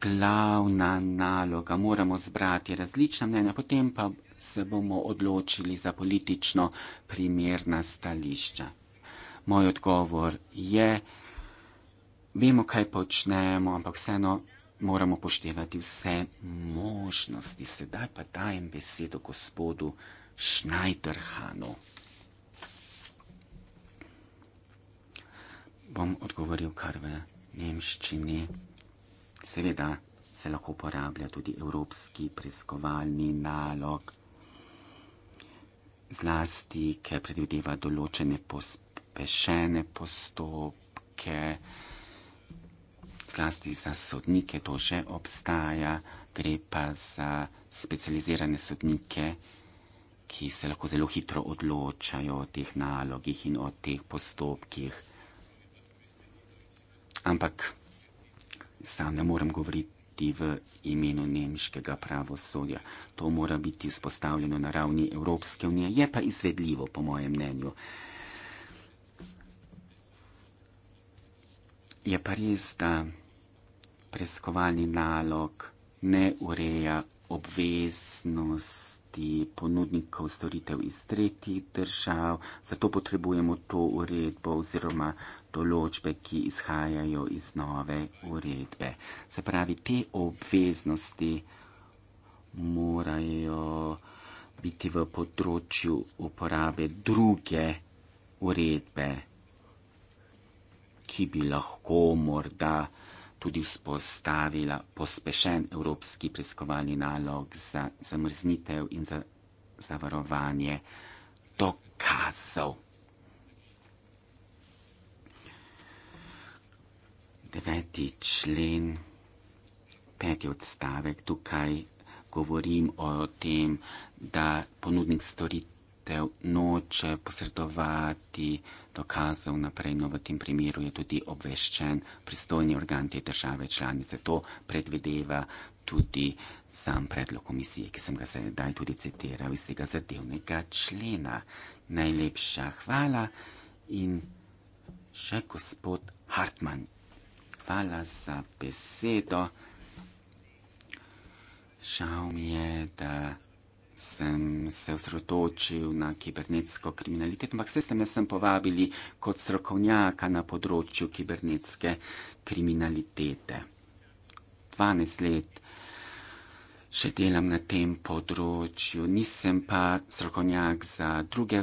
glavna naloga. Moramo zbrati različna mnenja, potem pa se bomo odločili za politično primerna stališča. Moj odgovor je, vemo, kaj počnemo, ampak vseeno moramo poštevati vse možnosti. Sedaj pa dajem besedo gospodu Šnajterhanu. Bom odgovoril kar v nemščini. Seveda se lahko uporablja tudi evropski preiskovalni nalog, zlasti, ker predvideva določene pospešene postopke zlasti za sodnike to že obstaja, gre pa za specializirane sodnike, ki se lahko zelo hitro odločajo o teh nalogih in o teh postopkih. Ampak sam ne morem govoriti v imenu nemškega pravosodja. To mora biti vzpostavljeno na ravni Evropske unije, je pa izvedljivo, po mojem mnenju. Je pa res, da preiskovalni nalog ne ureja obveznosti ponudnikov storitev iz tretjih držav, zato potrebujemo to uredbo oziroma določbe, ki izhajajo iz nove uredbe. Se pravi, te obveznosti morajo biti v področju uporabe druge uredbe, ki bi lahko morda tudi vzpostavila pospešen evropski preiskovalni nalog za zamrznitev in za zavarovanje dokazov. 9. člen, 5. odstavek, tukaj govorim o tem, da ponudnik storitev noče posredovati dokazov naprej. No, v tem primeru je tudi obveščen pristojni organ te države članice. To predvideva tudi sam predlog komisije, ki sem ga sedaj tudi citiral iz tega zadevnega člena. Najlepša hvala in še gospod Hartmann. Hvala za besedo. Žal mi je, da sem se osredotočil na kibernetsko kriminaliteto, ampak vse ste me sem povabili kot strokovnjaka na področju kibernetske kriminalitete. 12 let še delam na tem področju, nisem pa strokovnjak za druge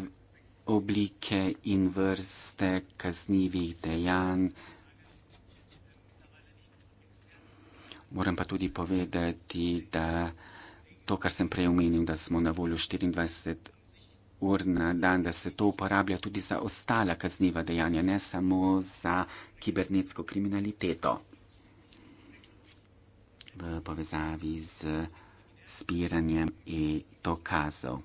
oblike in vrste kaznivih dejanj. Moram pa tudi povedati, da to, kar sem prej omenil, da smo na voljo 24 ur na dan, da se to uporablja tudi za ostala kazniva dejanja, ne samo za kibernetsko kriminaliteto v povezavi z spiranjem in dokazov.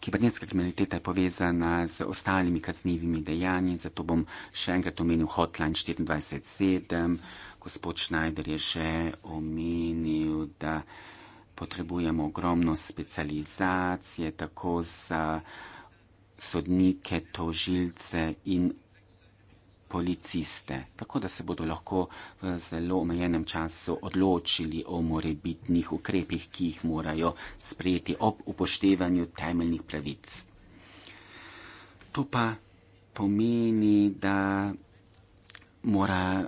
Kibernetska kriminaliteta je povezana z ostalimi kaznivimi dejanji, zato bom še enkrat omenil hotline 24-7 gospod Schneider je že omenil, da potrebujemo ogromno specializacije tako za sodnike, tožilce in policiste, tako da se bodo lahko v zelo omejenem času odločili o morebitnih ukrepih, ki jih morajo sprejeti ob upoštevanju temeljnih pravic. To pa pomeni, da mora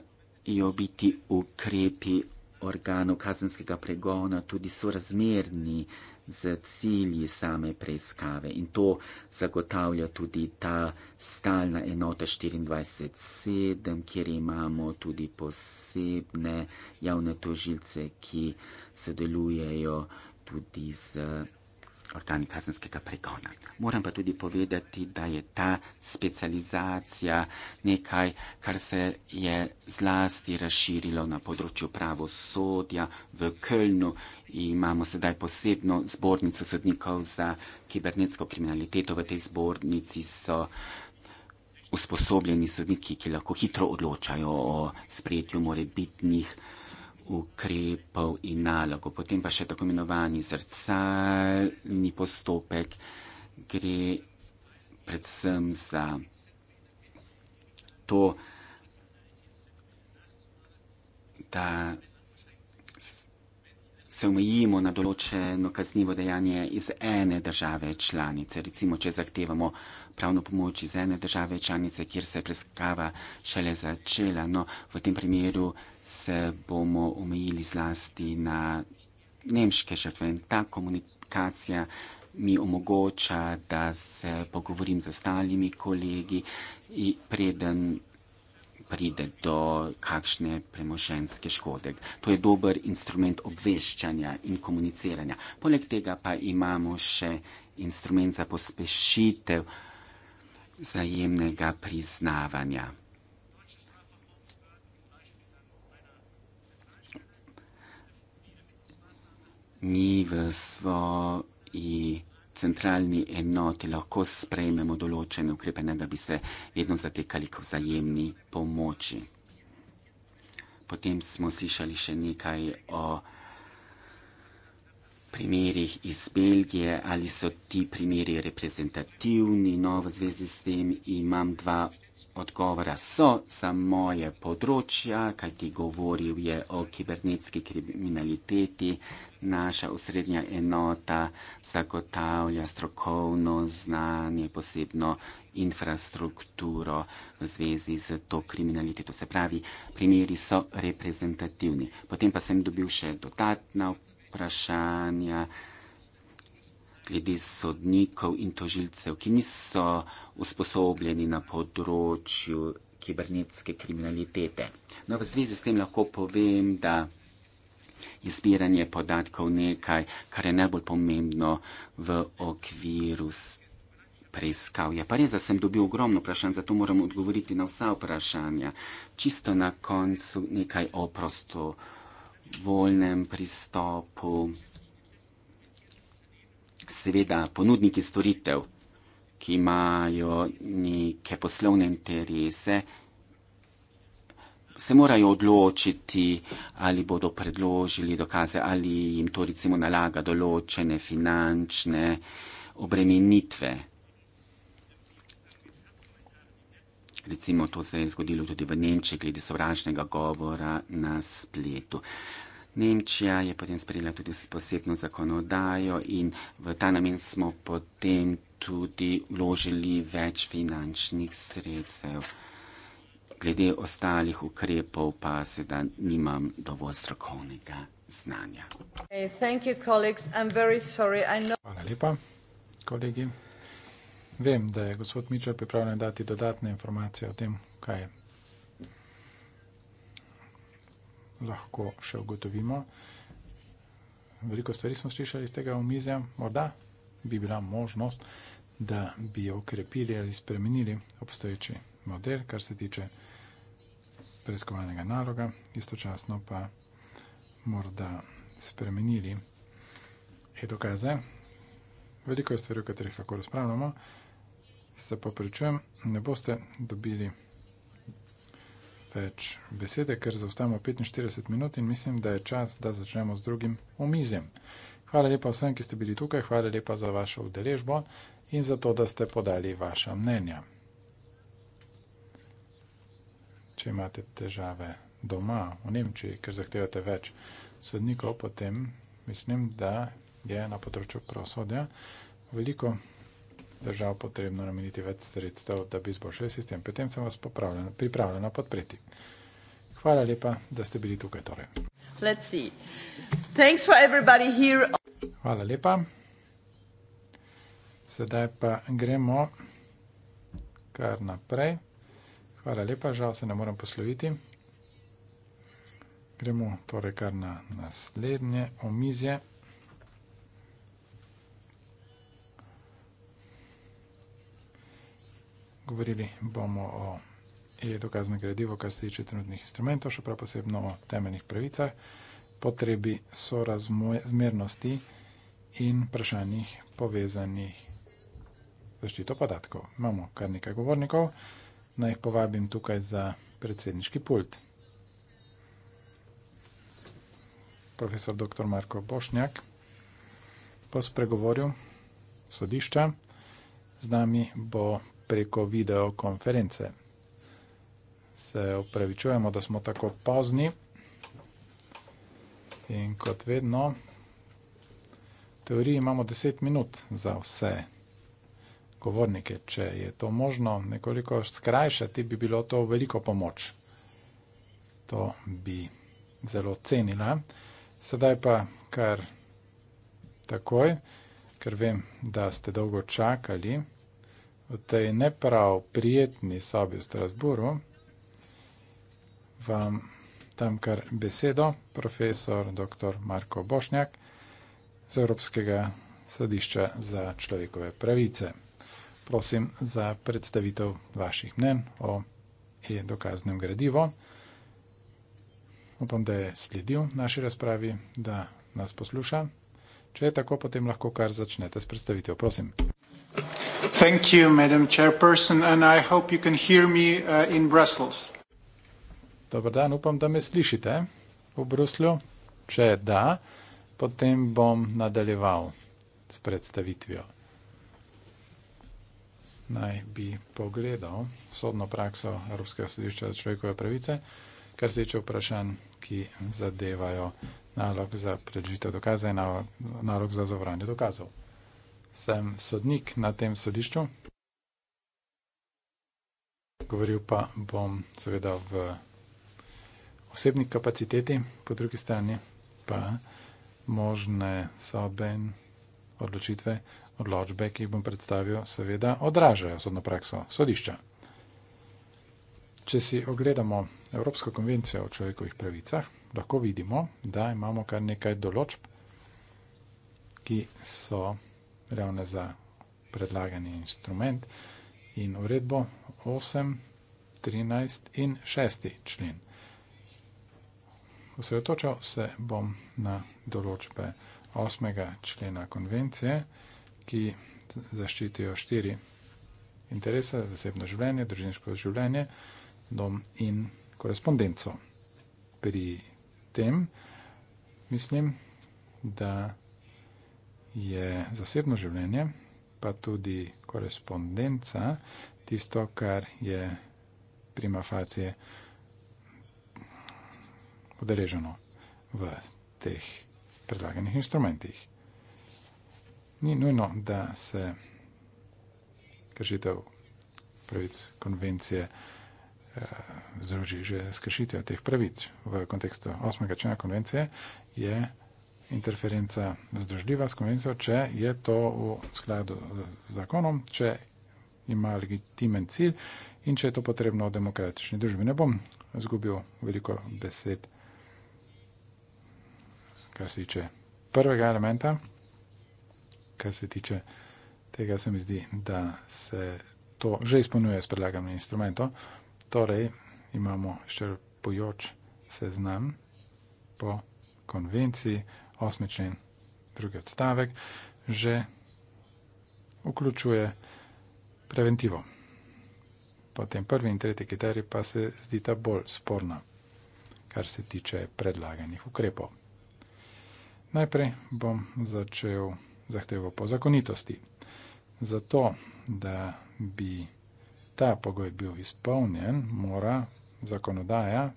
morajo biti ukrepi organov kazenskega pregona tudi sorazmerni z cilji same preiskave in to zagotavlja tudi ta stalna enota 24-7, kjer imamo tudi posebne javne tožilce, ki sodelujejo tudi z organi kazenskega pregona. Moram pa tudi povedati, da je ta specializacija nekaj, kar se je zlasti razširilo na področju pravosodja v Kölnu. Imamo sedaj posebno zbornico sodnikov za kibernetsko kriminaliteto. V tej zbornici so usposobljeni sodniki, ki lahko hitro odločajo o sprejetju morebitnih ukrepov in nalogov. Potem pa še tako imenovani zrcalni postopek gre predvsem za to, da se omejimo na določeno kaznivo dejanje iz ene države članice. Recimo, če zahtevamo pravno pomoč iz ene države članice, kjer se je preiskava šele začela. No, v tem primeru se bomo omejili zlasti na nemške žrtve in ta komunikacija mi omogoča, da se pogovorim z ostalimi kolegi in preden pride do kakšne premoženske škode. To je dober instrument obveščanja in komuniciranja. Poleg tega pa imamo še instrument za pospešitev vzajemnega priznavanja. Mi v svoji centralni enoti lahko sprejmemo določene ukrepe, ne da bi se vedno zatekali k vzajemni pomoči. Potem smo slišali še nekaj o tem, primerih iz Belgije, ali so ti primeri reprezentativni, no v zvezi s tem imam dva odgovora. So za moje področja, kajti govoril je o kibernetski kriminaliteti, naša osrednja enota zagotavlja strokovno znanje, posebno infrastrukturo v zvezi z to kriminaliteto. Se pravi, primeri so reprezentativni. Potem pa sem dobil še dodatna vprašanja vprašanja glede sodnikov in tožilcev, ki niso usposobljeni na področju kibernetske kriminalitete. No, v zvezi s tem lahko povem, da je zbiranje podatkov nekaj, kar je najbolj pomembno v okviru preiskav. Je pa res, da sem dobil ogromno vprašanj, zato moram odgovoriti na vsa vprašanja. Čisto na koncu nekaj o prostoru volnem pristopu. Seveda, ponudniki storitev, ki imajo neke poslovne interese, se morajo odločiti, ali bodo predložili dokaze, ali jim to recimo nalaga določene finančne obremenitve. Recimo to se je zgodilo tudi v Nemčiji glede sovražnega govora na spletu. Nemčija je potem sprejela tudi posebno zakonodajo in v ta namen smo potem tudi vložili več finančnih sredstev. Glede ostalih ukrepov pa seveda nimam dovolj strokovnega znanja. Hvala lepa, kolegi. Vem, da je gospod Mičel pripravljen dati dodatne informacije o tem, kaj lahko še ugotovimo. Veliko stvari smo slišali iz tega omizja, morda bi bila možnost, da bi okrepili ali spremenili obstoječi model, kar se tiče preiskovalnega naloga, istočasno pa morda spremenili e-dokaze. Veliko je stvari, o katerih lahko razpravljamo se pa pričujem, ne boste dobili več besede, ker zaostajamo 45 minut in mislim, da je čas, da začnemo z drugim omizjem. Hvala lepa vsem, ki ste bili tukaj, hvala lepa za vašo udeležbo in za to, da ste podali vaša mnenja. Če imate težave doma v Nemčiji, ker zahtevate več sodnikov, potem mislim, da je na področju pravosodja veliko držav potrebno nameniti več sredstev, da bi izboljšali sistem. Potem sem vas pripravljena podpreti. Hvala lepa, da ste bili tukaj. Torej. Hvala lepa. Sedaj pa gremo kar naprej. Hvala lepa, žal se ne moram posloviti. Gremo torej kar na naslednje omizje. govorili bomo o e-dokazno gradivo, kar se tiče trenutnih instrumentov, še prav posebno o temeljnih pravicah, potrebi sorazmernosti in vprašanjih povezanih zaščito podatkov. Imamo kar nekaj govornikov, naj jih povabim tukaj za predsedniški pult. Profesor dr. Marko Bošnjak bo spregovoril sodišča. Z nami bo preko videokonference. Se opravičujemo, da smo tako pozni. In kot vedno, v teoriji imamo 10 minut za vse govornike. Če je to možno nekoliko skrajšati, bi bilo to veliko pomoč. To bi zelo cenila. Sedaj pa kar takoj, ker vem, da ste dolgo čakali v tej neprav prijetni sobi v Strasburu, vam tam kar besedo profesor dr. Marko Bošnjak z Evropskega sodišča za človekove pravice. Prosim za predstavitev vaših mnen o e-dokaznem gradivo. Upam, da je sledil naši razpravi, da nas posluša. Če je tako, potem lahko kar začnete s predstavitev. Prosim. Thank you, Madam Chairperson, and I hope you can hear me uh, in Brussels. Dobro dan, upam, da me slišite v Bruslju. Če da, potem bom nadaljeval s predstavitvijo. Naj bi pogledal sodno prakso Evropskega sodišča za človekove pravice, kar se tiče vprašanj, ki zadevajo nalog za predžitev dokaza in nalog za zavranje dokazov sem sodnik na tem sodišču. Govoril pa bom seveda v osebni kapaciteti, po drugi strani pa možne sobe in odločitve, odločbe, ki jih bom predstavil, seveda odražajo sodno prakso sodišča. Če si ogledamo Evropsko konvencijo o človekovih pravicah, lahko vidimo, da imamo kar nekaj določb, ki so odločbe ravno za predlagani instrument in uredbo 8, 13 in 6 člen. Osredotočal se bom na določbe 8. člena konvencije, ki zaščitijo štiri interese, zasebno življenje, družinsko življenje, dom in korespondenco. Pri tem mislim, da je zasebno življenje, pa tudi korespondenca, tisto, kar je prima facie udeleženo v teh predlaganih instrumentih. Ni nujno, da se kršitev pravic konvencije eh, združi že s kršitvijo teh pravic. V kontekstu 8. člena konvencije je interferenca združljiva s konvencijo, če je to v skladu z zakonom, če ima legitimen cilj in če je to potrebno v demokratični družbi. Ne bom zgubil veliko besed, kar se tiče prvega elementa, kar se tiče tega, se mi zdi, da se to že izpolnjuje s predlaganim instrumentom. Torej, imamo še pojoč seznam po konvenciji 8. člen, drugi odstavek, že vključuje preventivo. Potem prvi in tretji kriterij pa se zdita bolj sporna, kar se tiče predlaganih ukrepov. Najprej bom začel zahtevo po zakonitosti. Zato, da bi ta pogoj bil izpolnjen, mora zakonodaja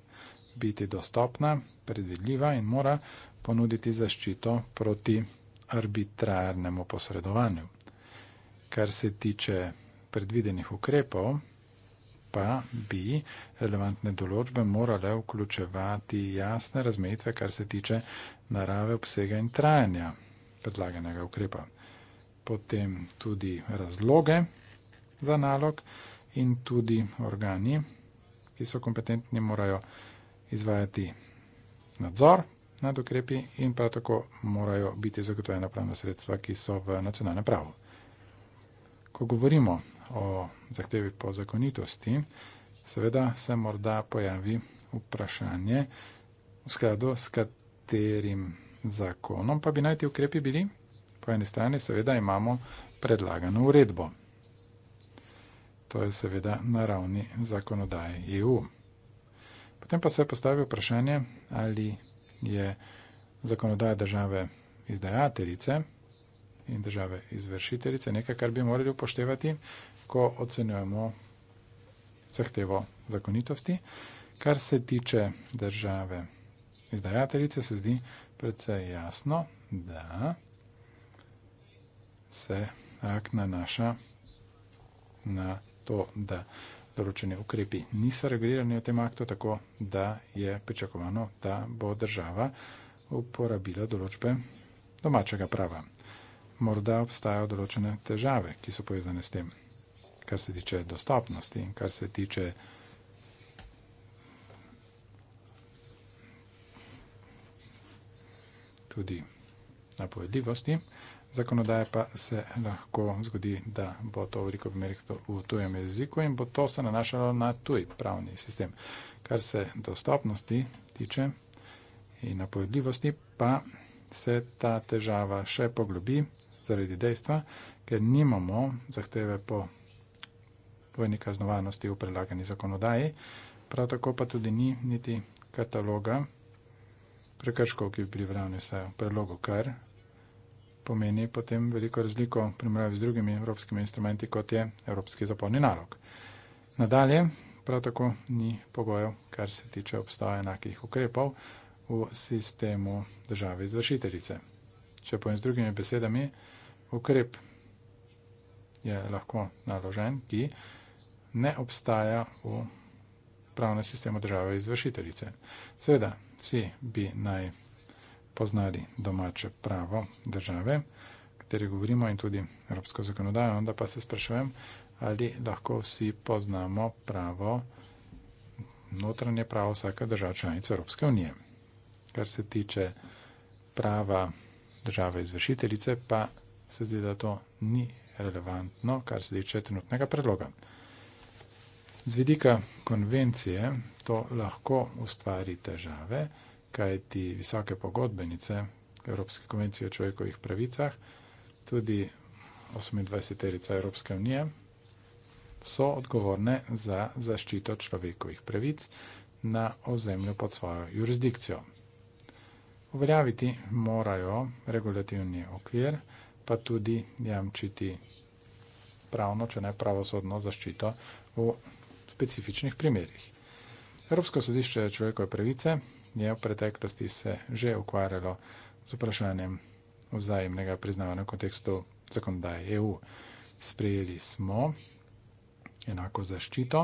biti dostopna, predvidljiva in mora ponuditi zaščito proti arbitrarnemu posredovanju. Kar se tiče predvidenih ukrepov, pa bi relevantne določbe morale vključevati jasne razmejitve, kar se tiče narave obsega in trajanja predlaganega ukrepa. Potem tudi razloge za nalog in tudi organi, ki so kompetentni, morajo izvajati nadzor nad ukrepi in prav tako morajo biti zagotovljena pravna sredstva, ki so v nacionalnem pravu. Ko govorimo o zahtevi po zakonitosti, seveda se morda pojavi vprašanje, v skladu s katerim zakonom pa bi naj ti ukrepi bili. Po eni strani seveda imamo predlagano uredbo. To je seveda na ravni zakonodaje EU. Potem pa se postavi vprašanje, ali je zakonodaja države izdajateljice in države izvršiteljice nekaj, kar bi morali upoštevati, ko ocenjujemo zahtevo zakonitosti. Kar se tiče države izdajateljice, se zdi predvsej jasno, da se akt nanaša na to, da določene ukrepi niso regulirani v tem aktu, tako da je pričakovano, da bo država uporabila določbe domačega prava. Morda obstajajo določene težave, ki so povezane s tem, kar se tiče dostopnosti in kar se tiče tudi napovedljivosti zakonodaje pa se lahko zgodi, da bo to veliko primerjato v tujem jeziku in bo to se nanašalo na tuj pravni sistem. Kar se dostopnosti tiče in napovedljivosti, pa se ta težava še poglobi zaradi dejstva, ker nimamo zahteve po vojni kaznovanosti v predlagani zakonodaji, prav tako pa tudi ni niti kataloga prekrškov, ki bi bili vravni vse v predlogu, kar pomeni potem veliko razliko v primerjavi z drugimi evropskimi instrumenti, kot je Evropski zaporni nalog. Nadalje, prav tako ni pogojev, kar se tiče obstoja enakih ukrepov v sistemu države izvršiteljice. Če povem z drugimi besedami, ukrep je lahko naložen, ki ne obstaja v pravnem sistemu države izvršiteljice. Seveda, vsi bi naj poznali domače pravo države, o kateri govorimo in tudi evropsko zakonodajo, onda pa se sprašujem, ali lahko vsi poznamo pravo, notranje pravo vsake države članice Evropske unije. Kar se tiče prava države izvršiteljice, pa se zdi, da to ni relevantno, kar se tiče trenutnega predloga. Z vidika konvencije to lahko ustvari težave, kaj ti visoke pogodbenice Evropske konvencije o človekovih pravicah, tudi 28-terica Evropske unije, so odgovorne za zaščito človekovih pravic na ozemlju pod svojo jurisdikcijo. Uveljaviti morajo regulativni okvir, pa tudi jamčiti pravno, če ne pravosodno zaščito v specifičnih primerjih. Evropsko sodišče človekove pravice je ja, v preteklosti se že ukvarjalo z vprašanjem vzajemnega priznavanja v kontekstu zakonodaje EU. Sprejeli smo enako zaščito,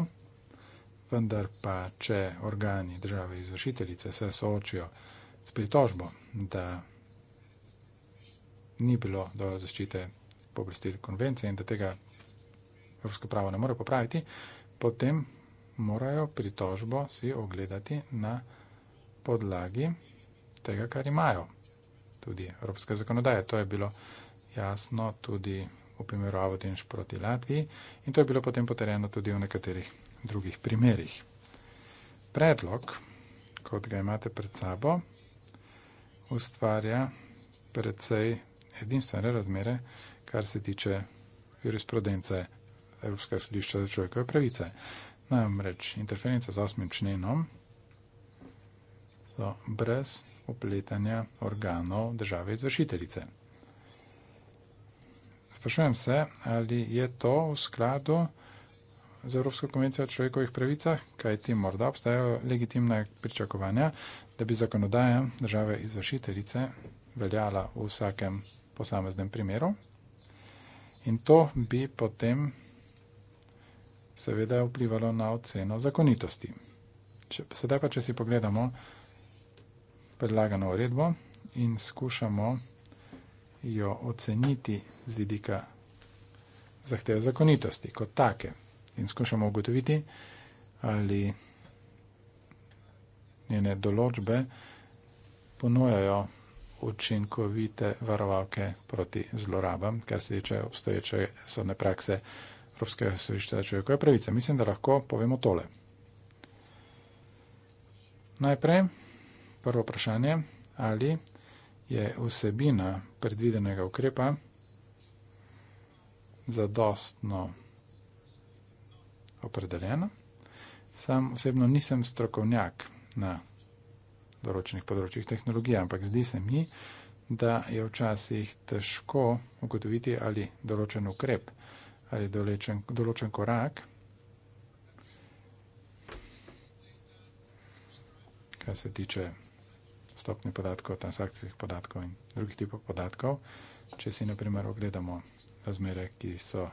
vendar pa, če organi države izvršiteljice se soočijo s pritožbo, da ni bilo do zaščite poblastil konvencije in da tega evropsko pravo ne more popraviti, potem morajo pritožbo si ogledati na podlagi tega, kar imajo tudi evropske zakonodaje. To je bilo jasno tudi v primeru Avotinš proti Latviji in to je bilo potem potrjeno tudi v nekaterih drugih primerih. Predlog, kot ga imate pred sabo, ustvarja predvsej edinstvene razmere, kar se tiče jurisprudence Evropskega sodišča za človekove pravice. Namreč interferenca z osmim členom mesto brez opletanja organov države izvršiteljice. Sprašujem se, ali je to v skladu z Evropsko konvencijo o človekovih pravicah, kaj ti morda obstajajo legitimne pričakovanja, da bi zakonodaja države izvršiteljice veljala v vsakem posameznem primeru. In to bi potem seveda vplivalo na oceno zakonitosti. Če, sedaj pa, če si pogledamo, predlagano uredbo in skušamo jo oceniti z vidika zahteve zakonitosti kot take. In skušamo ugotoviti, ali njene določbe ponujajo učinkovite varovalke proti zlorabam, kar se tiče obstoječe sodne prakse Evropskega sodišča za človekove pravice. Mislim, da lahko povemo tole. Najprej. Prvo vprašanje, ali je vsebina predvidenega ukrepa zadostno opredeljena. Sam osebno nisem strokovnjak na določenih področjih tehnologije, ampak zdi se mi, da je včasih težko ugotoviti, ali določen ukrep ali določen, določen korak, kar se tiče stopni podatkov, transakcijskih podatkov in drugih tipov podatkov. Če si na primer ogledamo razmere, ki so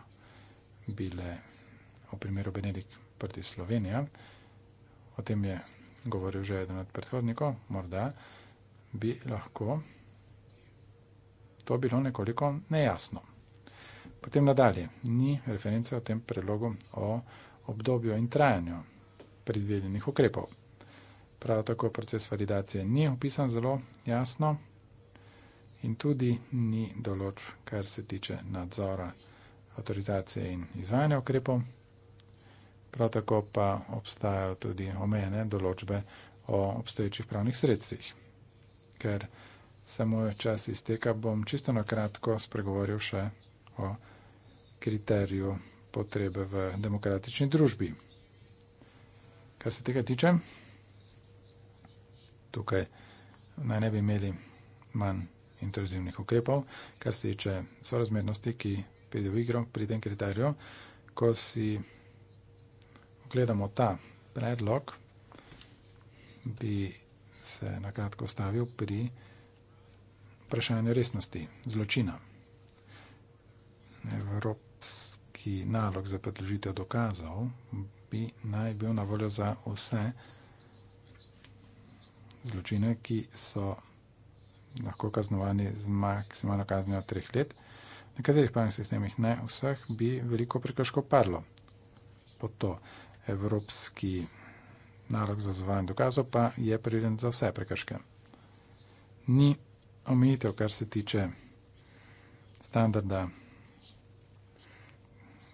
bile v primeru Benedik proti Slovenija, o tem je govoril že eden od predhodnikov, morda bi lahko to bilo nekoliko nejasno. Potem nadalje, ni reference o tem predlogu o obdobju in trajanju predvedenih ukrepov. Prav tako proces validacije ni opisan zelo jasno in tudi ni določb, kar se tiče nadzora, avtorizacije in izvajanja ukrepov. Prav tako pa obstajajo tudi omejene določbe o obstoječih pravnih sredstvih. Ker se moj čas izteka, bom čisto na kratko spregovoril še o kriteriju potrebe v demokratični družbi. Kar se tega tiče, tukaj naj ne bi imeli manj intenzivnih ukrepov, kar se tiče sorazmernosti, ki pride v igro pri tem kriteriju. Ko si ogledamo ta predlog, bi se nakratko ustavil pri vprašanju resnosti zločina. Evropski nalog za predložitev dokazov bi naj bil na voljo za vse zločine, ki so lahko kaznovani z maksimalno kaznjo treh let. Nekaterih pravnih sistemih, ne vseh, bi veliko prekrško parlo. Po to evropski nalog za zvanje dokazov pa je priden za vse prekrške. Ni omejitev, kar se tiče standarda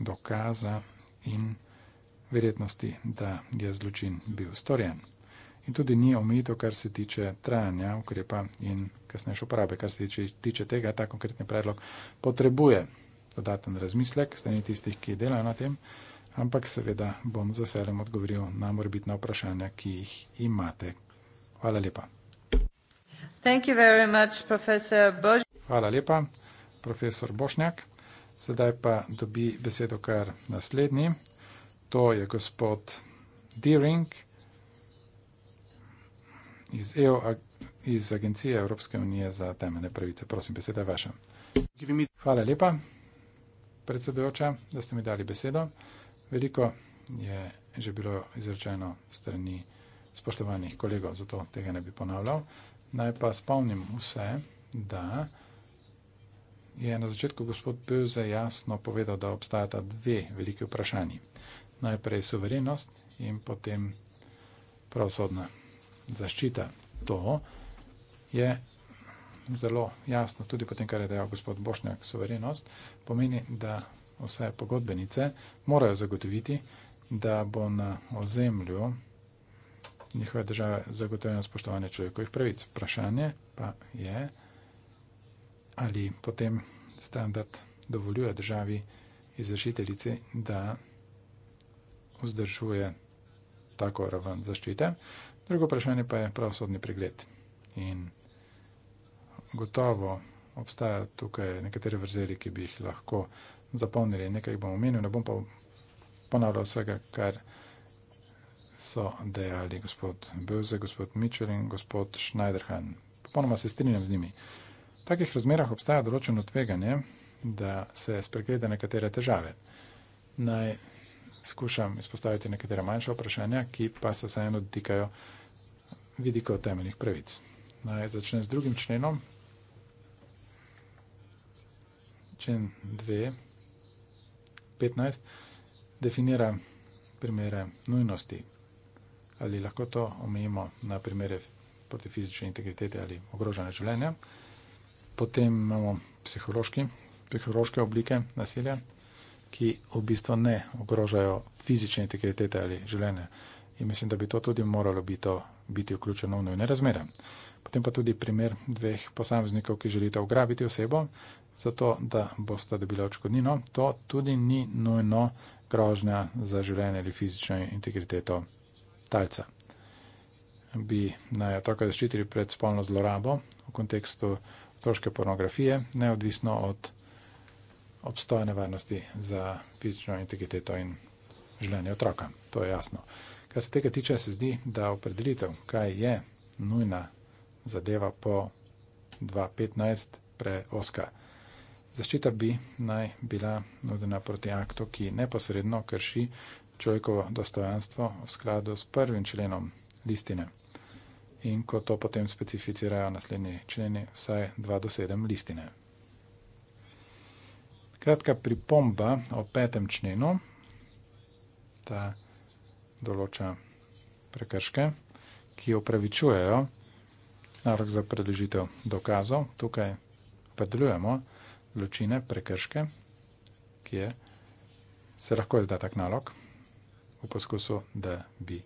dokaza in verjetnosti, da je zločin bil storjen in tudi ni omejitev, kar se tiče trajanja ukrepa in kasnejše uporabe. Kar se tiče, tiče tega, ta konkretni predlog potrebuje dodaten razmislek, strani tistih, ki delajo na tem, ampak seveda bom z veseljem odgovoril na morbitna vprašanja, ki jih imate. Hvala lepa. Much, Hvala lepa, profesor Bošnjak. Sedaj pa dobi besedo kar naslednji. To je gospod Deering iz EU, iz Agencije Evropske unije za temeljne pravice. Prosim, beseda je vaša. Hvala lepa, predsedujoča, da ste mi dali besedo. Veliko je že bilo izrečeno strani spoštovanih kolegov, zato tega ne bi ponavljal. Naj pa spomnim vse, da je na začetku gospod Böze jasno povedal, da obstajata dve velike vprašanji. Najprej suverenost in potem pravosodna zaščita. To je zelo jasno, tudi potem, kar je dejal gospod Bošnjak, soverenost, pomeni, da vse pogodbenice morajo zagotoviti, da bo na ozemlju njihove države zagotovljeno spoštovanje človekovih pravic. Vprašanje pa je, ali potem standard dovoljuje državi izvršiteljici, da vzdržuje tako raven zaščite. Drugo vprašanje pa je pravosodni pregled. In gotovo obstajajo tukaj nekatere vrzeli, ki bi jih lahko zapolnili. Nekaj jih bom omenil, ne bom pa ponavljal vsega, kar so dejali gospod Böze, gospod Mitchell in gospod Schneiderhan. Popolnoma se strinjam z njimi. V takih razmerah obstaja določeno tveganje, da se spregleda nekatere težave. Naj skušam izpostaviti nekatera manjša vprašanja, ki pa se vseeno dotikajo vidikov temeljnih pravic. Naj začnem z drugim členom. Člen 2, 15, definira primere nujnosti. Ali lahko to omejimo na primere proti fizični integriteti ali ogrožene življenja. Potem imamo psihološki, psihološke oblike nasilja, ki v bistvu ne ogrožajo fizične integritete ali življenja. In mislim, da bi to tudi moralo biti to biti vključeno v nujne razmere. Potem pa tudi primer dveh posameznikov, ki želita ugrabiti osebo, zato da bosta dobila očkodnino, to tudi ni nujno grožnja za življenje ali fizično integriteto talca. Bi naj otroka zaščitili pred spolno zlorabo v kontekstu otroške pornografije, neodvisno od obstoja nevarnosti za fizično integriteto in življenje otroka. To je jasno. Kar se tega tiče, se zdi, da opredelitev, kaj je nujna zadeva po 2015, preoska. Zaščita bi naj bila nudena proti aktu, ki neposredno krši človekovo dostojanstvo v skladu s prvim členom listine. In ko to potem specificirajo naslednji členi, vsaj 2 do 7 listine. Kratka pripomba o petem členu. Ta določa prekrške, ki opravičujejo narok za predložitev dokazov. Tukaj predelujemo zločine, prekrške, ki je, se lahko izda tak nalog v poskusu, da bi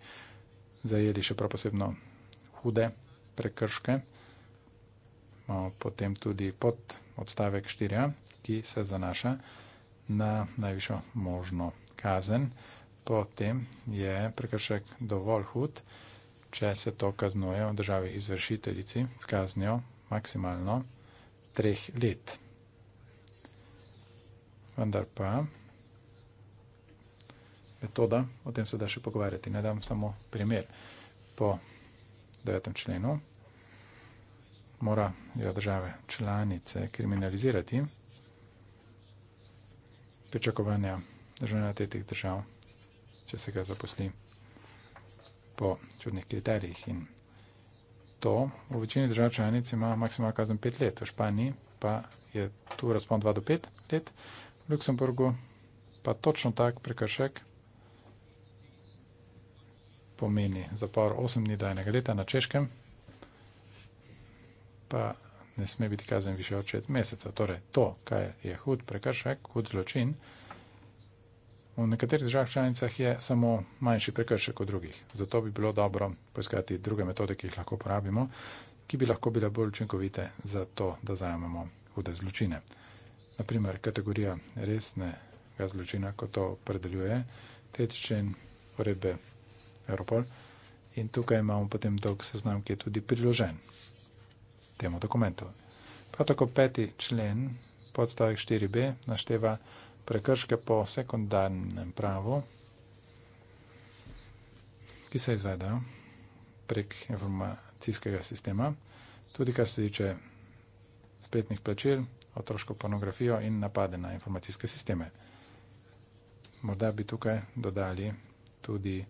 zajeli še prav posebno hude prekrške. Imamo potem tudi pod odstavek 4, ki se zanaša na najvišjo možno kazen. Potem je prekršek dovolj hud, če se to kaznuje v državi izvršiteljici s kaznjo maksimalno treh let. Vendar pa metoda, o tem se da še pogovarjati. Ne dam samo primer. Po devetem členu morajo države članice kriminalizirati pričakovanja državljanov tretjih držav če se ga zaposli po čudnih kriterijih. In to v večini držav članic ima maksimalno kazen 5 let, v Španiji pa je tu razpon 2 do 5 let, v Luksemburgu pa točno tak prekršek pomeni zapor 8 dni do enega leta na češkem, pa ne sme biti kazen više od 6 mesecev. Torej, to, kar je hud prekršek, hud zločin, V nekaterih državah članicah je samo manjši prekršek kot drugih. Zato bi bilo dobro poiskati druge metode, ki jih lahko uporabimo, ki bi lahko bile bolj učinkovite za to, da zajamemo hude zločine. Naprimer, kategorija resnega zločina, kot to predeljuje tetičen uredbe Europol. In tukaj imamo potem dolg seznam, ki je tudi priložen temu dokumentu. Prav tako peti člen podstavek 4b našteva prekrške po sekundarnem pravu, ki se izvedajo prek informacijskega sistema, tudi kar se tiče spletnih plačil, otroško pornografijo in napade na informacijske sisteme. Morda bi tukaj dodali tudi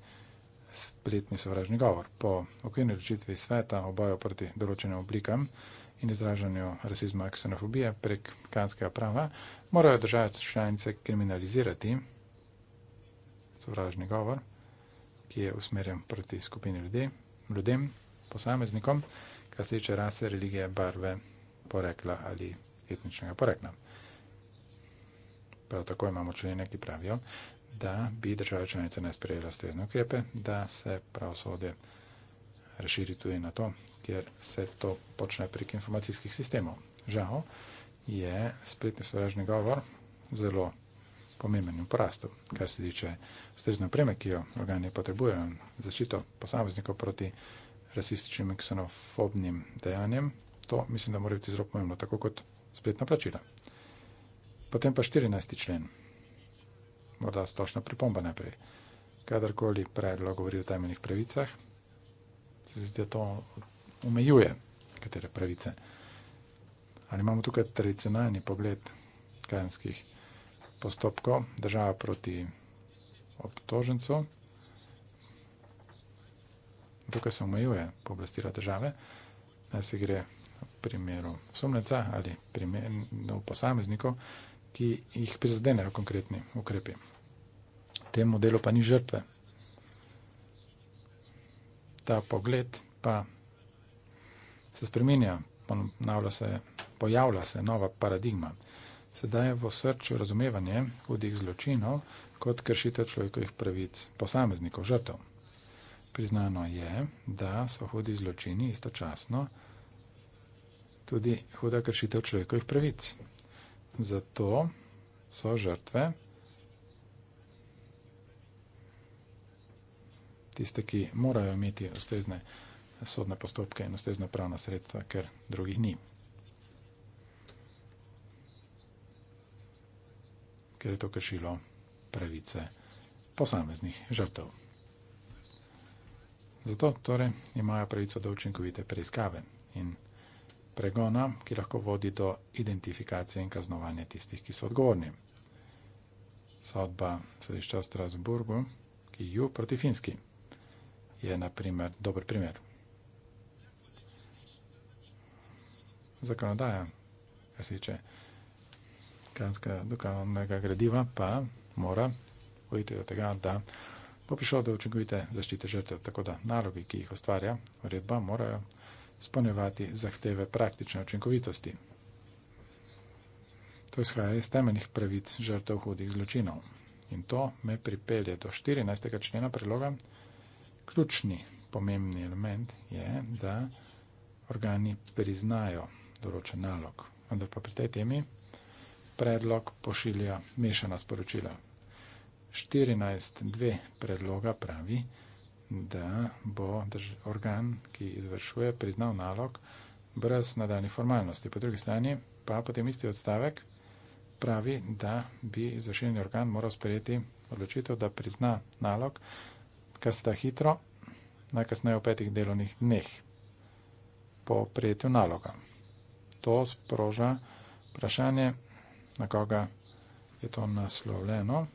spletni sovražni govor. Po okvirni rečitvi sveta o boju proti določenim oblikam in izražanju rasizma in ksenofobije prek kanskega prava morajo države članice kriminalizirati sovražni govor, ki je usmerjen proti skupini ljudi, ljudem, posameznikom, kar se tiče rase, religije, barve, porekla ali etničnega porekla. Prav tako imamo členek, ki pravijo, da bi države članice ne sprejela strezne ukrepe, da se pravosodje razširi tudi na to, kjer se to počne prek informacijskih sistemov. Žal, je spletni sovražni govor zelo pomemben in prastov, kar se tiče strezne opreme, ki jo organi potrebujejo, zaščito posameznikov proti rasističnim in ksenofobnim dejanjem. To mislim, da mora biti zelo pomembno, tako kot spletna plačila. Potem pa 14. člen. Morda splošna pripomba najprej. Kadarkoli predlog govori o temeljnih pravicah, se zdi, da to omejuje katere pravice. Ali imamo tukaj tradicionalni pogled kazenskih postopkov, država proti obtožencu? Tukaj se omejuje pooblastila države, da se gre v primeru sumnica ali primerov posameznikov, ki jih prizadenejo konkretni ukrepi. V tem modelu pa ni žrtve. Ta pogled pa se spremenja, ponavlja se pojavlja se nova paradigma. Sedaj je v srcu razumevanje hudih zločinov kot kršitev človekovih pravic posameznikov, žrtev. Priznano je, da so hudi zločini istočasno tudi huda kršitev človekovih pravic. Zato so žrtve, tiste, ki morajo imeti ustrezne sodne postopke in ustrezna pravna sredstva, ker drugih ni. ker je to kršilo pravice posameznih žrtev. Zato torej imajo pravico do učinkovite preiskave in pregona, ki lahko vodi do identifikacije in kaznovanja tistih, ki so odgovorni. Sodba sodišča v Strasburgu, ki ju proti Finski, je na primer dober primer. Zakonodaja, kar se tiče kranskega dokalnega gradiva pa mora oditi do tega, da bo prišlo do učinkovite zaščite žrtev, tako da nalogi, ki jih ustvarja uredba, morajo spolnjevati zahteve praktične učinkovitosti. To izhaja iz temeljnih pravic žrtev hudih zločinov. In to me pripelje do 14. člena predloga. Ključni pomembni element je, da organi priznajo določen nalog. Vendar pa pri tej temi predlog pošilja mešana sporočila. 14.2 predloga pravi, da bo organ, ki izvršuje, priznal nalog brez nadaljnih formalnosti. Po drugi strani pa potem isti odstavek pravi, da bi izvršilni organ moral sprejeti odločitev, da prizna nalog, kar sta hitro, najkasneje v petih delovnih dneh po prijetju naloga. To sproža vprašanje, na koga je to naslovljeno,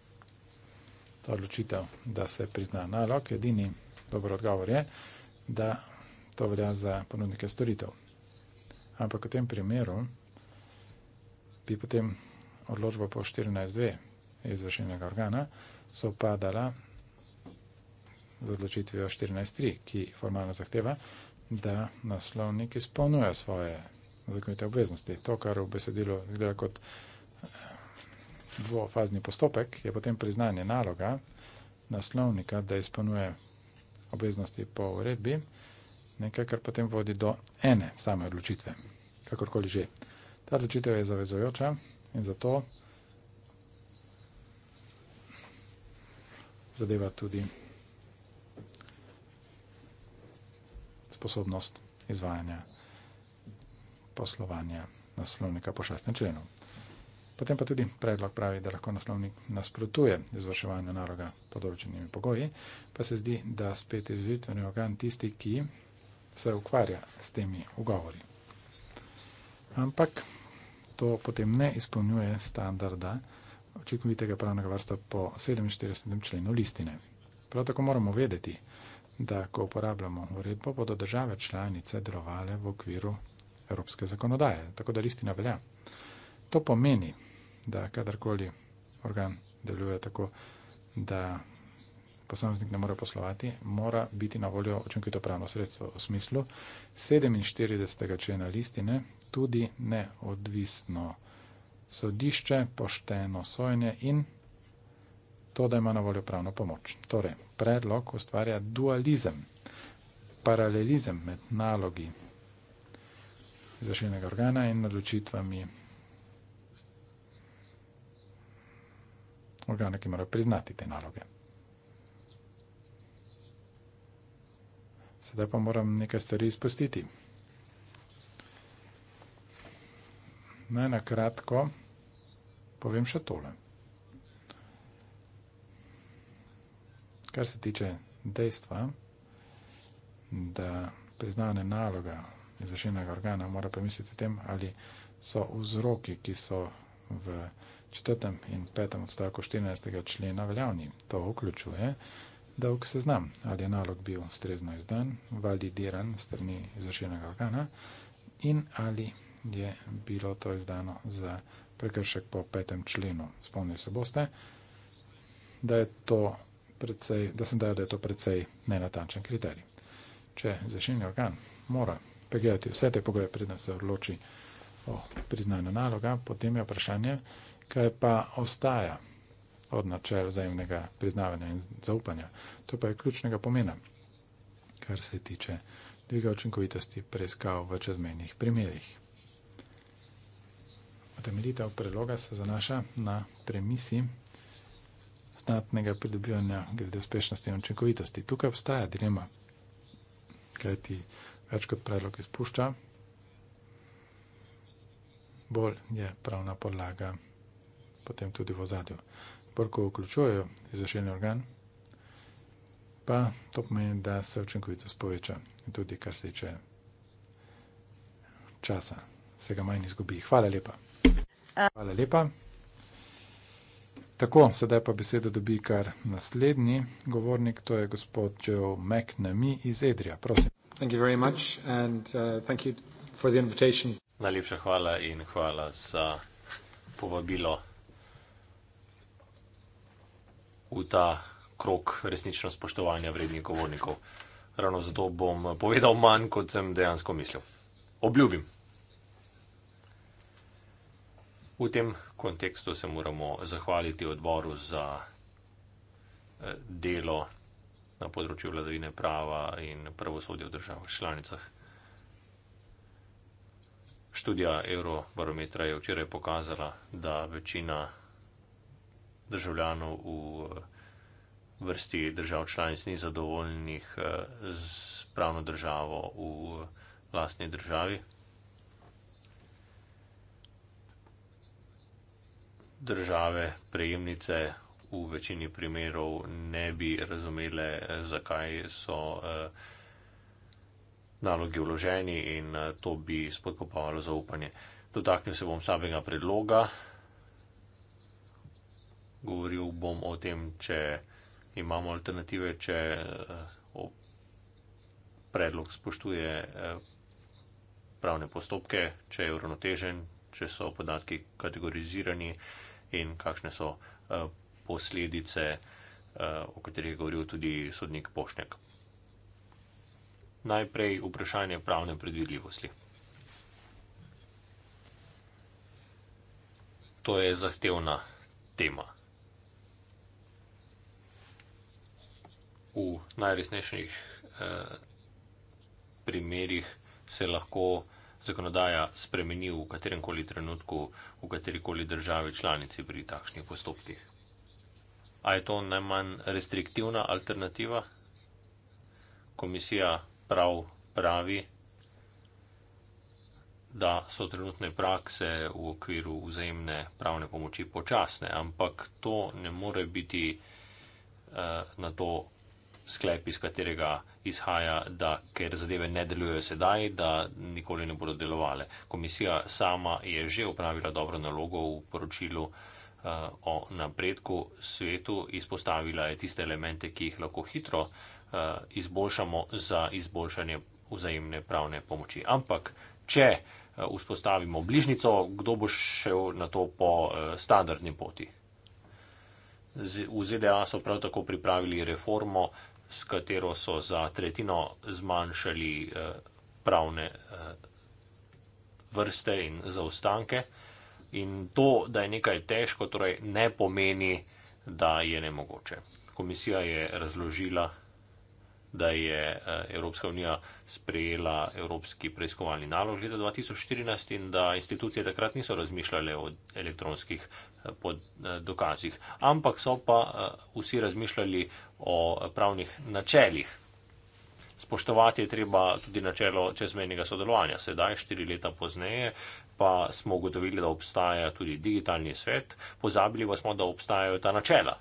ta odločitev, da se prizna nalog. Edini dober odgovor je, da to velja za ponudnike storitev. Ampak v tem primeru bi potem odločba po 14.2 izvršenega organa sovpadala z odločitvijo 14.3, ki formalno zahteva, da naslovnik izpolnjuje svoje zakonite obveznosti. To, kar v besedilu gleda kot odločitev, dvofazni postopek, je potem priznanje naloga naslovnika, da izpolnjuje obveznosti po uredbi, nekaj, kar potem vodi do ene same odločitve, kakorkoli že. Ta odločitev je zavezojoča in zato zadeva tudi sposobnost izvajanja poslovanja naslovnika po šestem členu. Potem pa tudi predlog pravi, da lahko naslovnik nasprotuje izvrševanju naloga pod določenimi pogoji, pa se zdi, da spet je izvršitveni organ tisti, ki se ukvarja s temi ugovori. Ampak to potem ne izpolnjuje standarda očekovitega pravnega varstva po 47. členu listine. Prav tako moramo vedeti, da ko uporabljamo uredbo, bodo države članice delovale v okviru evropske zakonodaje, tako da listina velja. To pomeni, da kadarkoli organ deluje tako, da posameznik ne more poslovati, mora biti na voljo učinkovito pravno sredstvo v smislu 47. člena listine, tudi neodvisno sodišče, pošteno sojenje in to, da ima na voljo pravno pomoč. Torej, predlog ustvarja dualizem, paralelizem med nalogi zašiljnega organa in odločitvami. Na organe ki morajo priznati te naloge. Sedaj pa moram nekaj stvari izpustiti. Naj na kratko povem še tole. Kar se tiče dejstva, da priznane naloga izvršenega organa mora premisliti tem, ali so vzroki, ki so v vzroki, četrtem in petem odstavku 14. člena veljavni. To vključuje dolg seznam, ali je nalog bil strezno izdan, validiran strani izvršenega organa in ali je bilo to izdano za prekršek po petem členu. Spomnili se boste, da je to precej, da sem dajal, da je to precej nenatančen kriterij. Če izvršeni organ mora pregledati vse te pogoje, predna se odloči o priznanju naloga, potem je vprašanje, kaj pa ostaja od načel vzajemnega priznavanja in zaupanja. To pa je ključnega pomena, kar se tiče dviga učinkovitosti preiskav v čezmejnih primerjih. Utemeljitev preloga se zanaša na premisi znatnega pridobivanja glede uspešnosti in učinkovitosti. Tukaj obstaja dilema, kaj ti več kot predlog izpušča, bolj je pravna podlaga potem tudi v ozadju. Brko vključujejo izvršilni organ, pa to pomeni, da se učinkovitost poveča in tudi kar se tiče časa, se ga manj izgubi. Hvala lepa. Hvala lepa. Tako, sedaj pa besedo dobi kar naslednji govornik, to je gospod Joe McNamee iz Edrija. Prosim. Thank you very much and uh, thank you for the invitation. Najlepša hvala in hvala za povabilo v ta krok resnično spoštovanja vrednih govornikov. Ravno zato bom povedal manj, kot sem dejansko mislil. Obljubim. V tem kontekstu se moramo zahvaliti odboru za eh, delo na področju vladavine prava in pravosodja v državah članicah. Študija Eurobarometra je včeraj pokazala, da večina državljanov v eh, vrsti držav članic ni zadovoljnih eh, z pravno državo v vlastni eh, državi. Države prejemnice v večini primerov ne bi razumele, zakaj so nalogi vloženi in to bi spodkopavalo zaupanje. Dotaknil se bom samega predloga govoril bom o tem, če imamo alternative, če eh, predlog spoštuje eh, pravne postopke, če je uravnotežen, če so podatki kategorizirani in kakšne so eh, posledice, o katerih je govoril tudi sodnik Pošnjak. Najprej vprašanje pravne predvidljivosti. To je zahtevna tema. v najresnejših eh, primerjih se lahko zakonodaja spremeni v katerem koli trenutku, v kateri koli državi članici pri takšnih postopkih. A je to najmanj restriktivna alternativa? Komisija prav pravi, da so trenutne prakse v okviru vzajemne pravne pomoči počasne, ampak to ne more biti uh, na to sklep, iz katerega izhaja, da ker zadeve ne delujejo sedaj, da nikoli ne bodo delovale. Komisija sama je že upravila dobro nalogo v poročilu uh, o napredku svetu, izpostavila je tiste elemente, ki jih lahko hitro uh, izboljšamo za izboljšanje vzajemne pravne pomoči. Ampak, če eh, vzpostavimo bližnico, kdo bo šel na to po standardni poti. V ZDA so prav tako pripravili reformo s katero so za tretjino zmanjšali eh, pravne eh, vrste in zaostanke. In to, da je nekaj težko, torej ne pomeni, da je nemogoče. Komisija je razložila, da je eh, Evropska unija sprejela Evropski preiskovalni nalog leta 2014 in da institucije takrat niso razmišljale o elektronskih dokazih, ampak so pa vsi razmišljali o pravnih načeljih. Spoštovati je treba tudi načelo čezmenjega sodelovanja. Sedaj, štiri leta pozneje, pa smo ugotovili, da obstaja tudi digitalni svet, pozabili pa smo, da obstajajo ta načela.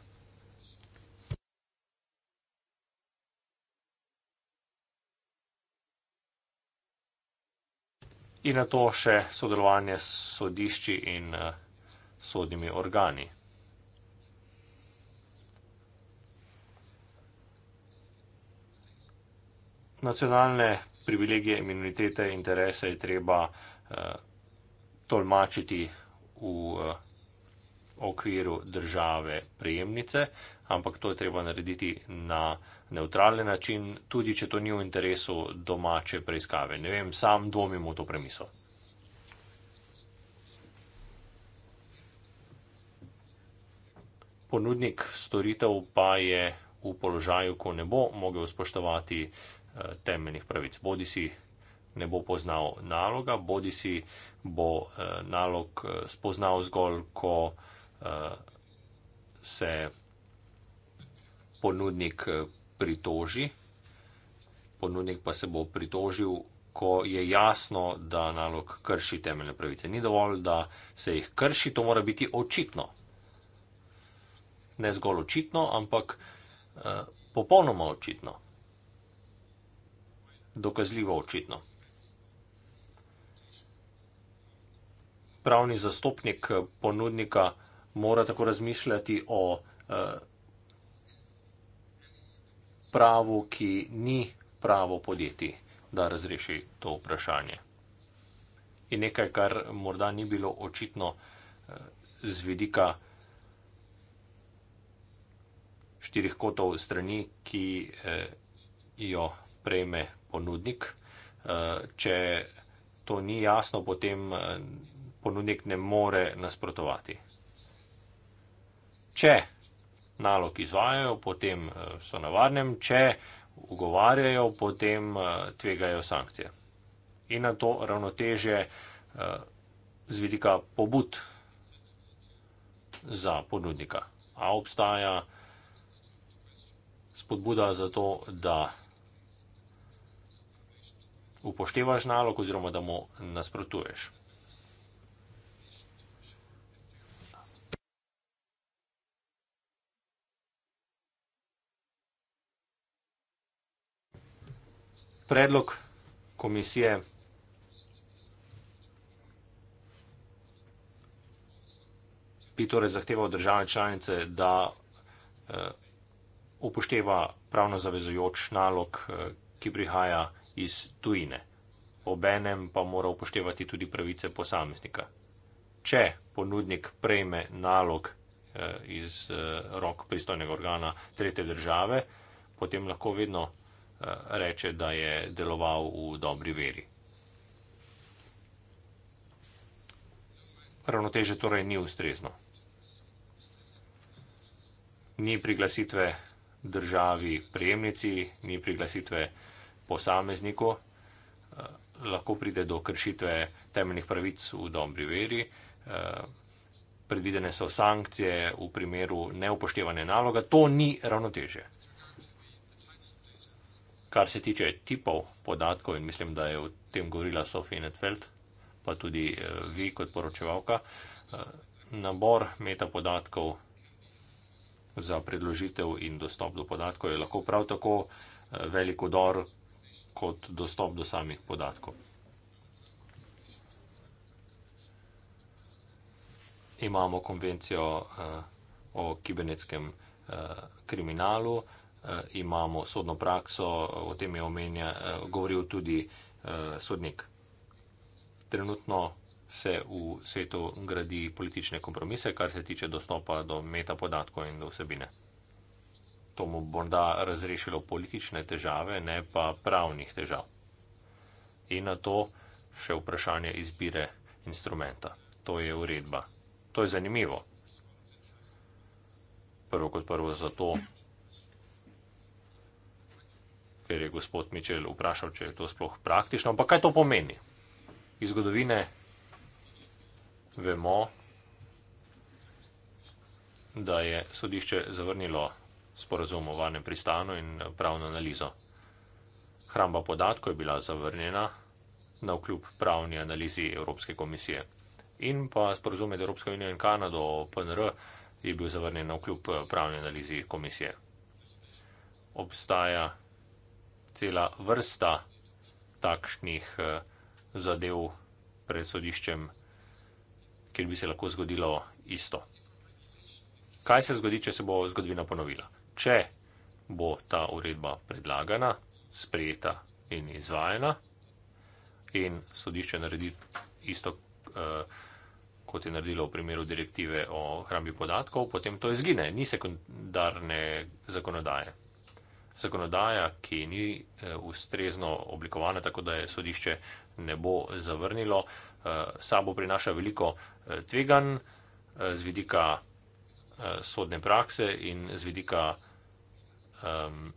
In na to še sodelovanje s sodišči in eh, sodnimi organi. nacionalne privilegije, imunitete, interese je treba uh, tolmačiti v uh, okviru države prejemnice, ampak to je treba narediti na neutralen način, tudi če to ni v interesu domače preiskave. Ne vem, sam dvomim v to premiso. Ponudnik storitev pa je v položaju, ko ne bo mogel spoštovati uh, Eh, temeljnih pravic. Bodi si ne bo poznal naloga, bodi si bo eh, nalog eh, spoznal zgolj, ko se ponudnik pritoži. Ponudnik pa se bo pritožil, ko je jasno, da nalog krši temeljne pravice. Ni dovolj, da se jih krši, to mora biti očitno. Ne zgolj očitno, ampak eh, popolnoma očitno dokazljivo očitno. Pravni zastopnik ponudnika mora tako razmišljati o eh, pravu, ki ni pravo podjetij, da razreši to vprašanje. In nekaj, kar morda ni bilo očitno eh, z vidika štirih kotov strani, ki eh, jo prejme ponudnik. Eh, če to ni jasno, potem eh, ponudnik ne more nasprotovati. Če nalog izvajajo, potem eh, so na varnem, če ugovarjajo, potem tvegajo sankcije. In na to ravnoteže z vidika pobud za ponudnika. A obstaja spodbuda za to, da upoštevaš nalog oziroma da mu nasprotuješ. Predlog komisije bi torej zahteval države članice, da eh, upošteva pravno zavezojoč nalog, eh, ki prihaja iz tujine. Obenem pa mora upoštevati tudi pravice posameznika. Če ponudnik prejme nalog eh, iz eh, rok pristojnega organa tretje države, potem lahko vedno eh, reče, da je deloval v dobri veri. Ravnoteže torej ni ustrezno. Ni priglasitve državi prejemnici, ni priglasitve državi posamezniku, eh, lahko pride do kršitve temeljnih pravic v dobri veri. Eh, predvidene so sankcije v primeru neupoštevanja naloga. To ni ravnoteže. Kar se tiče tipov podatkov, in mislim, da je o tem govorila Sofija Netfeld, pa tudi eh, vi kot poročevalka, nabor meta podatkov za predložitev in dostop do podatkov je lahko prav tako velik udor, kot dostop do samih podatkov. Imamo konvencijo eh, o kibernetskem eh, kriminalu, eh, imamo sodno prakso, o tem je omenja, govoril tudi sodnik. Trenutno se v svetu gradi politične kompromise, kar se tiče dostopa do metapodatkov in do vsebine to mu morda razrešilo politične težave, ne pa pravnih težav. In na to še vprašanje izbire instrumenta. To je uredba. To je zanimivo. Prvo kot prvo zato, ker je gospod Mičel vprašal, če je to sploh praktično, ampak kaj to pomeni? Iz zgodovine vemo, da je sodišče zavrnilo sporazum o varnem pristanu in eh, pravno analizo. Hramba podatkov je bila zavrnjena na vkljub pravni analizi Evropske komisije. In pa sporozum med Evropsko unijo in Kanado o PNR je bil zavrnjen na vkljub eh, pravni analizi komisije. Obstaja cela vrsta takšnih eh, zadev pred sodiščem, kjer bi se lahko zgodilo isto. Kaj se zgodi, če se bo zgodovina ponovila? če bo ta uredba predlagana, sprejeta in izvajena in sodišče naredi isto, eh, kot je naredilo v primeru direktive o hrambi podatkov, potem to izgine, ni sekundarne zakonodaje. Zakonodaja, ki ni eh, ustrezno oblikovana, tako da je sodišče ne bo zavrnilo, eh, sabo prinaša veliko tveganj z vidika sodne prakse in z vidika um,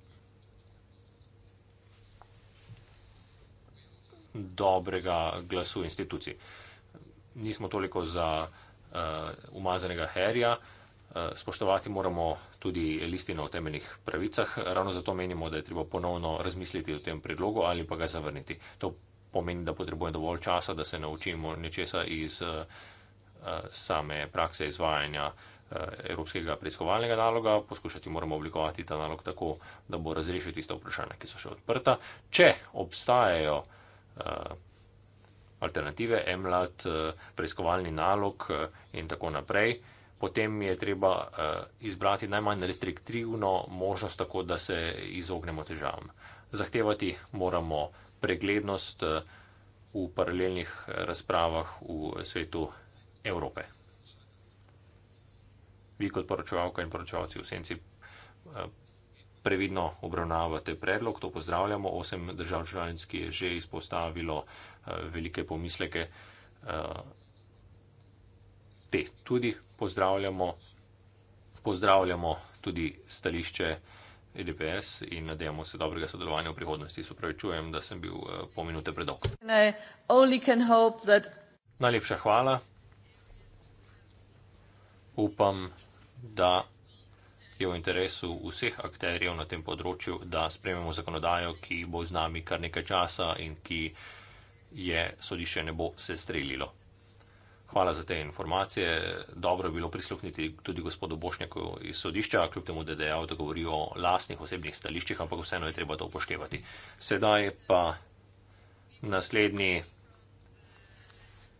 dobrega glasu institucij. Nismo toliko za uh, umazanega herja, uh, spoštovati moramo tudi listino o temeljnih pravicah, ravno zato menimo, da je treba ponovno razmisliti o tem predlogu ali pa ga zavrniti. To pomeni, da potrebujemo dovolj časa, da se naučimo nečesa iz uh, uh, same prakse izvajanja uh, Eh, evropskega preiskovalnega naloga, poskušati moramo oblikovati ta nalog tako, da bo razrešil tiste vprašanja, ki so še odprta. Če obstajajo eh, alternative, MLAT, eh, preiskovalni nalog in tako naprej, potem je treba izbrati najmanj restriktivno možnost, tako da se izognemo težavam. Zahtevati moramo preglednost v paralelnih razpravah v svetu Evrope vi kot poročevalka in poročevalci v senci eh, previdno obravnavate predlog, to pozdravljamo. Osem držav članic, ki je že izpostavilo eh, velike pomisleke, eh, te tudi pozdravljamo. Pozdravljamo tudi stališče EDPS in nadejamo se dobrega sodelovanja v prihodnosti. Supravičujem, da sem bil pol minute predolg. That... Najlepša hvala. Upam, da je v interesu vseh akterjev na tem področju, da sprememo zakonodajo, ki bo z nami kar nekaj časa in ki je sodišče ne bo se strelilo. Hvala za te informacije. Dobro je bilo prisluhniti tudi gospodu Bošnjaku iz sodišča, kljub temu, da je dejal, da govori o lastnih osebnih stališčih, ampak vseeno je treba to upoštevati. Sedaj pa naslednji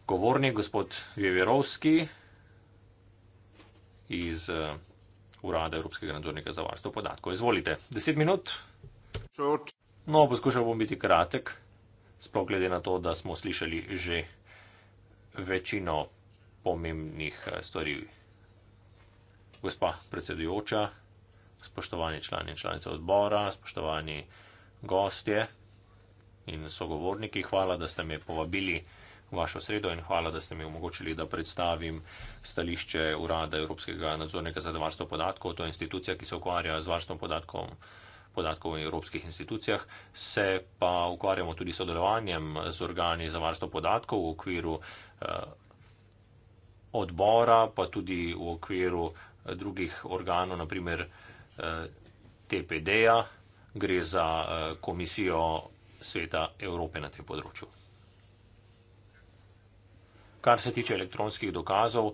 govornik, gospod Vjeverovski iz uh, Urada Evropskega nadzornika za varstvo podatkov. Izvolite, deset minut. No, poskušal bom biti kratek, sploh glede na to, da smo slišali že večino pomembnih eh, stvari. Gospa predsedujoča, spoštovani člani in članice odbora, spoštovani gostje in sogovorniki, hvala, da ste me povabili vašo sredo in hvala, da ste mi omogočili, da predstavim stališče Urada Evropskega nadzornega za varstvo podatkov. To je institucija, ki se ukvarja z varstvom podatkov, podatkov v evropskih institucijah. Se pa ukvarjamo tudi sodelovanjem z organi za varstvo podatkov v okviru eh, odbora, pa tudi v okviru eh, drugih organov, naprimer eh, TPD-ja. Gre za eh, komisijo sveta Evrope na tem področju. Kar se tiče elektronskih dokazov,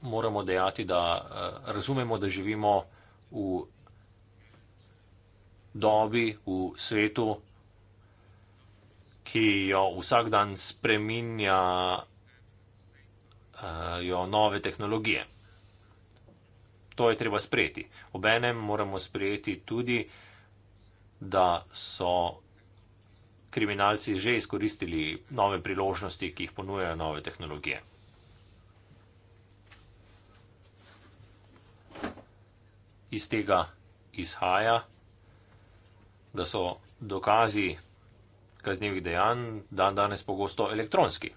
moramo dejati, da eh, razumemo, da živimo v dobi, v svetu, ki jo vsak dan spreminja eh, jo nove tehnologije. To je treba sprejeti. Obenem moramo sprejeti tudi, da so kriminalci že izkoristili nove priložnosti, ki jih ponujajo nove tehnologije. Iz tega izhaja, da so dokazi kaznjivih dejanj dan danes pogosto elektronski.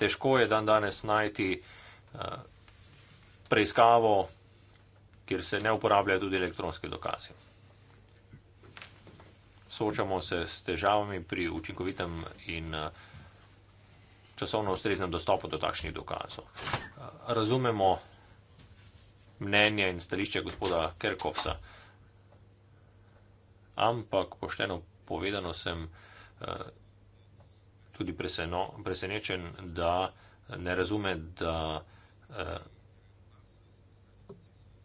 Težko je dan danes najti eh, preiskavo, kjer se ne uporabljajo tudi elektronski dokazi soočamo se s težavami pri učinkovitem in eh, časovno ustreznem dostopu do takšnih dokazov. Eh, razumemo mnenje in stališče gospoda Kerkovsa, ampak pošteno povedano sem eh, tudi preseno, presenečen, da ne razume, da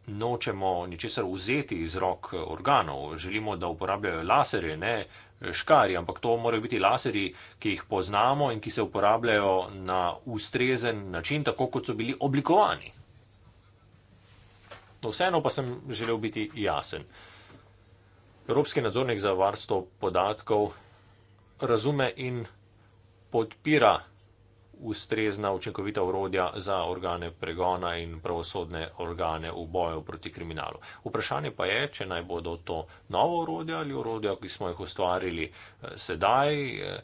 nočemo ničesar vzeti iz rok eh, organov, želimo, da uporabljajo laserje, ne eh, škari, ampak to morajo biti laserji, ki jih poznamo in ki se uporabljajo na ustrezen način, tako kot so bili oblikovani. No, vseeno pa sem želel biti jasen. Evropski nadzornik za varstvo podatkov razume in podpira ustrezna učinkovita urodja za organe pregona in pravosodne organe v boju proti kriminalu. Vprašanje pa je, če naj bodo to novo urodja ali urodja, ki smo jih ustvarili eh, sedaj, eh,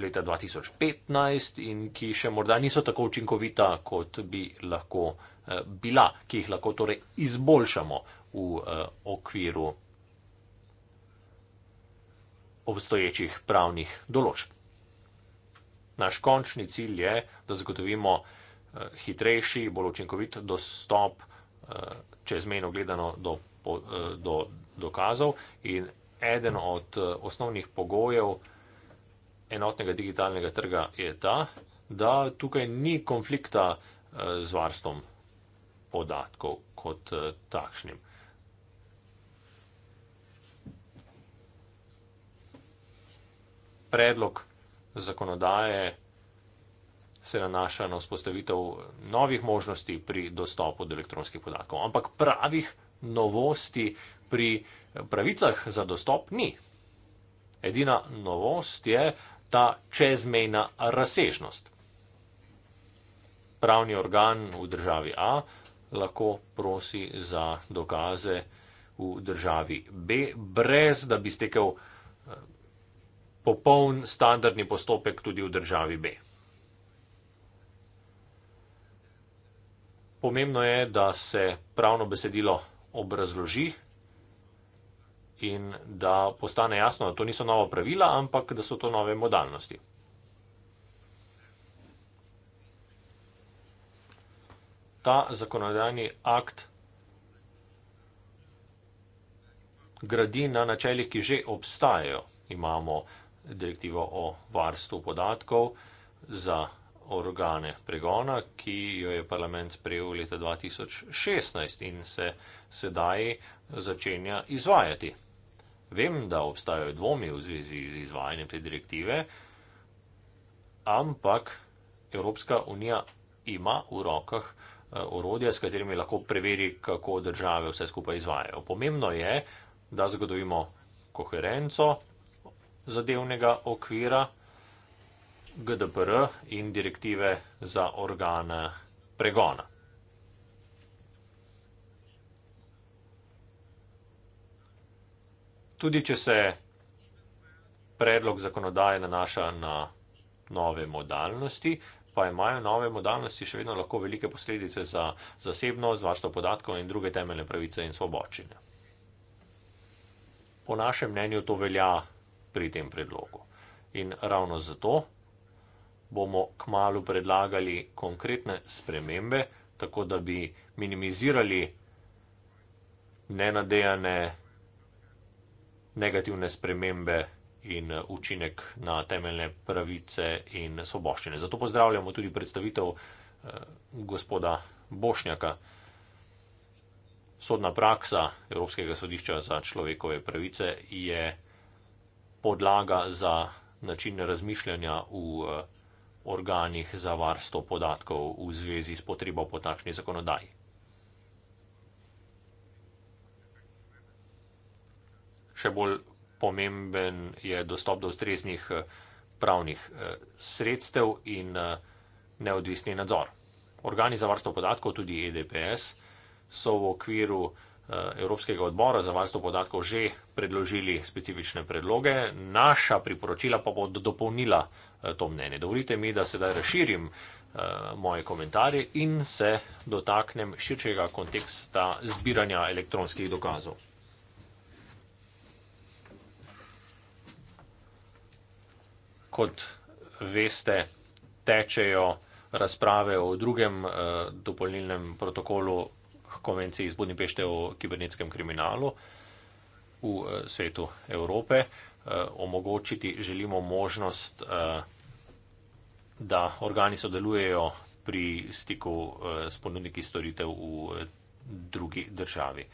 leta 2015 in ki še morda niso tako učinkovita, kot bi lahko eh, bila, ki jih lahko torej izboljšamo v okviru obstoječih pravnih določb. Naš končni cilj je, da zagotovimo eh, hitrejši, bolj učinkovit dostop, eh, čezmejno gledano, do, eh, do dokazov. In eden od osnovnih pogojev enotnega digitalnega trga je ta, da tukaj ni konflikta z varstvom podatkov kot takšnim. Predlog zakonodaje se nanaša na vzpostavitev novih možnosti pri dostopu do elektronskih podatkov. Ampak pravih novosti pri pravicah za dostop ni. Edina novost je ta čezmejna razsežnost. Pravni organ v državi A lahko prosi za dokaze v državi B, brez da bi stekel popoln standardni postopek tudi v državi B. Pomembno je, da se pravno besedilo obrazloži in da postane jasno, da to niso nova pravila, ampak da so to nove modalnosti. Ta zakonodajni akt gradi na načeljih, ki že obstajajo. Imamo direktivo o varstvu podatkov za organe pregona, ki jo je parlament sprejel leta 2016 in se sedaj začenja izvajati. Vem, da obstajajo dvomi v zvezi z izvajanjem te direktive, ampak Evropska unija ima v rokah eh, orodja, s katerimi lahko preveri, kako države vse skupaj izvajajo. Pomembno je, da zagotovimo koherenco, zadevnega okvira GDPR in direktive za organe pregona. Tudi če se predlog zakonodaje nanaša na nove modalnosti, pa imajo nove modalnosti še vedno lahko velike posledice za zasebnost, varstvo podatkov in druge temeljne pravice in svoboščine. Po našem mnenju to velja pri tem predlogu. In ravno zato bomo k malu predlagali konkretne spremembe, tako da bi minimizirali nenadejane negativne spremembe in učinek na temeljne pravice in svoboščine. Zato pozdravljamo tudi predstavitev eh, gospoda Bošnjaka. Sodna praksa Evropskega sodišča za človekove pravice je podlaga za način razmišljanja v eh, organih za varstvo podatkov v zvezi s potrebo po takšni zakonodaji. Še bolj pomemben je dostop do ustreznih eh, pravnih eh, sredstev in neodvisni nadzor. Organi za varstvo podatkov, tudi EDPS, so v okviru Eh, Evropskega odbora za varstvo podatkov že predložili specifične predloge, naša priporočila pa bodo dopolnila eh, to mnenje. Dovolite mi, da sedaj razširim eh, moje komentarje in se dotaknem širšega konteksta zbiranja elektronskih dokazov. Kot veste, tečejo razprave o drugem dopolnilnem protokolu konvenciji iz Budimpešte o kibernetskem kriminalu v eh, svetu Evrope. Eh, omogočiti želimo možnost, eh, da organi sodelujejo pri stiku s ponudniki storitev v drugi državi.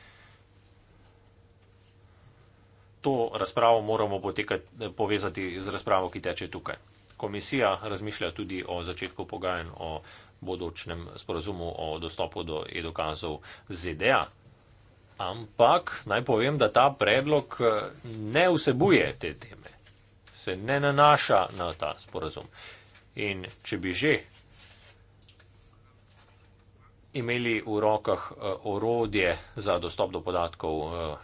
To razpravo moramo potekati, povezati z razpravo, ki teče tukaj. Komisija razmišlja tudi o začetku pogajanj o bodočnem sporazumu o dostopu do e-dokazov ZDA. Ampak naj povem, da ta predlog eh, ne vsebuje te teme, se ne nanaša na ta sporazum. In če bi že imeli v rokah eh, orodje za dostop do podatkov eh,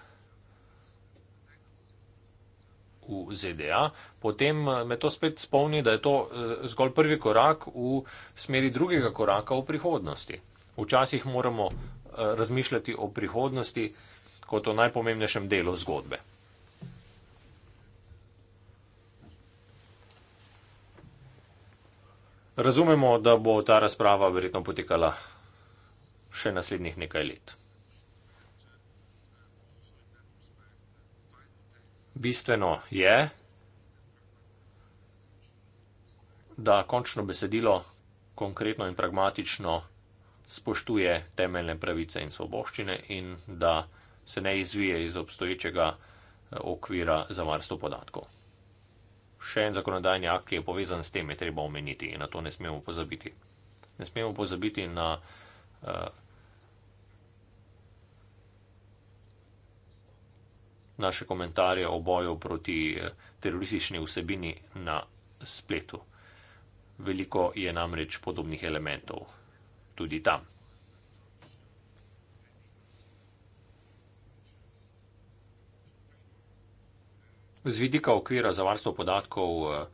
v ZDA, potem eh, me to spet spomni, da je to eh, zgolj prvi korak v smeri drugega koraka v prihodnosti. Včasih moramo eh, razmišljati o prihodnosti kot o najpomembnejšem delu zgodbe. Razumemo, da bo ta razprava verjetno potekala še naslednjih nekaj let. Bistveno je, da končno besedilo konkretno in pragmatično spoštuje temeljne pravice in svoboščine in da se ne izvije iz obstoječega eh, okvira za varstvo podatkov. Še en zakonodajni akt, ki je povezan s tem, je treba omeniti in na to ne smemo pozabiti. Ne smemo pozabiti na eh, naše komentarje o boju proti eh, teroristični vsebini na spletu. Veliko je namreč podobnih elementov tudi tam. Z vidika okvira za varstvo podatkov eh,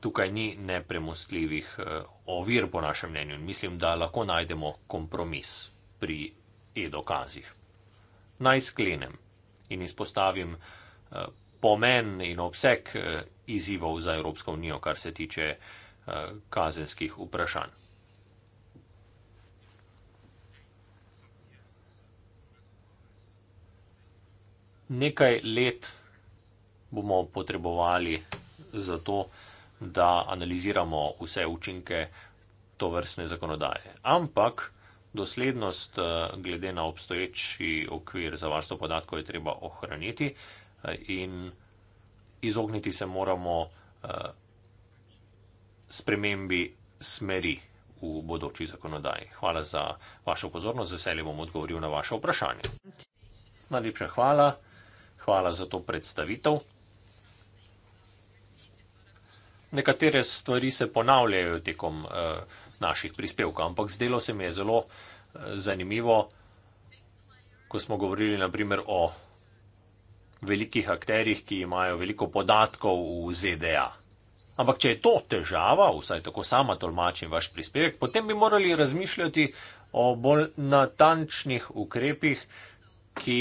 tukaj ni nepremostljivih eh, ovir, po našem mnenju. Mislim, da lahko najdemo kompromis pri e-dokazih. Naj sklenem in izpostavim eh, pomen in obseg eh, izzivov za Evropsko unijo, kar se tiče eh, kazenskih vprašanj. Nekaj let bomo potrebovali za to, da analiziramo vse učinke to vrstne zakonodaje. Ampak doslednost eh, glede na obstoječi okvir za varstvo podatkov je treba ohraniti eh, in izogniti se moramo eh, spremembi smeri v bodoči zakonodaji. Hvala za vašo pozornost, veseljem bom odgovoril na vaše vprašanje. Najlepša hvala, hvala za to predstavitev. Nekatere stvari se ponavljajo tekom uh, naših prispevkov. Ampak zdelo se mi je zelo eh, zanimivo, ko smo govorili naprimer o velikih akterjih, ki imajo veliko podatkov v ZDA. Ampak če je to težava, vsaj tako sama tolmačim vaš prispevek, potem bi morali razmišljati o bolj natančnih ukrepih, ki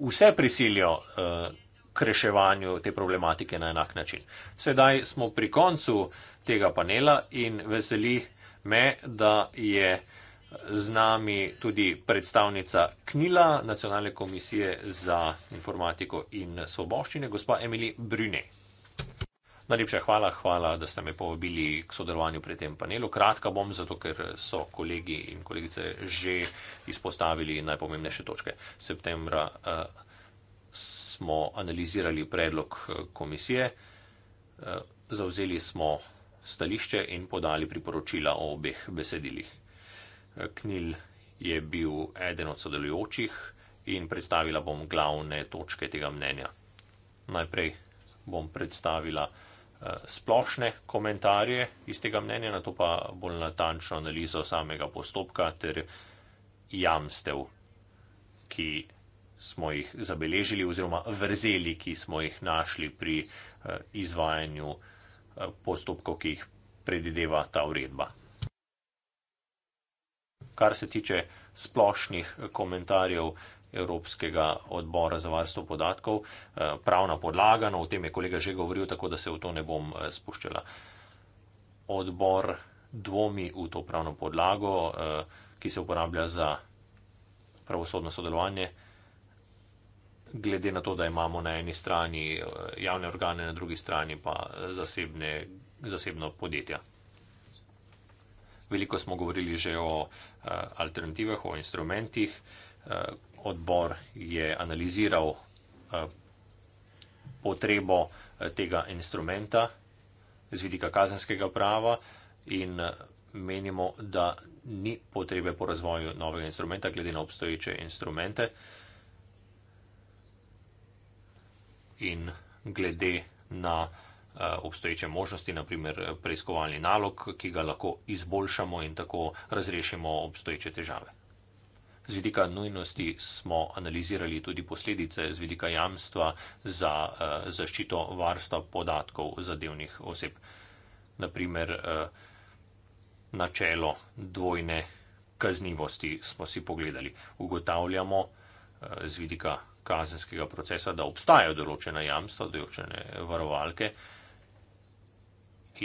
vse prisilijo eh, k reševanju te problematike na enak način. Sedaj smo pri koncu tega panela in veseli me, da je z nami tudi predstavnica Knila, Nacionalne komisije za informatiko in svoboščine, gospa Emily Brune. Najlepša hvala, hvala, da ste me povabili k sodelovanju pri tem panelu. Kratka bom, zato ker so kolegi in kolegice že izpostavili najpomembnejše točke. Septembra uh, smo analizirali predlog eh, komisije, uh, eh, zauzeli smo uh, stališče in podali priporočila o obeh besedilih. Knil je bil eden od sodelujočih in predstavila bom glavne točke tega mnenja. Najprej bom predstavila eh, splošne komentarje iz tega mnenja, na to pa bolj natančno analizo samega postopka ter jamstev, ki smo jih zabeležili oziroma vrzeli, ki smo jih našli pri eh, izvajanju Eh, postopkov, ki jih predideva ta uredba. Kar se tiče splošnih komentarjev Evropskega odbora za varstvo podatkov, eh, pravna podlaga, no o tem je kolega že govoril, tako da se v to ne bom eh, spuščala. Odbor dvomi v to pravno podlago, ki se uporablja za pravosodno sodelovanje glede na to, da imamo na eni strani eh, javne organe, na drugi strani pa zasebne, zasebno podjetja. Veliko smo govorili že o eh, alternativah, o instrumentih. Eh, odbor je analiziral potrebo tega instrumenta z vidika kazenskega prava in menimo, da ni potrebe po razvoju novega instrumenta glede na obstoječe instrumente. in glede na eh, obstoječe možnosti, naprimer eh, preiskovalni nalog, ki ga lahko izboljšamo in tako razrešimo obstoječe težave. Z vidika nujnosti smo analizirali tudi posledice z vidika jamstva za eh, zaščito varstva podatkov zadevnih oseb. Naprimer, načelo dvojne kaznivosti smo si pogledali. Ugotavljamo z vidika kazenskega procesa, da obstajajo določene jamstva, določene varovalke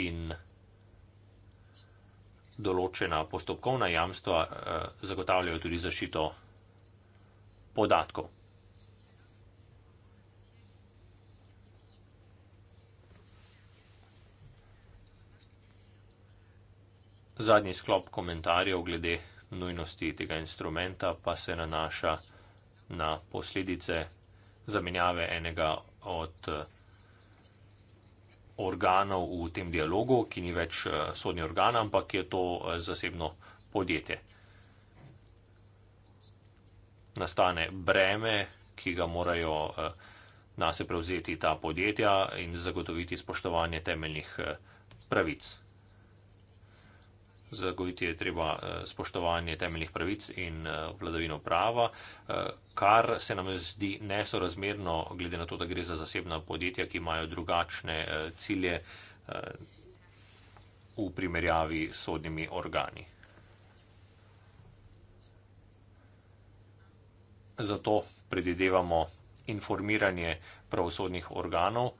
in določena postopkovna jamstva eh, zagotavljajo tudi zašito podatkov. Zadnji sklop komentarjev glede nujnosti tega instrumenta pa se nanaša na na posledice zamenjave enega od eh, organov v tem dialogu, ki ni več eh, sodni organ, ampak je to eh, zasebno podjetje. Nastane breme, ki ga morajo nase prevzeti ta podjetja in zagotoviti spoštovanje temeljnih pravic zagojiti je treba eh, spoštovanje temeljnih pravic in eh, vladavino prava, eh, kar se nam zdi nesorazmerno, glede na to, da gre za zasebna podjetja, ki imajo drugačne cilje v primerjavi s sodnimi organi. Zato predvidevamo informiranje pravosodnih organov,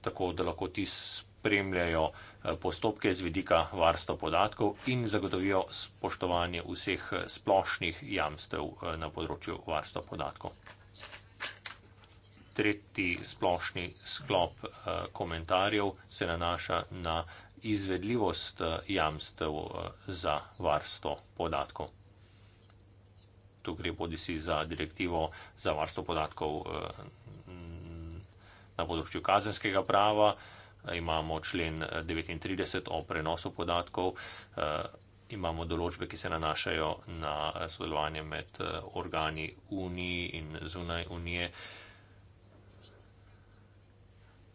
tako da lahko ti spremljajo Eh, postopke z vidika varstva podatkov in zagotovijo spoštovanje vseh eh, splošnih jamstev eh, na področju varstva podatkov. Tretji splošni sklop komentarjev se nanaša na izvedljivost jamstev za varstvo podatkov. Tu gre bodi si za direktivo za varstvo podatkov na področju kazenskega prava, imamo člen 39 eh, o prenosu podatkov, eh, imamo določbe, ki se nanašajo na eh, sodelovanje med organi Unije in zunaj Unije.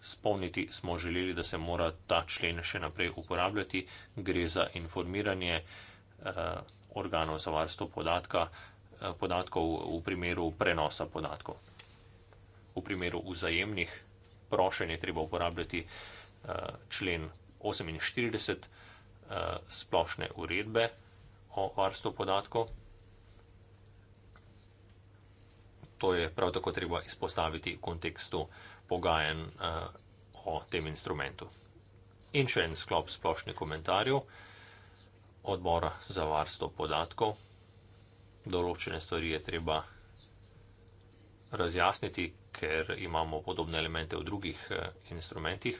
Spomniti smo želeli, da se mora ta člen še naprej uporabljati. Gre za informiranje organov za varstvo podatka, podatkov v primeru prenosa podatkov. V primeru vzajemnih prošenj je treba uporabljati uh, člen 48 eh, splošne uredbe o varstvu podatkov. To je prav tako treba izpostaviti v kontekstu pogajen eh, o tem instrumentu. In še en sklop splošnih komentarjev odbora za varstvo podatkov. Določene stvari je treba razjasniti, ker imamo podobne elemente v drugih eh, instrumentih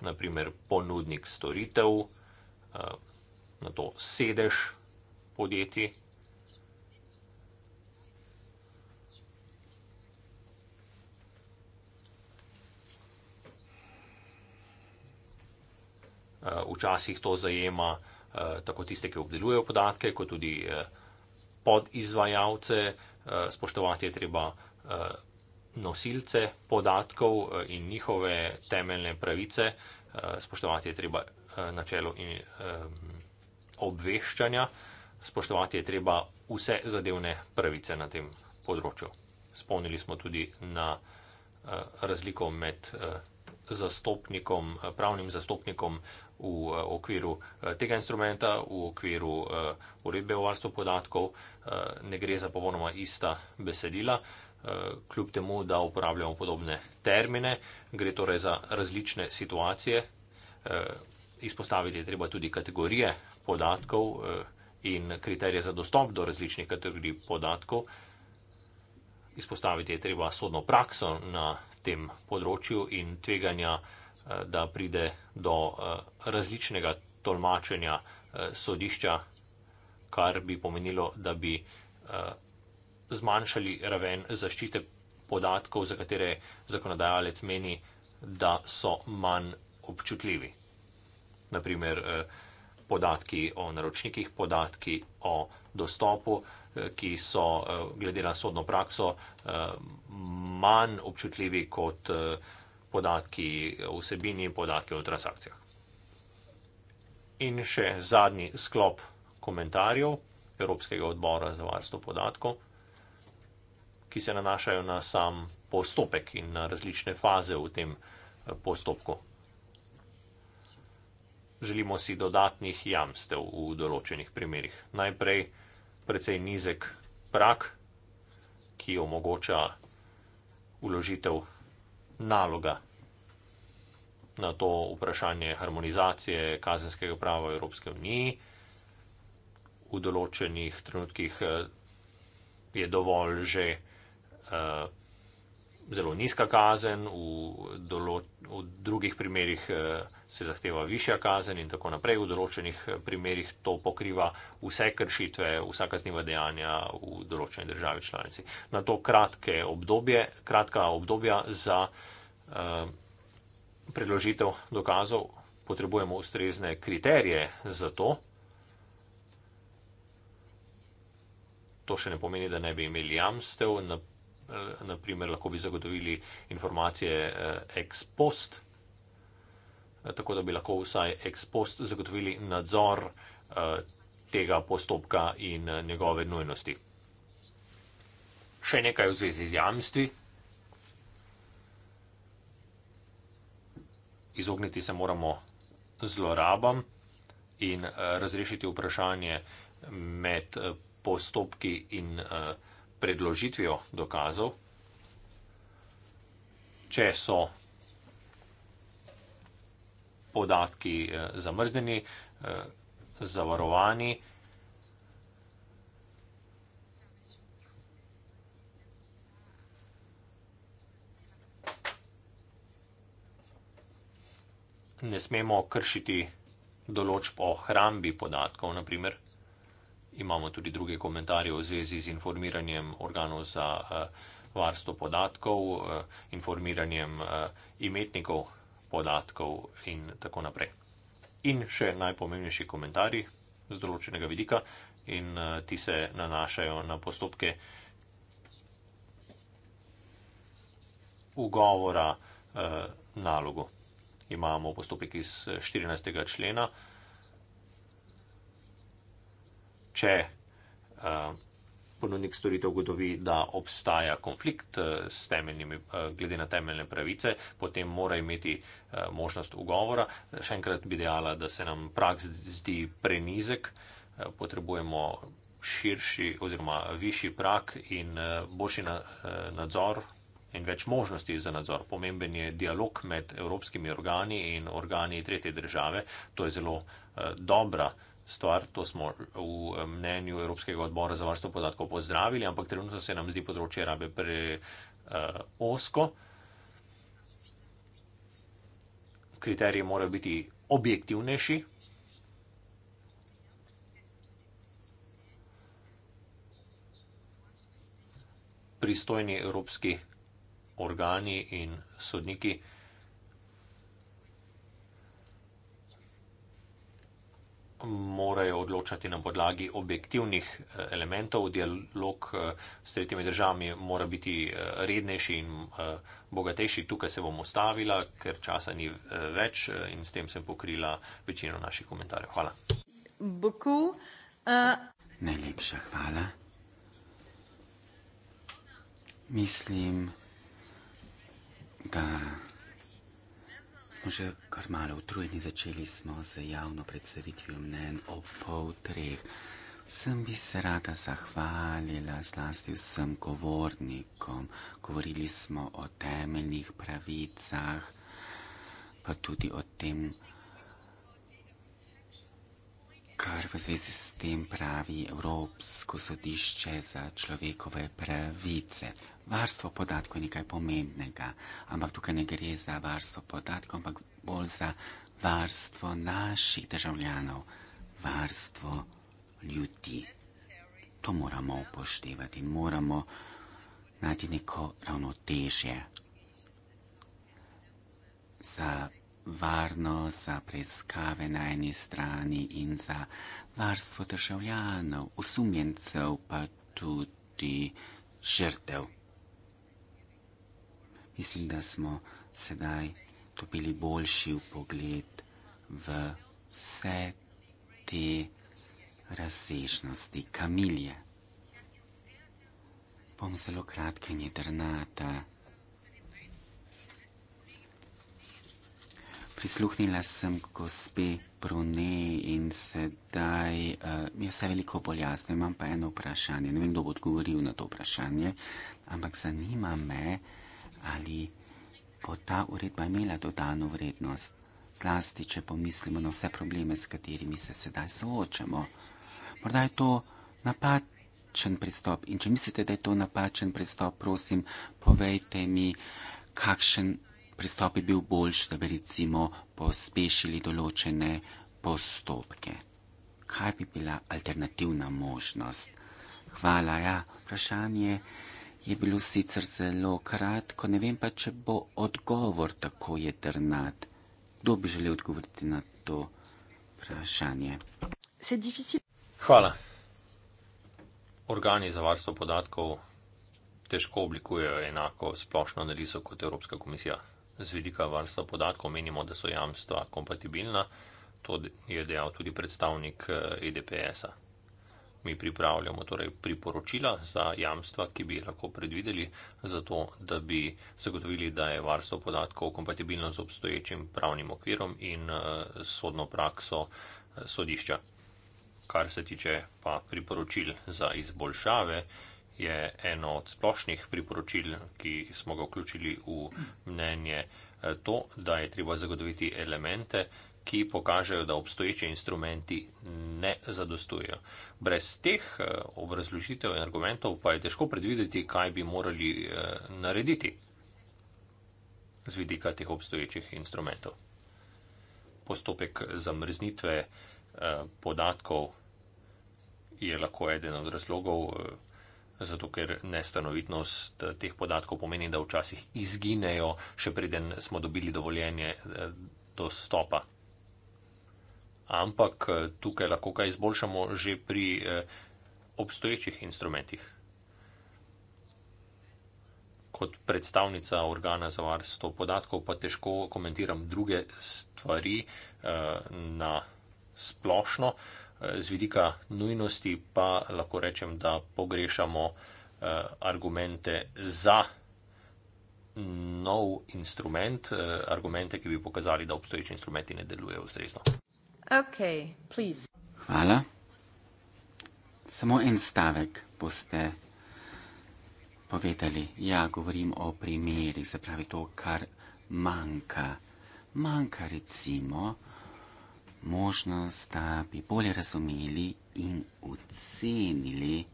naprimer ponudnik storitev, eh, na to sedež podjetij. Eh, včasih to zajema eh, tako tiste, ki obdelujejo podatke, kot tudi podizvajalce. Spoštovati je treba nosilce podatkov eh, in njihove temeljne pravice, eh, spoštovati je treba eh, načelo in obveščanja, spoštovati je treba vse zadevne pravice na tem področju. Spomnili smo tudi na razliko med zastopnikom, pravnim zastopnikom v okviru tega instrumenta, v okviru uredbe o varstvu podatkov, ne gre za popolnoma ista besedila kljub temu, da uporabljamo podobne termine, gre torej za različne situacije. Eh, izpostaviti je treba tudi kategorije podatkov eh, in kriterije za dostop do različnih kategorij podatkov. Izpostaviti je treba sodno prakso na tem področju in tveganja, eh, da pride do različnega tolmačenja sodišča, kar bi pomenilo, da bi zmanjšali raven zaščite podatkov, za katere zakonodajalec meni, da so manj občutljivi. Naprimer eh, podatki o naročnikih, podatki o dostopu, eh, ki so eh, glede na sodno prakso manj občutljivi kot podatki o vsebini, podatki o transakcijah. In še zadnji sklop komentarjev Evropskega odbora za varstvo podatkov ki se nanašajo na sam postopek in na različne faze v tem eh, postopku. Želimo si dodatnih jamstev v določenih primerjih. Najprej precej nizek prak, ki omogoča uložitev naloga na to vprašanje harmonizacije kazenskega prava v Evropske unije. V določenih trenutkih eh, je dovolj že Eh, zelo nizka kazen, v, dolo, v drugih primerjih eh, se zahteva višja kazen in tako naprej. V določenih eh, primerjih to pokriva vse kršitve, vsa kazniva dejanja v določeni državi članici. Na to kratke obdobje, kratka obdobja za predložitev dokazov potrebujemo ustrezne kriterije za to. To še ne pomeni, da ne bi imeli jamstev. Eh, naprimer, lahko bi zagotovili informacije eh, ex post, eh, tako da bi lahko vsaj ex post zagotovili nadzor tega postopka in njegove nujnosti. Še nekaj v zvezi z jamstvi. Izogniti se moramo zlorabam in razrešiti vprašanje med postopki in uh, predložitvijo dokazov, če so podatki eh, zamrzneni, eh, zavarovani, ne smemo kršiti določb o hrambi podatkov, naprimer imamo tudi druge komentarje v zvezi z informiranjem organov za eh, varstvo podatkov, eh, informiranjem eh, imetnikov podatkov in tako naprej. In še najpomembnejši komentarji z določenega vidika in ti se nanašajo na postopke ugovora nalogu. Imamo postopek iz 14. člena če eh, ponudnik storitev ugotovi, da obstaja konflikt eh, eh, glede na temeljne pravice, potem mora imeti možnost ugovora. Še enkrat bi dejala, da se nam prak zdi prenizek, potrebujemo širši oziroma višji prak in boljši nadzor in več možnosti za nadzor. Pomemben je dialog med evropskimi organi in organi tretje države. To je zelo dobra stvar, to smo v eh, mnenju Evropskega odbora za varstvo podatkov pozdravili, ampak trenutno se nam zdi področje rabe preosko. Kriterije morajo biti objektivnejši. Pristojni evropski organi in sodniki. morajo odločati na podlagi objektivnih eh, elementov, dialog eh, s tretjimi državami mora biti eh, rednejši in bogatejši. Tukaj se bom ustavila, ker časa ni več in s tem sem pokrila večino naših komentarjev. Hvala. Boku, uh... Najlepša hvala. Mislim, da. Smo že kar malo utrujeni, začeli smo z javno predstavitvijo mnen o pol treh. Sem bi se rada zahvalila zlasti vsem govornikom. Govorili smo o temeljnih pravicah, pa tudi o tem, kar v zvezi s tem pravi Evropsko sodišče za človekove pravice. Varstvo podatkov je nekaj pomembnega, ampak tukaj ne gre za varstvo podatkov, ampak bolj za varstvo naših državljanov, varstvo ljudi. To moramo upoštevati in moramo najti neko ravnotežje za varno, za preiskave na eni strani in za varstvo državljanov, usumjencev, pa tudi žrtev. Mislim, da smo sedaj dobili boljši pogled v vse te razsežnosti kamilje. Bom zelo kratka in jedrnata. Prisluhnila sem gospe Brune in sedaj uh, eh, mi je vse veliko bolj jasno. Imam pa eno vprašanje. Ne vem, kdo bo odgovoril na to vprašanje, ampak zanima me, ali bo ta uredba imela dodano vrednost, zlasti, če pomislimo na vse probleme, s katerimi se sedaj soočamo. Morda je to napačen pristop in če mislite, da je to napačen pristop, prosim, povejte mi, kakšen pristop je bil boljši, da bi recimo pospešili določene postopke. Kaj bi bila alternativna možnost? Hvala, ja, vprašanje je bilo sicer zelo kratko, ne vem pa, če bo odgovor tako jedrnat. Kdo bi želel odgovoriti na to vprašanje? Hvala. Organi za varstvo podatkov težko oblikujejo enako splošno analizo kot Evropska komisija z vidika varstva podatkov menimo, da so jamstva kompatibilna, to je dejal tudi predstavnik EDPS-a. Eh, e Mi pripravljamo torej priporočila za jamstva, ki bi lahko predvideli, zato da bi zagotovili, da je varstvo podatkov kompatibilno z obstoječim pravnim okvirom in eh, sodno prakso eh, sodišča. Kar se tiče pa priporočil za izboljšave, je eno od splošnih priporočil, ki smo ga vključili v mnenje, eh, to, da je treba zagotoviti elemente, ki pokažejo, da obstoječi instrumenti ne zadostujejo. Brez teh eh, obrazložitev in argumentov pa je težko predvideti, kaj bi morali eh, narediti z vidika teh obstoječih instrumentov. Postopek zamrznitve podatkov je lahko eden od razlogov, zato ker nestanovitnost eh, teh podatkov pomeni, da včasih izginejo, še preden smo dobili dovoljenje eh, dostopa. Ampak eh, tukaj lahko kaj izboljšamo že pri obstoječih instrumentih. Kot predstavnica organa za varstvo podatkov pa težko komentiram druge stvari eh, na splošno. Eh, Eh, z vidika nujnosti pa lahko rečem, da pogrešamo eh, argumente za nov instrument, eh, argumente, ki bi pokazali, da obstoječi instrumenti ne delujejo ustrezno. Okay, Hvala. Samo en stavek boste povedali. Ja, govorim o primerih, se pravi to, kar manjka. Manjka recimo možnost, da bi bolje razumeli in ocenili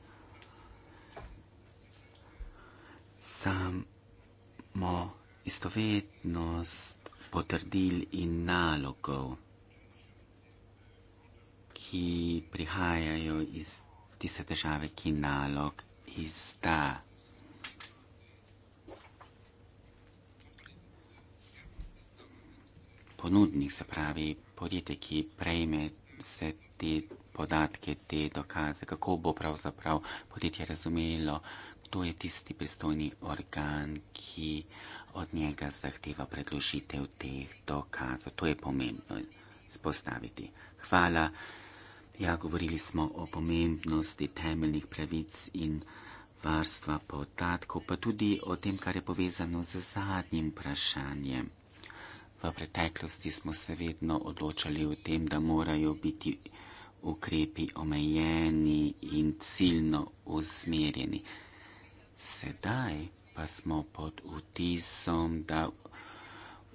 samo istovetnost potrdil in nalogov, ki prihajajo iz tiste države, ki nalog izda. Ponudnik, se pravi, podjetje, ki prejme vse te podatke, te dokaze, kako bo pravzaprav podjetje razumelo, kdo je tisti pristojni organ, ki od njega zahteva predložitev teh dokazov. To je pomembno spostaviti. Hvala. Ja, govorili smo o pomembnosti temeljnih pravic in varstva podatkov, pa tudi o tem, kar je povezano z zadnjim vprašanjem. V preteklosti smo se vedno odločali o tem, da morajo biti ukrepi omejeni in ciljno usmerjeni. Sedaj pa smo pod vtisom, da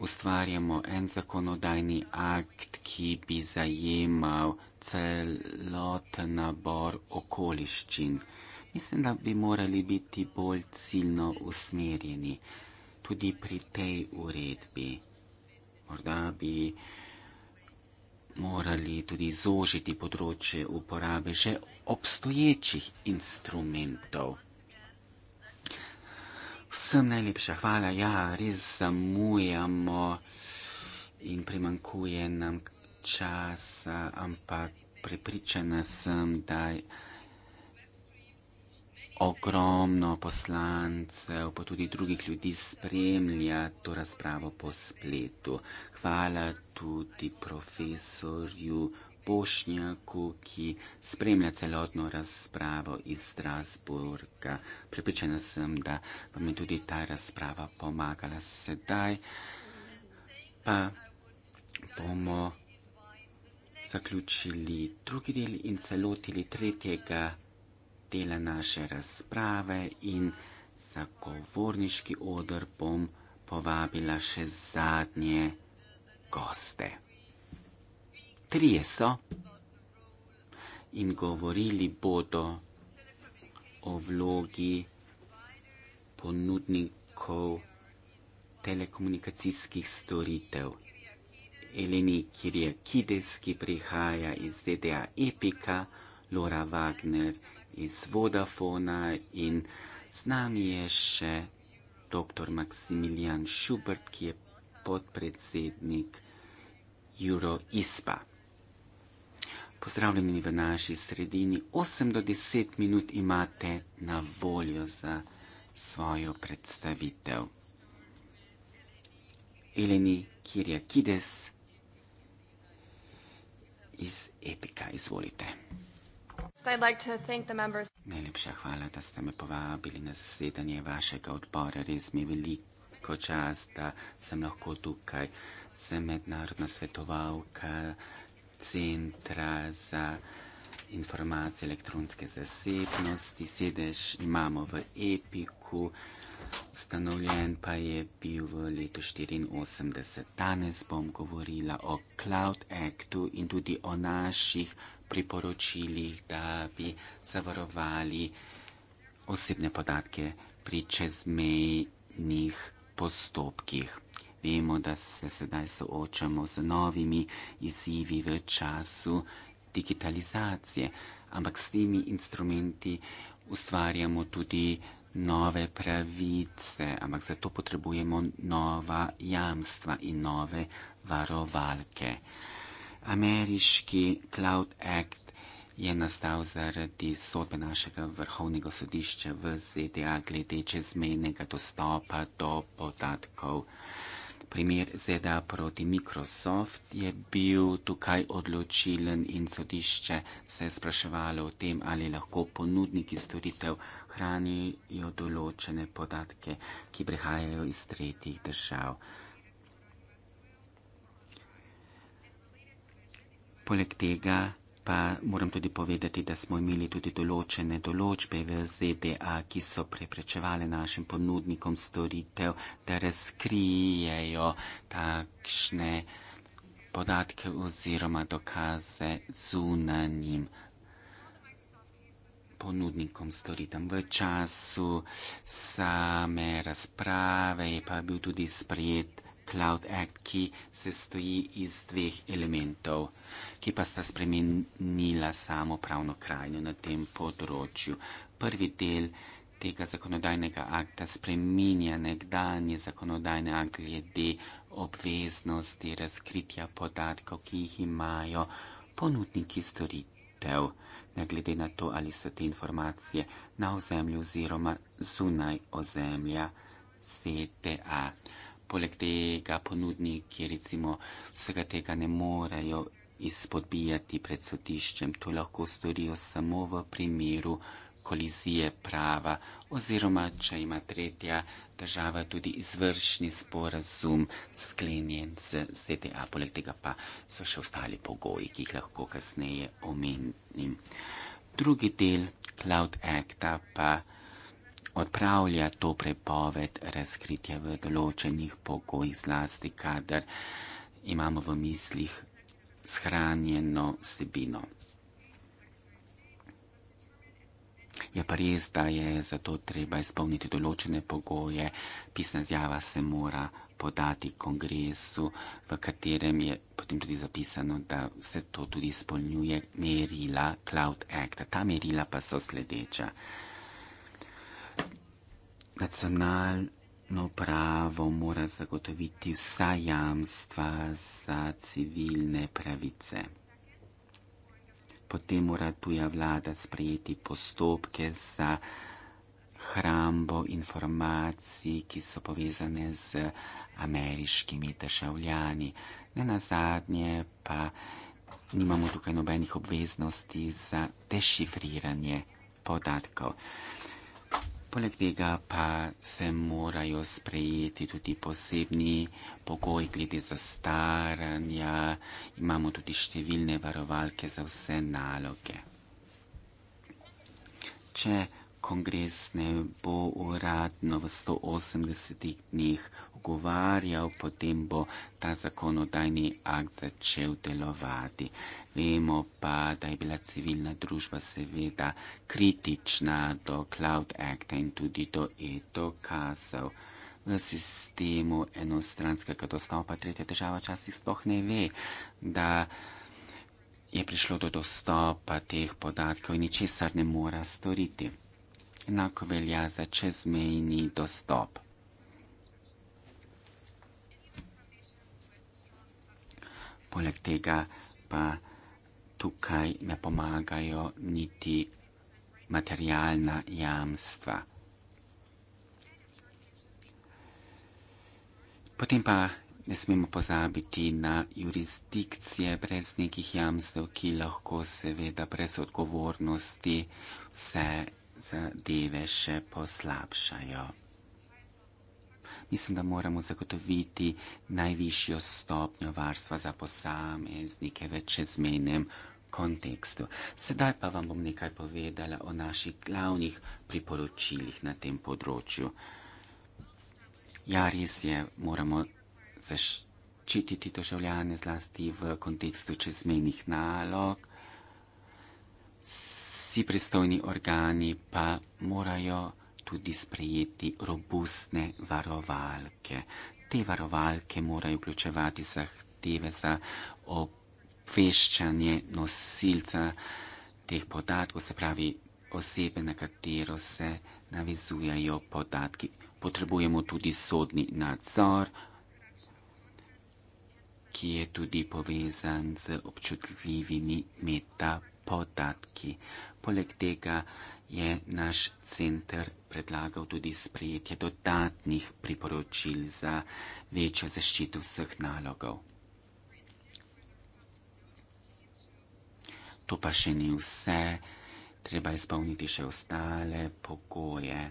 ustvarjamo en zakonodajni akt, ki bi zajemal celoten nabor okoliščin. Mislim, da bi morali biti bolj ciljno usmerjeni tudi pri tej uredbi morda bi morali tudi zožiti področje uporabe že obstoječih instrumentov. Vsem najlepša hvala, ja, res zamujamo in primankuje nam časa, ampak prepričana sem, da je ogromno poslancev, pa tudi drugih ljudi spremlja to razpravo po spletu. Hvala tudi profesorju Bošnjaku, ki spremlja celotno razpravo iz Strasburga. Pripričana sem, da vam je tudi ta razprava pomagala sedaj. Pa bomo zaključili drugi del in celotili tretjega dela naše razprave in za govorniški odr bom povabila še zadnje goste. Trije so in govorili bodo o vlogi ponudnikov telekomunikacijskih storitev. Eleni Kirjakides, ki prihaja iz ZDA Epika, Lora Wagner, ki prihaja iz ZDA Epika, iz Vodafona in z nami je še dr. Maksimilijan Šubert, ki je podpredsednik Euroispa. Pozdravljeni v naši sredini. 8 do 10 minut imate na voljo za svojo predstavitev. Eleni Kirjakides iz Epika, izvolite. Najlepša hvala, da ste me povabili na zasedanje vašega odbora. Res mi je veliko čast, da sem lahko tukaj. Sem mednarodna svetovalka Centra za informacije elektronske zasebnosti. Sedež imamo v EPIK-u, ustanovljen pa je bil v letu 1984. Danes bom govorila o Cloud Actu in tudi o naših priporočilih, da bi zavarovali osebne podatke pri čezmejnih postopkih. Vemo, da se sedaj soočamo z novimi izzivi v času digitalizacije, ampak s temi instrumenti ustvarjamo tudi nove pravice, ampak zato potrebujemo nova jamstva in nove varovalke. Ameriški Cloud Act je nastal zaradi sodbe našega vrhovnega sodišča v ZDA glede čezmejnega dostopa do podatkov. Primer ZDA proti Microsoft je bil tukaj odločilen in sodišče se je spraševalo o tem, ali lahko ponudniki storitev hranijo določene podatke, ki prihajajo iz tretjih držav. Poleg tega pa moram tudi povedati, da smo imeli tudi določene določbe v ZDA, ki so preprečevale našim ponudnikom storitev, da razkrijejo takšne podatke oziroma dokaze zunanjim ponudnikom storitev. V času same razprave je pa bil tudi sprejet Cloud Act, ki se stoji iz dveh elementov, ki pa sta spremenila samo pravno krajino na tem področju. Prvi del tega zakonodajnega akta spreminja nekdanje zakonodajne akte glede obveznosti razkritja podatkov, ki jih imajo ponudniki storitev, ne glede na to, ali so te informacije na ozemlju oziroma zunaj ozemlja ZDA poleg tega ponudniki recimo vsega tega ne morejo izpodbijati pred sodiščem. To lahko storijo samo v primeru kolizije prava oziroma, če ima tretja država tudi izvršni sporazum sklenjen z ZDA. Poleg tega pa so še ostali pogoji, ki jih lahko kasneje omenim. Drugi del Cloud Acta pa je odpravlja to prepoved razkritja v določenih pogojih, zlasti kadar imamo v mislih shranjeno sebino. Je pa res, da je zato treba izpolniti določene pogoje, pisna zjava se mora podati kongresu, v katerem je potem tudi zapisano, da se to tudi izpolnjuje merila Cloud Act. Ta merila pa so sledeča nacionalno pravo mora zagotoviti vsa jamstva za civilne pravice. Potem mora tuja vlada sprejeti postopke za hrambo informacij, ki so povezane z ameriškimi državljani. Ne na zadnje pa nimamo tukaj nobenih obveznosti za dešifriranje podatkov poleg tega pa se morajo sprejeti tudi posebni pogoji glede zastaranja, imamo tudi številne varovalke za vse naloge. Če kongres ne bo uradno v 180 dneh pogovarjal, potem bo ta zakonodajni akt začel delovati. Vemo pa, da je bila civilna družba seveda kritična do Cloud Acta in tudi do e-dokazov. V sistemu enostranskega dostopa tretja država včasih sploh ne ve, da je prišlo do dostopa teh podatkov in ničesar ne mora storiti. Enako velja za čezmejni dostop. poleg tega pa tukaj ne pomagajo niti materialna jamstva. Potem pa ne smemo pozabiti na jurisdikcije brez nekih jamstev, ki lahko seveda brez odgovornosti vse zadeve še poslabšajo mislim, da moramo zagotoviti najvišjo stopnjo varstva za posameznike v čezmenem kontekstu. Sedaj pa vam bom nekaj povedala o naših glavnih priporočilih na tem področju. Ja, res je, moramo zaščititi državljane zlasti v kontekstu čezmenih nalog. Vsi pristojni organi pa morajo tudi sprejeti robustne varovalke. Te varovalke morajo vključevati zahteve za obveščanje nosilca teh podatkov, se pravi osebe, na katero se navizujajo podatki. Potrebujemo tudi sodni nadzor, ki je tudi povezan z občutljivimi metapodatki. Poleg tega, je naš center predlagal tudi sprejetje dodatnih priporočil za večjo zaščito vseh nalogov. To pa še ni vse, treba je spolniti še ostale pogoje.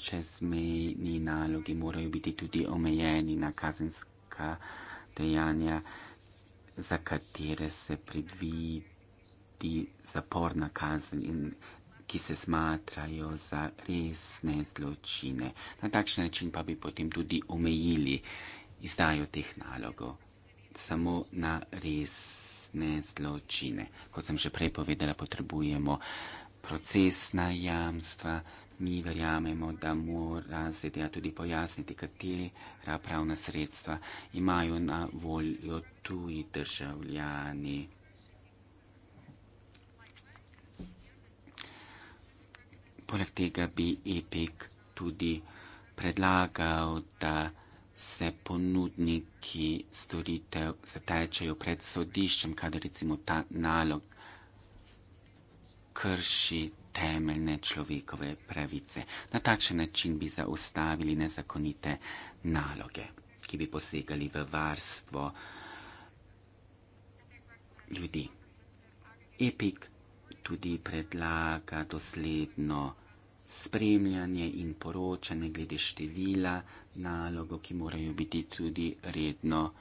Čezmejni nalogi morajo biti tudi omejeni na kazenska dejanja, za katere se predvidi zaporna kazen in ki se smatrajo za resne zločine. Na takšen način pa bi potem tudi omejili izdajo teh nalogov samo na resne zločine. Kot sem že prej povedala, potrebujemo procesna jamstva. Mi verjamemo, da mora ZDA tudi pojasniti, katera pravna sredstva imajo na voljo tuji državljani. Poleg tega bi EPIC tudi predlagal, da se ponudniki storitev zatečejo pred sodiščem, kadar recimo ta nalog krši temeljne človekove pravice. Na takšen način bi zaustavili nezakonite naloge, ki bi posegali v varstvo ljudi. EPIC tudi predlaga dosledno spremljanje in poročanje glede števila nalogo, ki morajo biti tudi redno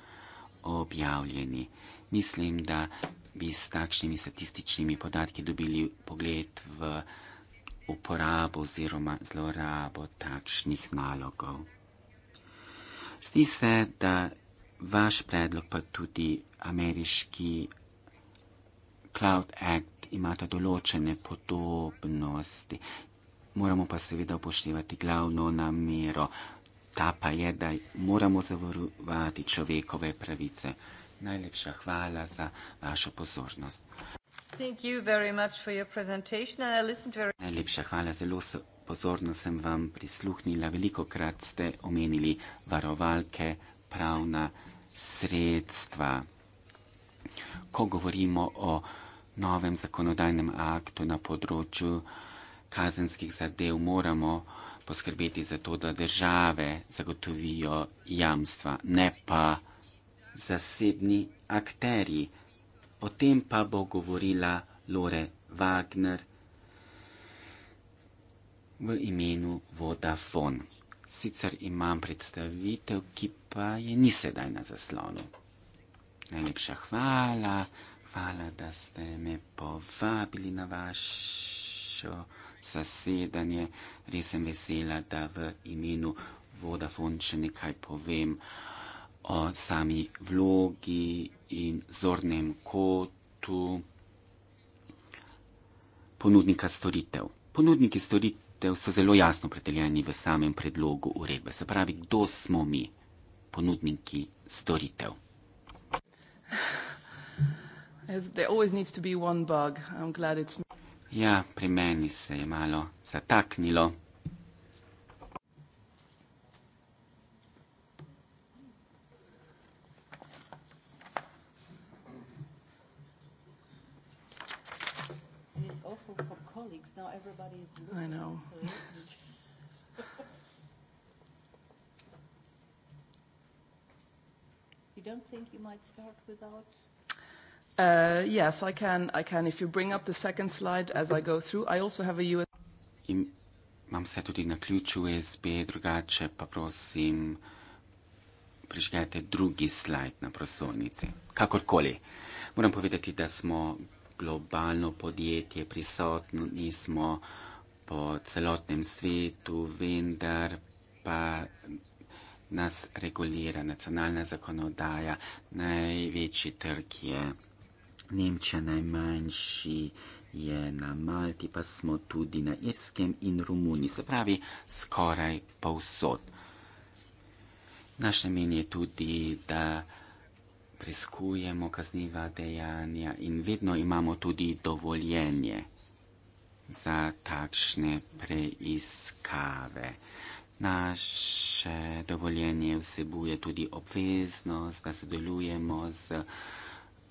objavljeni. Mislim, da bi s takšnimi statističnimi podatki dobili pogled v uporabo oziroma zlorabo takšnih nalogov. Zdi se, da vaš predlog, pa tudi ameriški Cloud Act, imata določene podobnosti moramo pa seveda upoštevati glavno namero. Ta pa je, da moramo zavarovati človekove pravice. Najlepša hvala za vašo pozornost. Very... Najlepša hvala, zelo so, pozorno sem vam prisluhnila. Veliko krat ste omenili varovalke, pravna sredstva. Ko govorimo o novem zakonodajnem aktu na področju kazenskih zadev moramo poskrbeti za to, da države zagotovijo jamstva, ne pa zasebni akteri. O tem pa bo govorila Lore Wagner v imenu Vodafone. Sicer imam predstavitev, ki pa je ni sedaj na zaslonu. Najlepša hvala, hvala, da ste me povabili na vašo zasedanje. Res sem vesela, da v imenu Vodafone še nekaj povem o sami vlogi in zornem kotu ponudnika storitev. Ponudniki storitev so zelo jasno predeljeni v samem predlogu uredbe. Se pravi, kdo smo mi, ponudniki storitev? There always needs to be one bug. I'm glad it's me. Ja, pri meni se je malo zataknilo. I know. you don't think you might start without? Uh, yes, I can. I can. If you bring up the second slide as I go through, I also have a U.S. In imam vse tudi na ključu USB, drugače pa prosim, prižgajte drugi slajd na prosojnici. Kakorkoli. Moram povedati, da smo globalno podjetje prisotno, nismo po celotnem svetu, vendar pa nas regulira nacionalna zakonodaja. Največji trg je. Nemčija najmanjši je na Malti, pa smo tudi na Irskem in Romuniji, se pravi skoraj povsod. Naš namen je tudi, da preiskujemo kazniva dejanja in vedno imamo tudi dovoljenje za takšne preiskave. Naše dovoljenje vsebuje tudi obveznost, da sodelujemo z uh,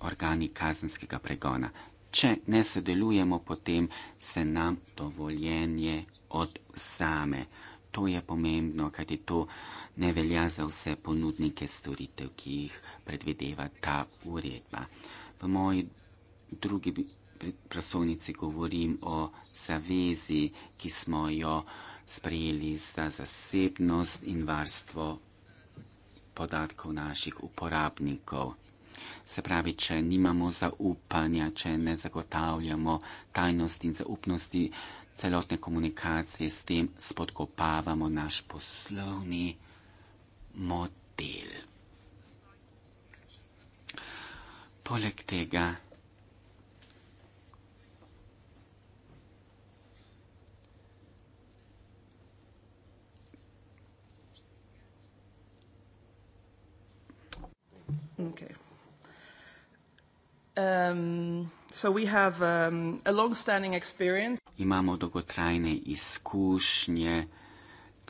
organi kazenskega pregona. Če ne sodelujemo, potem se nam dovoljenje odzame. To je pomembno, kajti to ne velja za vse ponudnike storitev, ki jih predvideva ta uredba. V moji drugi prasovnici govorim o zavezi, ki smo jo sprejeli za zasebnost in varstvo podatkov naših uporabnikov. Se pravi, če nimamo zaupanja, če ne zagotavljamo tajnosti in zaupnosti celotne komunikacije, s tem spodkopavamo naš poslovni model. Poleg tega Okay. Um, um, Imamo dolgotrajne izkušnje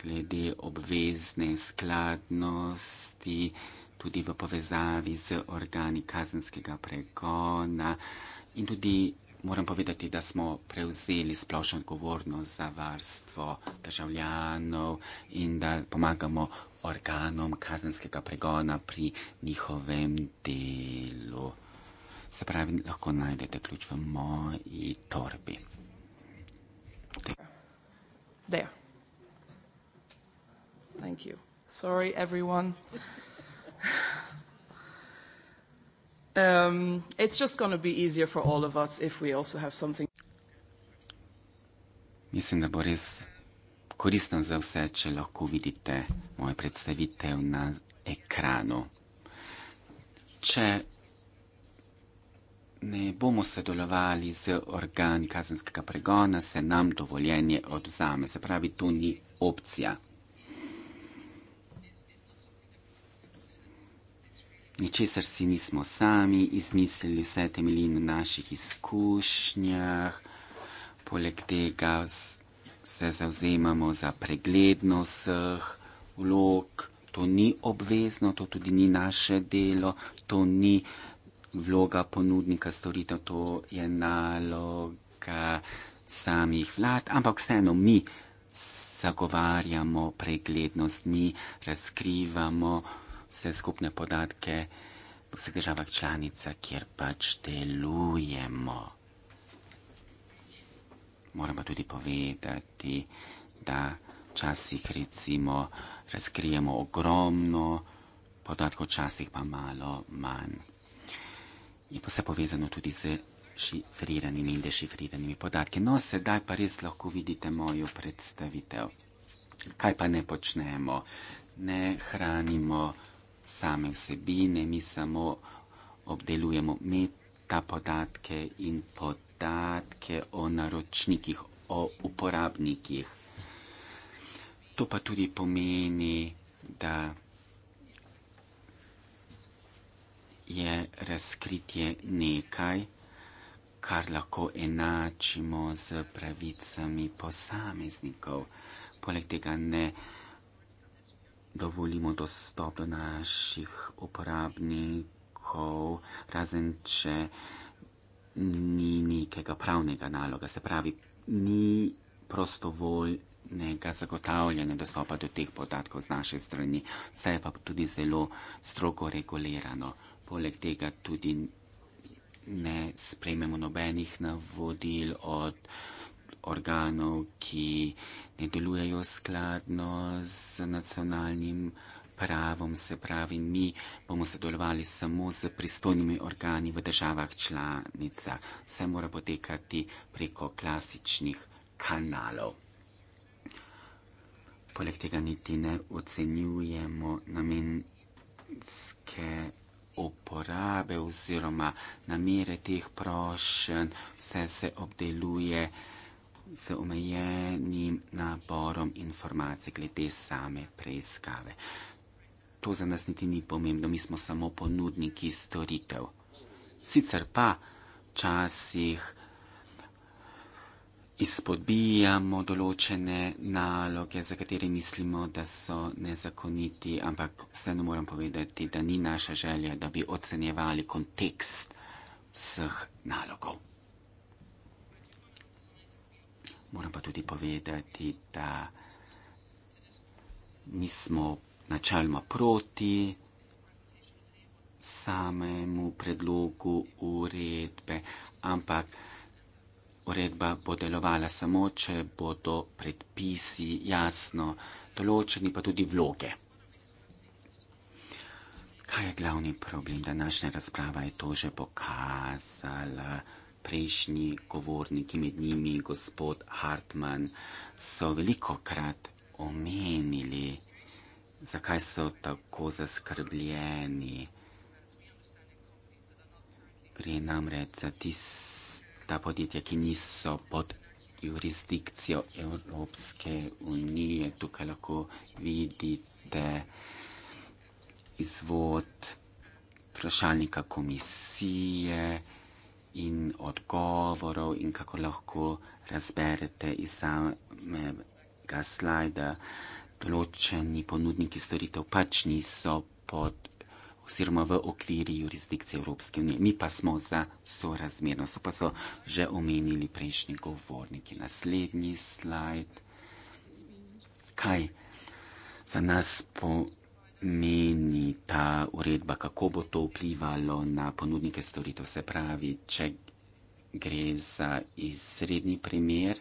glede obvezne skladnosti, tudi v povezavi z organi kazenskega pregona in tudi moram povedati, da smo prevzeli splošno odgovornost za varstvo državljanov in da pomagamo organom kazenskega pregona pri njihovem delu se pravi, lahko najdete ključ v moji torbi. There. Thank you. Sorry, everyone. um, it's just going to be easier for all of us if we also have something. Mislim, da bo res koristno za vse, če lahko vidite moje predstavitev na ekranu. Če ne bomo sodelovali z organi kazenskega pregona, se nam dovoljenje odzame. Se pravi, to ni opcija. Ničesar si nismo sami izmislili, vse temelji na naših izkušnjah. Poleg tega se zauzemamo za preglednost vseh vlog. To ni obvezno, to tudi ni naše delo, to ni vloga ponudnika storitev, to je naloga samih vlad, ampak vseeno mi zagovarjamo preglednost, mi razkrivamo vse skupne podatke v vseh državah članica, kjer pač delujemo. Moramo tudi povedati, da včasih recimo razkrijemo ogromno podatkov, včasih pa malo manj je pa vse povezano tudi z šifriranimi in dešifriranimi podatki. No, sedaj pa res lahko vidite mojo predstavitev. Kaj pa ne počnemo? Ne hranimo same vsebine, mi samo obdelujemo meta podatke in podatke o naročnikih, o uporabnikih. To pa tudi pomeni, da je razkritje nekaj, kar lahko enačimo z pravicami posameznikov. Poleg tega ne dovolimo dostop do naših uporabnikov, razen če ni nekega pravnega naloga, se pravi, ni prostovoljnega zagotavljanja dostopa do teh podatkov z naše strani, vse je pa tudi zelo strogo regulirano poleg tega tudi ne sprejmemo nobenih navodil od organov, ki ne delujejo skladno z nacionalnim pravom, se pravi, mi bomo sodelovali samo z pristojnimi organi v državah članica. Vse mora potekati preko klasičnih kanalov. Poleg tega niti ne ocenjujemo namenske uporabe oziroma namere teh prošenj, vse se obdeluje z omejenim naborom informacij glede same preiskave. To za nas niti ni pomembno, mi smo samo ponudniki storitev. Sicer pa včasih izpodbijamo določene naloge, za katere mislimo, da so nezakoniti, ampak vseeno moram povedati, da ni naša želja, da bi ocenjevali kontekst vseh nalogov. Moram pa tudi povedati, da nismo načeloma proti samemu predlogu uredbe, ampak Uredba bo delovala samo, če bodo predpisi jasno določeni, pa tudi vloge. Kaj je glavni problem? Današnja razprava je to že pokazala. Prejšnji govorniki, med njimi gospod Hartmann, so veliko krat omenili, zakaj so tako zaskrbljeni. Gre namreč za tisto, ta podjetja, ki niso pod jurisdikcijo Evropske unije. Tukaj lahko vidite izvod vprašalnika komisije in odgovorov in kako lahko razberete iz samega slajda. Določeni ponudniki storitev pač niso pod oziroma v okviri jurisdikcije Evropske unije. Mi pa smo za sorazmernost. To pa so že omenili prejšnji govorniki. Naslednji slajd. Kaj za nas pomeni ta uredba, kako bo to vplivalo na ponudnike storitev? Se pravi, če gre za izredni primer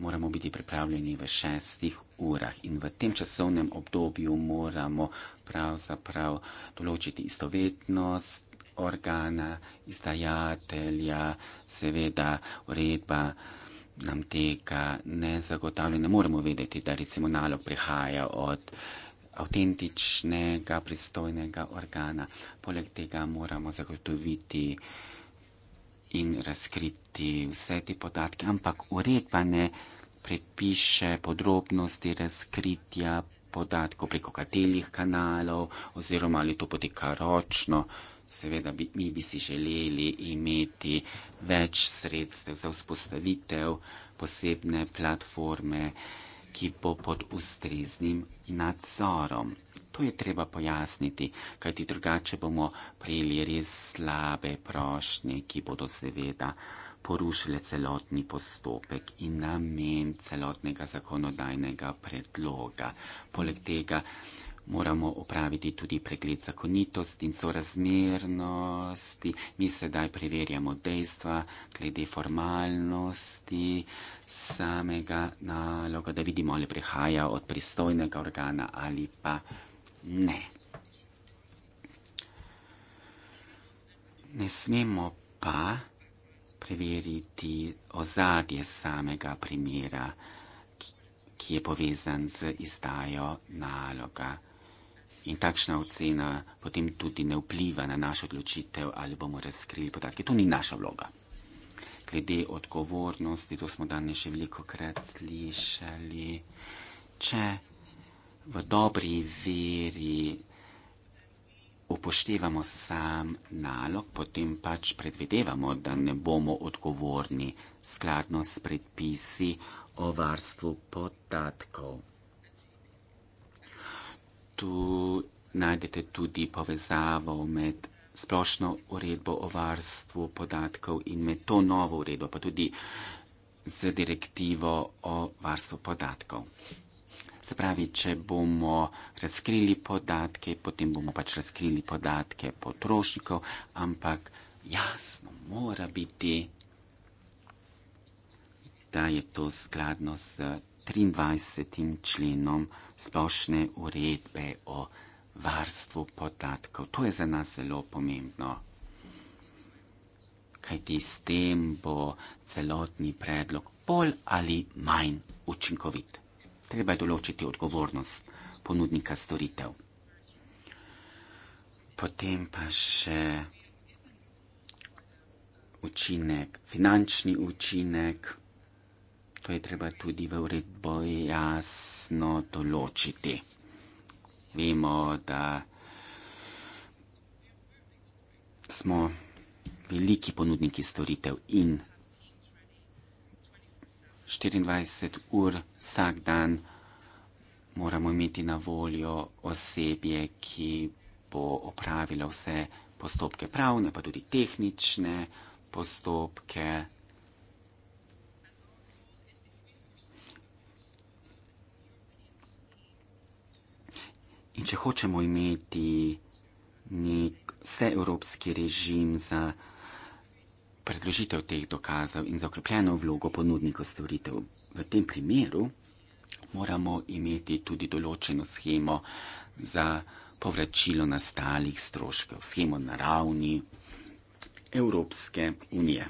moramo biti pripravljeni v šestih urah in v tem časovnem obdobju moramo pravzaprav določiti istovetnost organa, izdajatelja, seveda uredba nam tega ne zagotavlja. Ne moremo vedeti, da recimo nalog prihaja od avtentičnega pristojnega organa. Poleg tega moramo zagotoviti in razkriti vse te podatke, ampak uredba ne predpiše podrobnosti razkritja podatkov preko katerih kanalov oziroma ali to poteka ročno. Seveda bi, mi bi si želeli imeti več sredstev za vzpostavitev posebne platforme, ki bo pod ustreznim nadzorom. To je treba pojasniti, kajti drugače bomo prijeli res slabe prošnje, ki bodo seveda porušile celotni postopek in namen celotnega zakonodajnega predloga. Poleg tega moramo opraviti tudi pregled zakonitosti in sorazmernosti. Mi sedaj preverjamo dejstva glede formalnosti samega naloga, da vidimo, ali prihaja od pristojnega organa ali pa ne. Ne smemo pa preveriti ozadje samega primera, ki je povezan z izdajo naloga. In takšna ocena potem tudi ne vpliva na našo odločitev, ali bomo razkrili podatke. To ni naša vloga. Glede odgovornosti, to smo danes že veliko krat slišali. Če v dobri veri upoštevamo sam nalog, potem pač predvidevamo, da ne bomo odgovorni skladno s predpisi o varstvu podatkov. Tu najdete tudi povezavo med splošno uredbo o varstvu podatkov in med to novo uredbo, pa tudi z direktivo o varstvu podatkov. Se pravi, če bomo razkrili podatke, potem bomo pač razkrili podatke potrošnikov, ampak jasno mora biti, da je to skladno z 23. členom splošne uredbe o varstvu podatkov. To je za nas zelo pomembno. Kajti s tem bo celotni predlog bolj ali manj učinkovit treba je določiti odgovornost ponudnika storitev. Potem pa še učinek, finančni učinek, to je treba tudi v uredbo jasno določiti. Vemo, da smo veliki ponudniki storitev in 24 ur vsak dan moramo imeti na voljo osebje, ki bo opravila vse postopke pravne, pa tudi tehnične postopke. In če hočemo imeti nek vseevropski režim za predložitev teh dokazov in zakrpljeno vlogo ponudnikov storitev. V tem primeru moramo imeti tudi določeno schemo za povračilo nastalih stroškov, schemo na ravni Evropske unije.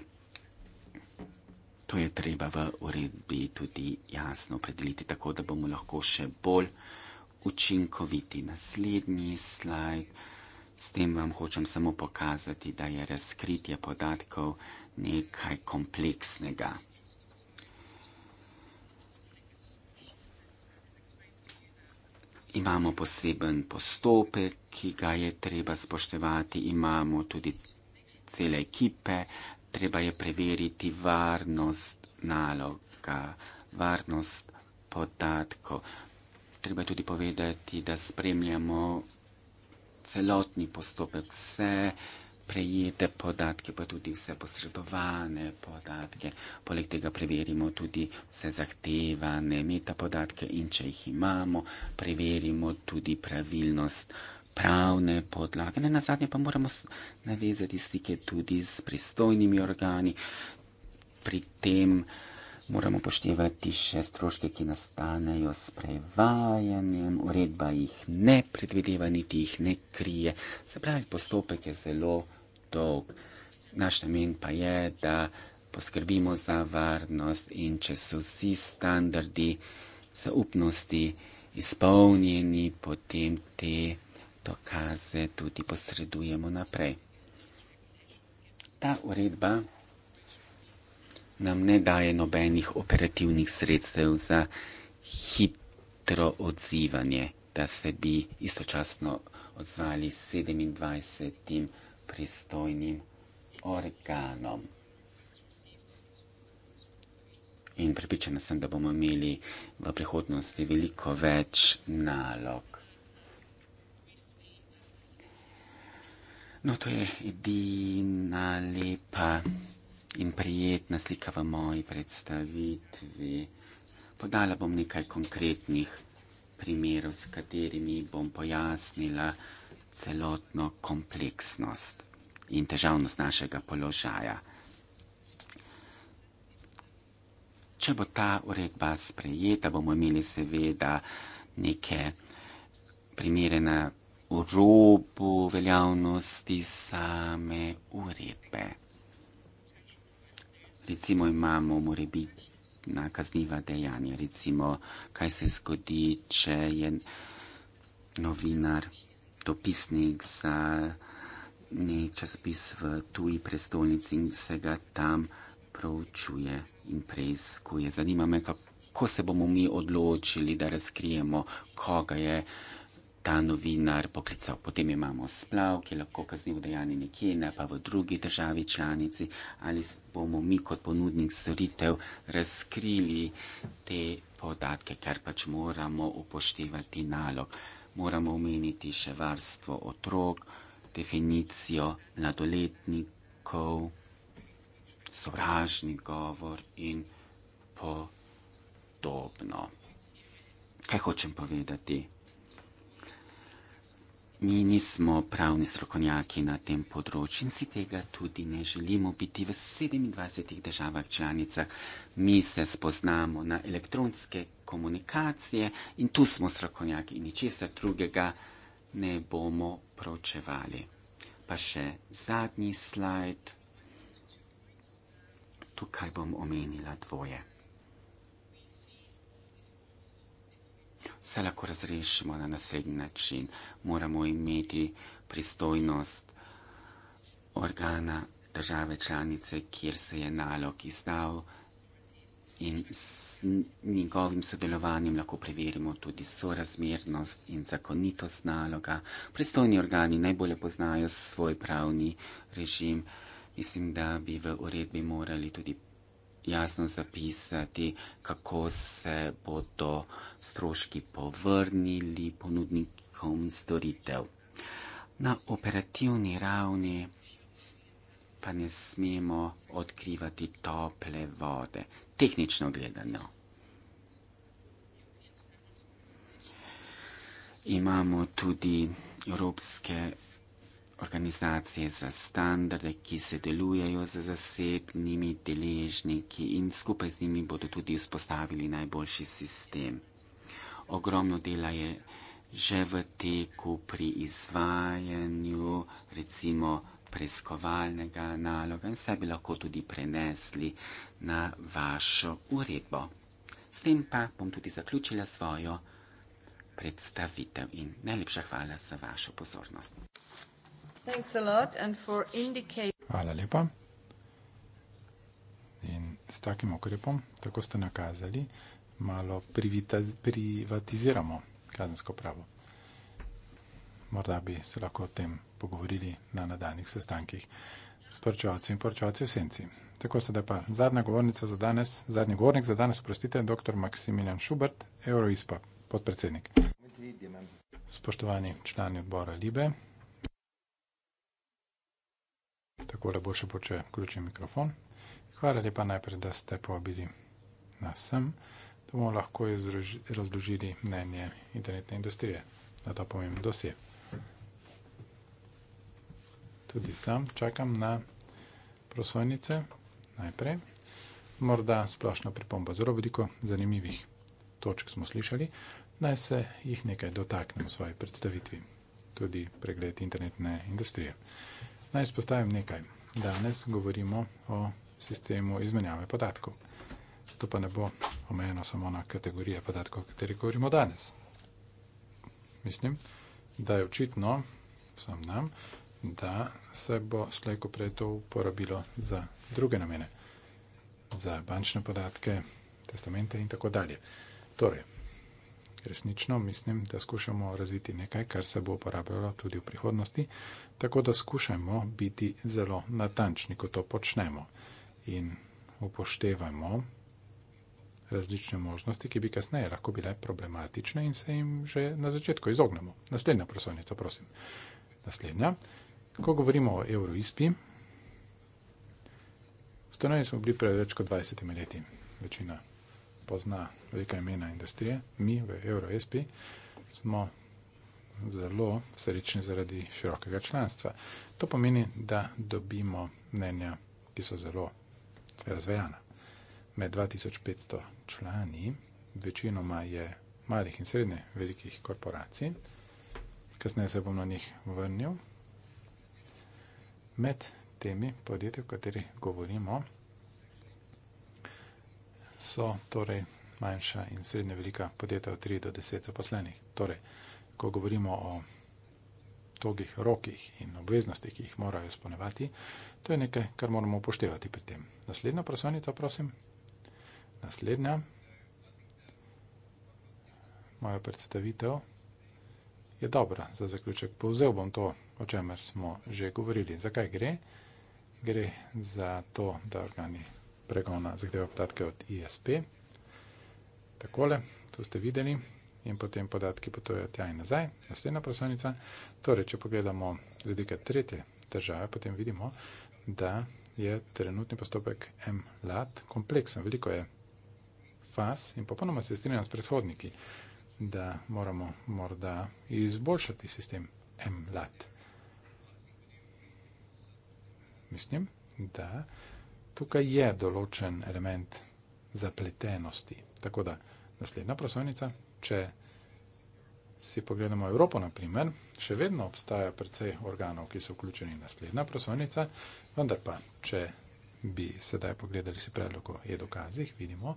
To je treba v uredbi tudi jasno opredeliti, tako da bomo lahko še bolj učinkoviti. Naslednji slajd. S tem vam hočem samo pokazati, da je razkritje podatkov nekaj kompleksnega. Imamo poseben postopek, ki ga je treba spoštevati, imamo tudi cele ekipe, treba je preveriti varnost naloga, varnost podatkov. Treba tudi povedati, da spremljamo celotni postopek, vse prejete podatke, pa tudi vse posredovane podatke. Poleg tega preverimo tudi vse zahtevane meta podatke in če jih imamo, preverimo tudi pravilnost pravne podlage. Na zadnje pa moramo navezati stike tudi s pristojnimi organi. Pri tem moramo poštevati še stroške, ki nastanejo s prevajanjem, uredba jih ne predvideva, niti jih ne krije. Se pravi, postopek je zelo dolg. Naš namen pa je, da poskrbimo za varnost in če so vsi standardi zaupnosti izpolnjeni, potem te dokaze tudi posredujemo naprej. Ta uredba nam ne daje nobenih operativnih sredstev za hitro odzivanje, da se bi istočasno odzvali 27. pristojnim organom. In pripričana sem, da bomo imeli v prihodnosti veliko več nalog. No, to je edina lepa in prijetna slika v moji predstavitvi. Podala bom nekaj konkretnih primerov, s katerimi bom pojasnila celotno kompleksnost in težavnost našega položaja. Če bo ta uredba sprejeta, bomo imeli seveda neke primere na urobu veljavnosti same uredbe recimo imamo morebitna kazniva dejanja, recimo kaj se zgodi, če je novinar, dopisnik za nek časopis v tuji prestolnici in se ga tam proučuje in preizkuje. Zanima me, kako se bomo mi odločili, da razkrijemo, koga je ta novinar poklical. Potem imamo splav, ki je lahko kaznivo dejanje nekje, ne pa v drugi državi članici, ali bomo mi kot ponudnik storitev razkrili te podatke, ker pač moramo upoštevati nalog. Moramo omeniti še varstvo otrok, definicijo mladoletnikov, sovražni govor in podobno. Kaj hočem povedati? Mi nismo pravni strokovnjaki na tem področju in si tega tudi ne želimo biti v 27 državah članicah. Mi se spoznamo na elektronske komunikacije in tu smo strokovnjaki in ničesar drugega ne bomo pročevali. Pa še zadnji slajd. Tukaj bom omenila dvoje. se lahko razrešimo na naslednji način. Moramo imeti pristojnost organa države članice, kjer se je nalog izdal in s njegovim sodelovanjem lahko preverimo tudi sorazmernost in zakonitost naloga. Pristojni organi najbolje poznajo svoj pravni režim. Mislim, da bi v uredbi morali tudi jasno zapisati, kako se bodo stroški povrnili ponudnikom storitev. Na operativni ravni pa ne smemo odkrivati tople vode, tehnično gledano. Imamo tudi evropske organizacije za standarde, ki se delujejo z zasebnimi deležniki in skupaj z njimi bodo tudi vzpostavili najboljši sistem. Ogromno dela je že v teku pri izvajanju recimo preiskovalnega naloga in vse bi lahko tudi prenesli na vašo uredbo. S tem pa bom tudi zaključila svojo predstavitev in najlepša hvala za vašo pozornost. Hvala lepa. In s takim okrepom, tako ste nakazali, malo privatiziramo kazensko pravo. Morda bi se lahko o tem pogovorili na nadaljnih sestankih s poročevalci in poročevalci v senci. Tako sedaj pa zadnja govornica za danes, zadnji govornik za danes, oprostite, dr. Maksimilijan Šubert, Euroispa, podpredsednik. Spoštovani člani odbora Libe, tako da bo še počel ključen mikrofon. Hvala lepa najprej, da ste povabili nas sem, da bomo lahko razložili mnenje internetne industrije na ta pomemben dosje. Tudi sam čakam na prosojnice najprej. Morda splošna pripomba. Zelo veliko zanimivih točk smo slišali. Naj se jih nekaj dotaknem v svoji predstavitvi, tudi pregled internetne industrije. Naj izpostavim nekaj. Danes govorimo o sistemu izmenjave podatkov. To pa ne bo omejeno samo na kategorije podatkov, o kateri govorimo danes. Mislim, da je očitno vsem nam, da se bo slejko prej to uporabilo za druge namene, za bančne podatke, testamente in tako dalje. Torej, resnično mislim, da skušamo razviti nekaj, kar se bo uporabljalo tudi v prihodnosti, tako da skušajmo biti zelo natančni, ko to počnemo in upoštevajmo različne možnosti, ki bi kasneje lahko bile problematične in se jim že na začetku izognemo. Naslednja prosovnica, prosim. Naslednja. Ko govorimo o euroizpi, ustanovljeni smo bili pred več kot 20 leti, večina pozna velika imena industrije, mi v EuroSP smo zelo srečni zaradi širokega članstva. To pomeni, da dobimo mnenja, ki so zelo razvejana. Med 2500 člani, večinoma je malih in srednje velikih korporacij, kasneje se bom na njih vrnil, med temi podjetji, o katerih govorimo, so torej manjša in srednje velika podjetja od 3 do 10 zaposlenih. Torej, ko govorimo o togih rokih in obveznostih, ki jih morajo izpolnevati, to je nekaj, kar moramo upoštevati pri tem. Naslednja prosojnica, prosim. Naslednja. Moja predstavitev je dobra za zaključek. Povzel bom to, o čemer smo že govorili. Zakaj gre? Gre za to, da organi pregona zahteva podatke od ISP. Takole, to ste videli in potem podatki potujejo tja in nazaj, naslednja prosojnica. Torej, če pogledamo z vedika tretje države, potem vidimo, da je trenutni postopek MLAT kompleksen. Veliko je faz in popolnoma se strinjam s predhodniki, da moramo morda izboljšati sistem MLAT. Mislim, da je tukaj je določen element zapletenosti. Tako da naslednja prosojnica, če si pogledamo Evropo, naprimer, še vedno obstaja precej organov, ki so vključeni naslednja prosojnica, vendar pa, če bi sedaj pogledali si predlog o e-dokazih, vidimo,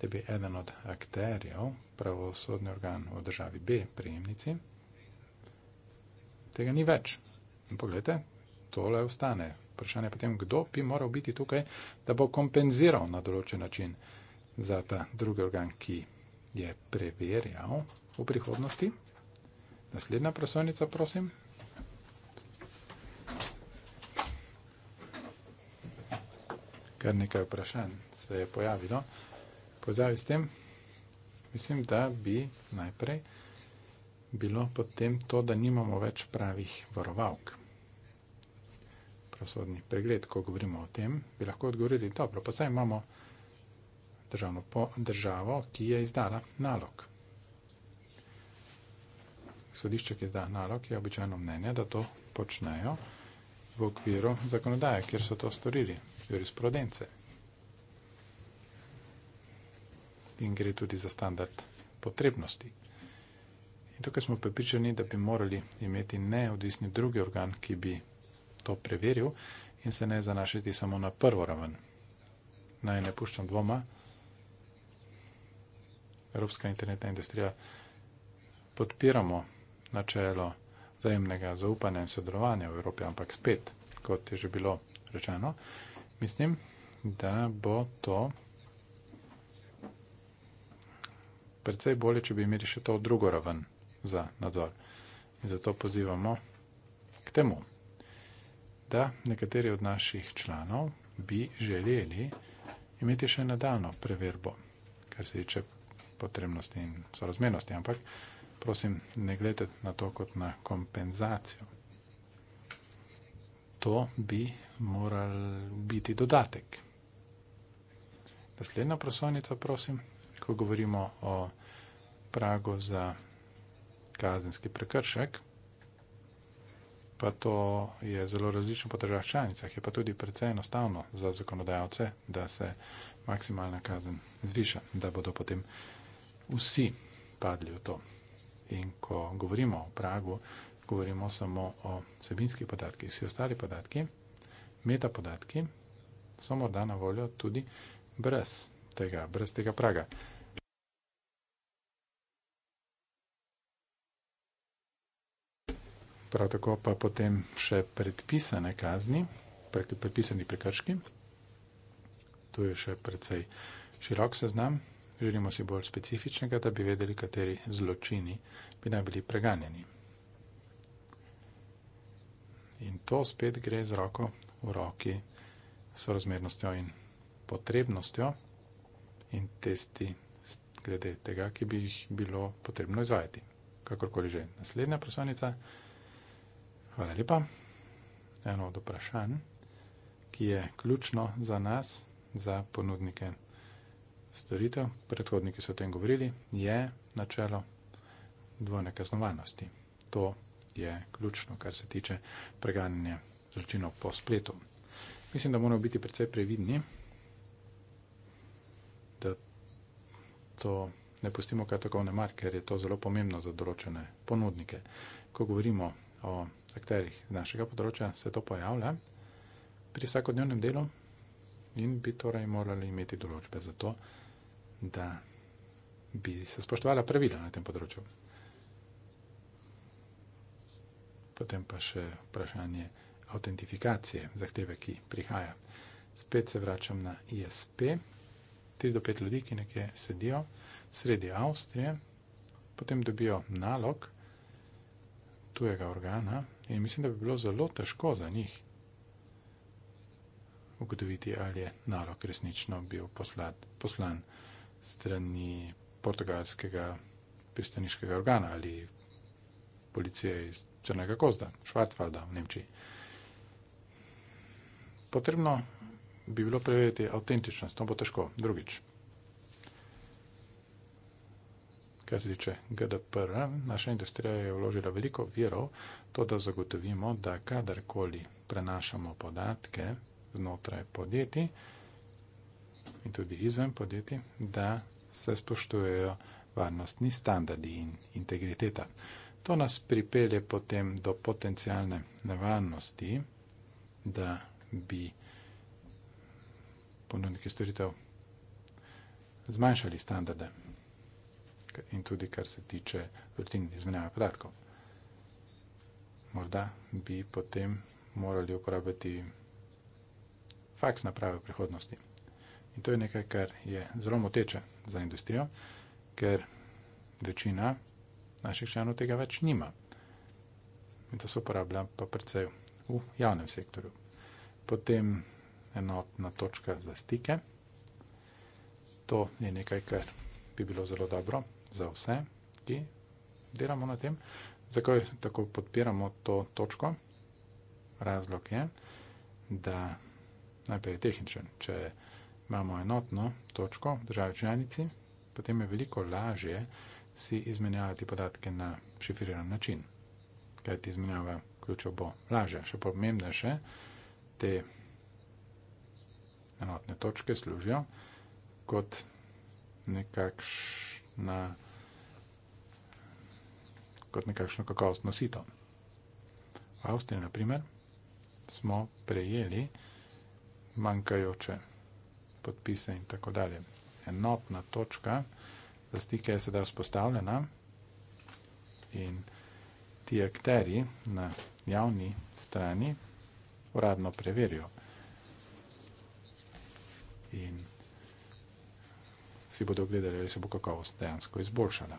da bi eden od akterjev, pravosodni organ v državi B, prejemnici, tega ni več. In pogledajte, tole ostane vprašanje potem, kdo bi moral biti tukaj, da bo kompenziral na določen način za ta drugi organ, ki je preverjal v prihodnosti. Naslednja prosovnica, prosim. Kar nekaj vprašanj se je pojavilo. Pozavi s tem, mislim, da bi najprej bilo potem to, da nimamo več pravih varovalk pravosodni pregled, ko govorimo o tem, bi lahko odgovorili dobro, pa saj imamo državno po, državo, ki je izdala nalog. Sodišče, ki izda nalog, je običajno mnenje, da to počnejo v okviru zakonodaje, kjer so to storili, jurisprudence. In gre tudi za standard potrebnosti. In tukaj smo prepričani, da bi morali imeti neodvisni drugi organ, ki bi to preveril in se ne zanašati samo na prvo raven. Naj ne puščam dvoma. Evropska internetna industrija podpiramo načelo vzajemnega zaupanja in sodelovanja v Evropi, ampak spet, kot je že bilo rečeno, mislim, da bo to predvsej bolje, če bi imeli še to drugo raven za nadzor. In zato pozivamo k temu da nekateri od naših članov bi želeli imeti še nadaljno preverbo, kar se tiče potrebnosti in sorazmernosti, ampak prosim, ne gledajte na to kot na kompenzacijo. To bi moral biti dodatek. Naslednja prosojnica, prosim, ko govorimo o pragu za kazenski prekršek pa to je zelo različno po državah članicah. Je pa tudi precej enostavno za zakonodajalce, da se maksimalna kazen zviša, da bodo potem vsi padli v to. In ko govorimo o pragu, govorimo samo o sebinskih podatkih. Vsi ostali podatki, metapodatki, so morda na voljo tudi brez tega, brez tega praga. prav tako pa potem še predpisane kazni, predpisani prekrški. Tu je še precej širok seznam. Želimo si bolj specifičnega, da bi vedeli, kateri zločini bi naj bili preganjeni. In to spet gre z roko v roki, s razmernostjo in potrebnostjo in testi glede tega, ki bi jih bilo potrebno izvajati. Kakorkoli že. Naslednja prosovnica je, Hvala lepa. Eno od vprašanj, ki je ključno za nas, za ponudnike storitev, predhodniki so o tem govorili, je načelo dvojne kaznovanosti. To je ključno, kar se tiče preganjanja zločinov po spletu. Mislim, da moramo biti predvsej previdni, da to ne pustimo kar tako nemar, ker je to zelo pomembno za določene ponudnike. Ko govorimo o akterjih z našega področja se to pojavlja pri vsakodnevnem delu in bi torej morali imeti določbe za to, da bi se spoštovala pravila na tem področju. Potem pa še vprašanje autentifikacije zahteve, ki prihaja. Spet se vračam na ISP. 3 do 5 ljudi, ki nekje sedijo sredi Avstrije, potem dobijo nalog, tujega organa in mislim, da bi bilo zelo težko za njih ugotoviti, ali je nalog resnično bil poslat, poslan strani portugalskega pristaniškega organa ali policije iz Črnega gozda, Švarcvalda v Nemčiji. Potrebno bi bilo preveriti avtentičnost, to bo težko drugič. kar se tiče GDPR, naša industrija je vložila veliko virov, to da zagotovimo, da kadarkoli prenašamo podatke znotraj podjetij in tudi izven podjetij, da se spoštujejo varnostni standardi in integriteta. To nas pripelje potem do potencijalne nevarnosti, da bi ponudniki storitev zmanjšali standarde podatke in tudi kar se tiče rutinne izmenjave podatkov. Morda bi potem morali uporabljati faks naprave v prihodnosti. In to je nekaj, kar je zelo moteče za industrijo, ker večina naših članov tega več nima. In to se uporablja pa predvsej v javnem sektorju. Potem enotna točka za stike. To je nekaj, kar bi bilo zelo dobro za vse, ki delamo na tem. Zakaj tako podpiramo to točko? Razlog je, da najprej je tehničen. Če imamo enotno točko v državi članici, potem je veliko lažje si izmenjavati podatke na šifriran način, kajti izmenjava ključev bo lažja. Še pomembnejše, te enotne točke služijo kot nekakšna, kot nekakšno kakovostno sito. V Avstriji, na primer, smo prejeli manjkajoče podpise in tako dalje. Enotna točka za stike je sedaj vzpostavljena in ti akteri na javni strani uradno preverijo. In si bodo gledali, ali se bo kakovost dejansko izboljšala.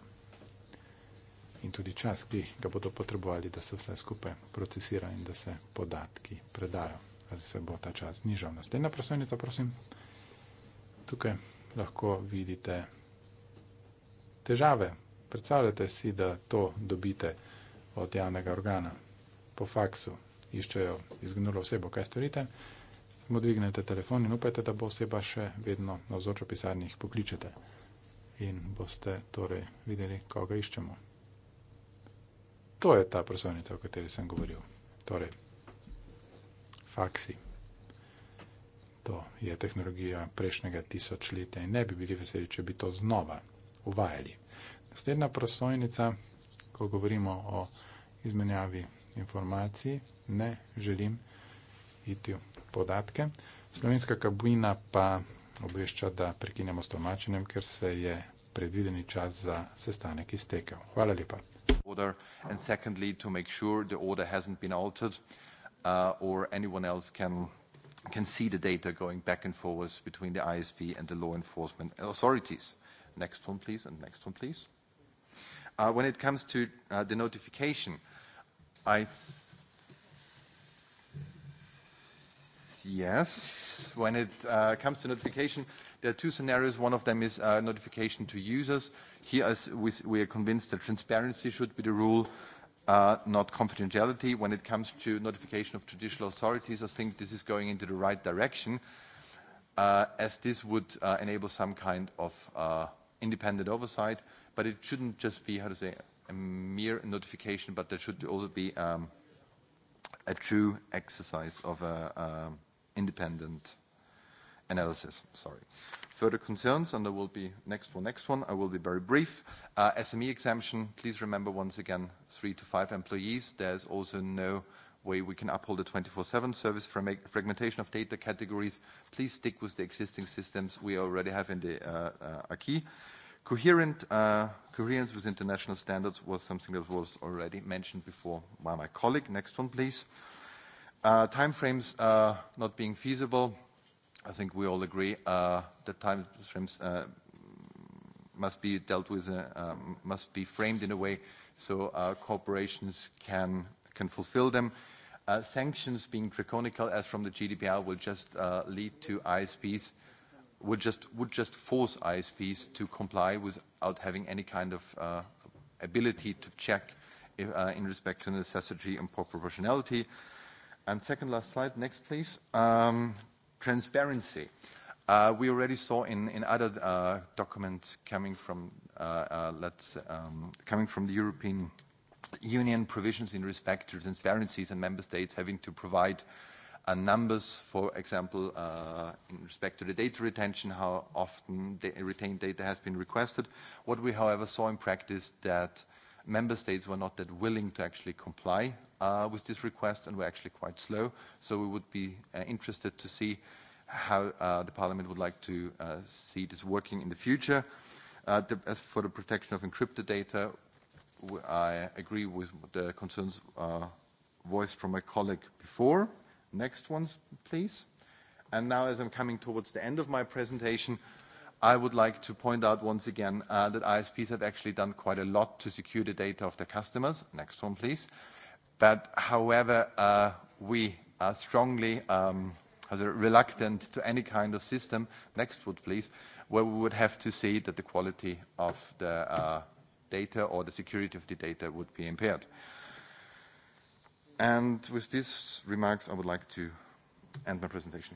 In tudi čas, ki ga bodo potrebovali, da se vse skupaj procesira in da se podatki predajo, ali se bo ta čas znižal. Naslednja prosojnica, prosim. Tukaj lahko vidite težave. Predstavljate si, da to dobite od javnega organa po faksu, iščejo izgnulo osebo, kaj storite mu dvignete telefon in upajte, da bo oseba še vedno na vzoču pisarnih pokličete. In boste torej videli, koga iščemo. To je ta prosovnica, o kateri sem govoril. Torej, faksi. To je tehnologija prejšnjega tisočletja in ne bi bili veseli, če bi to znova uvajali. Naslednja prosojnica, ko govorimo o izmenjavi informacij, ne želim iti podatke. Slovenska kabina pa obvešča, da prekinjamo s tolmačenjem, ker se je predvideni čas za sestanek iztekel. Hvala lepa. Order and secondly, to make sure the order hasn't been altered uh, or anyone else can, can see the data going back and forth between the ISB and the law enforcement authorities. Next one, please, and next one, please. Uh, when it comes to uh, the notification, I th- yes. When it uh, comes to notification, there are two scenarios. One of them is uh, notification to users. Here, as we, we are convinced that transparency should be the rule, uh, not confidentiality. When it comes to notification of judicial authorities, I think this is going into the right direction, uh, as this would uh, enable some kind of uh, independent oversight. But it shouldn't just be, how to say, a mere notification, but there should also be um, a true exercise of a... Uh, um, independent analysis. Sorry. Further concerns, and there will be next one, next one. I will be very brief. Uh, SME exemption, please remember once again, three to five employees. There's also no way we can uphold a 24/7 service fragmentation of data categories. Please stick with the existing systems we already have in the uh, uh, acquis. Coherent, coherence with international standards was something that was already mentioned before by my colleague. Next one, please. Uh, time frames not being feasible, I think we all agree uh, that time frames uh, must be dealt with, um, must be framed in a way so corporations can fulfill them. Sanctions being draconian as from the GDPR would just force ISPs to comply without having any kind of ability to check if in respect to necessity and proportionality. Second last slide. Next, please. Um, transparency. Uh, we already saw in other uh, documents uh, um, coming from the European Union provisions in respect to transparencies and member states having to provide numbers, for example, in respect to the data retention, how often the retained data has been requested. What we, however, saw in practice that member states were not that willing to actually comply uh, with this request and were actually quite slow. So we would be uh, interested to see how uh, the parliament would like to see this working in the future. As for the protection of encrypted data, I agree with the concerns voiced from my colleague before. Next ones, please. And now, as I'm coming towards the end of my presentation, I would like to point out once again uh, that ISPs have actually done quite a lot to secure the data of their customers. Next one, please. However, uh, we are strongly um, reluctant to any kind of system, next one, please, where we would have to see that the quality of the uh, data or the security of the data would be impaired. With these remarks, I would like to end my presentation.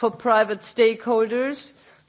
for private stakeholders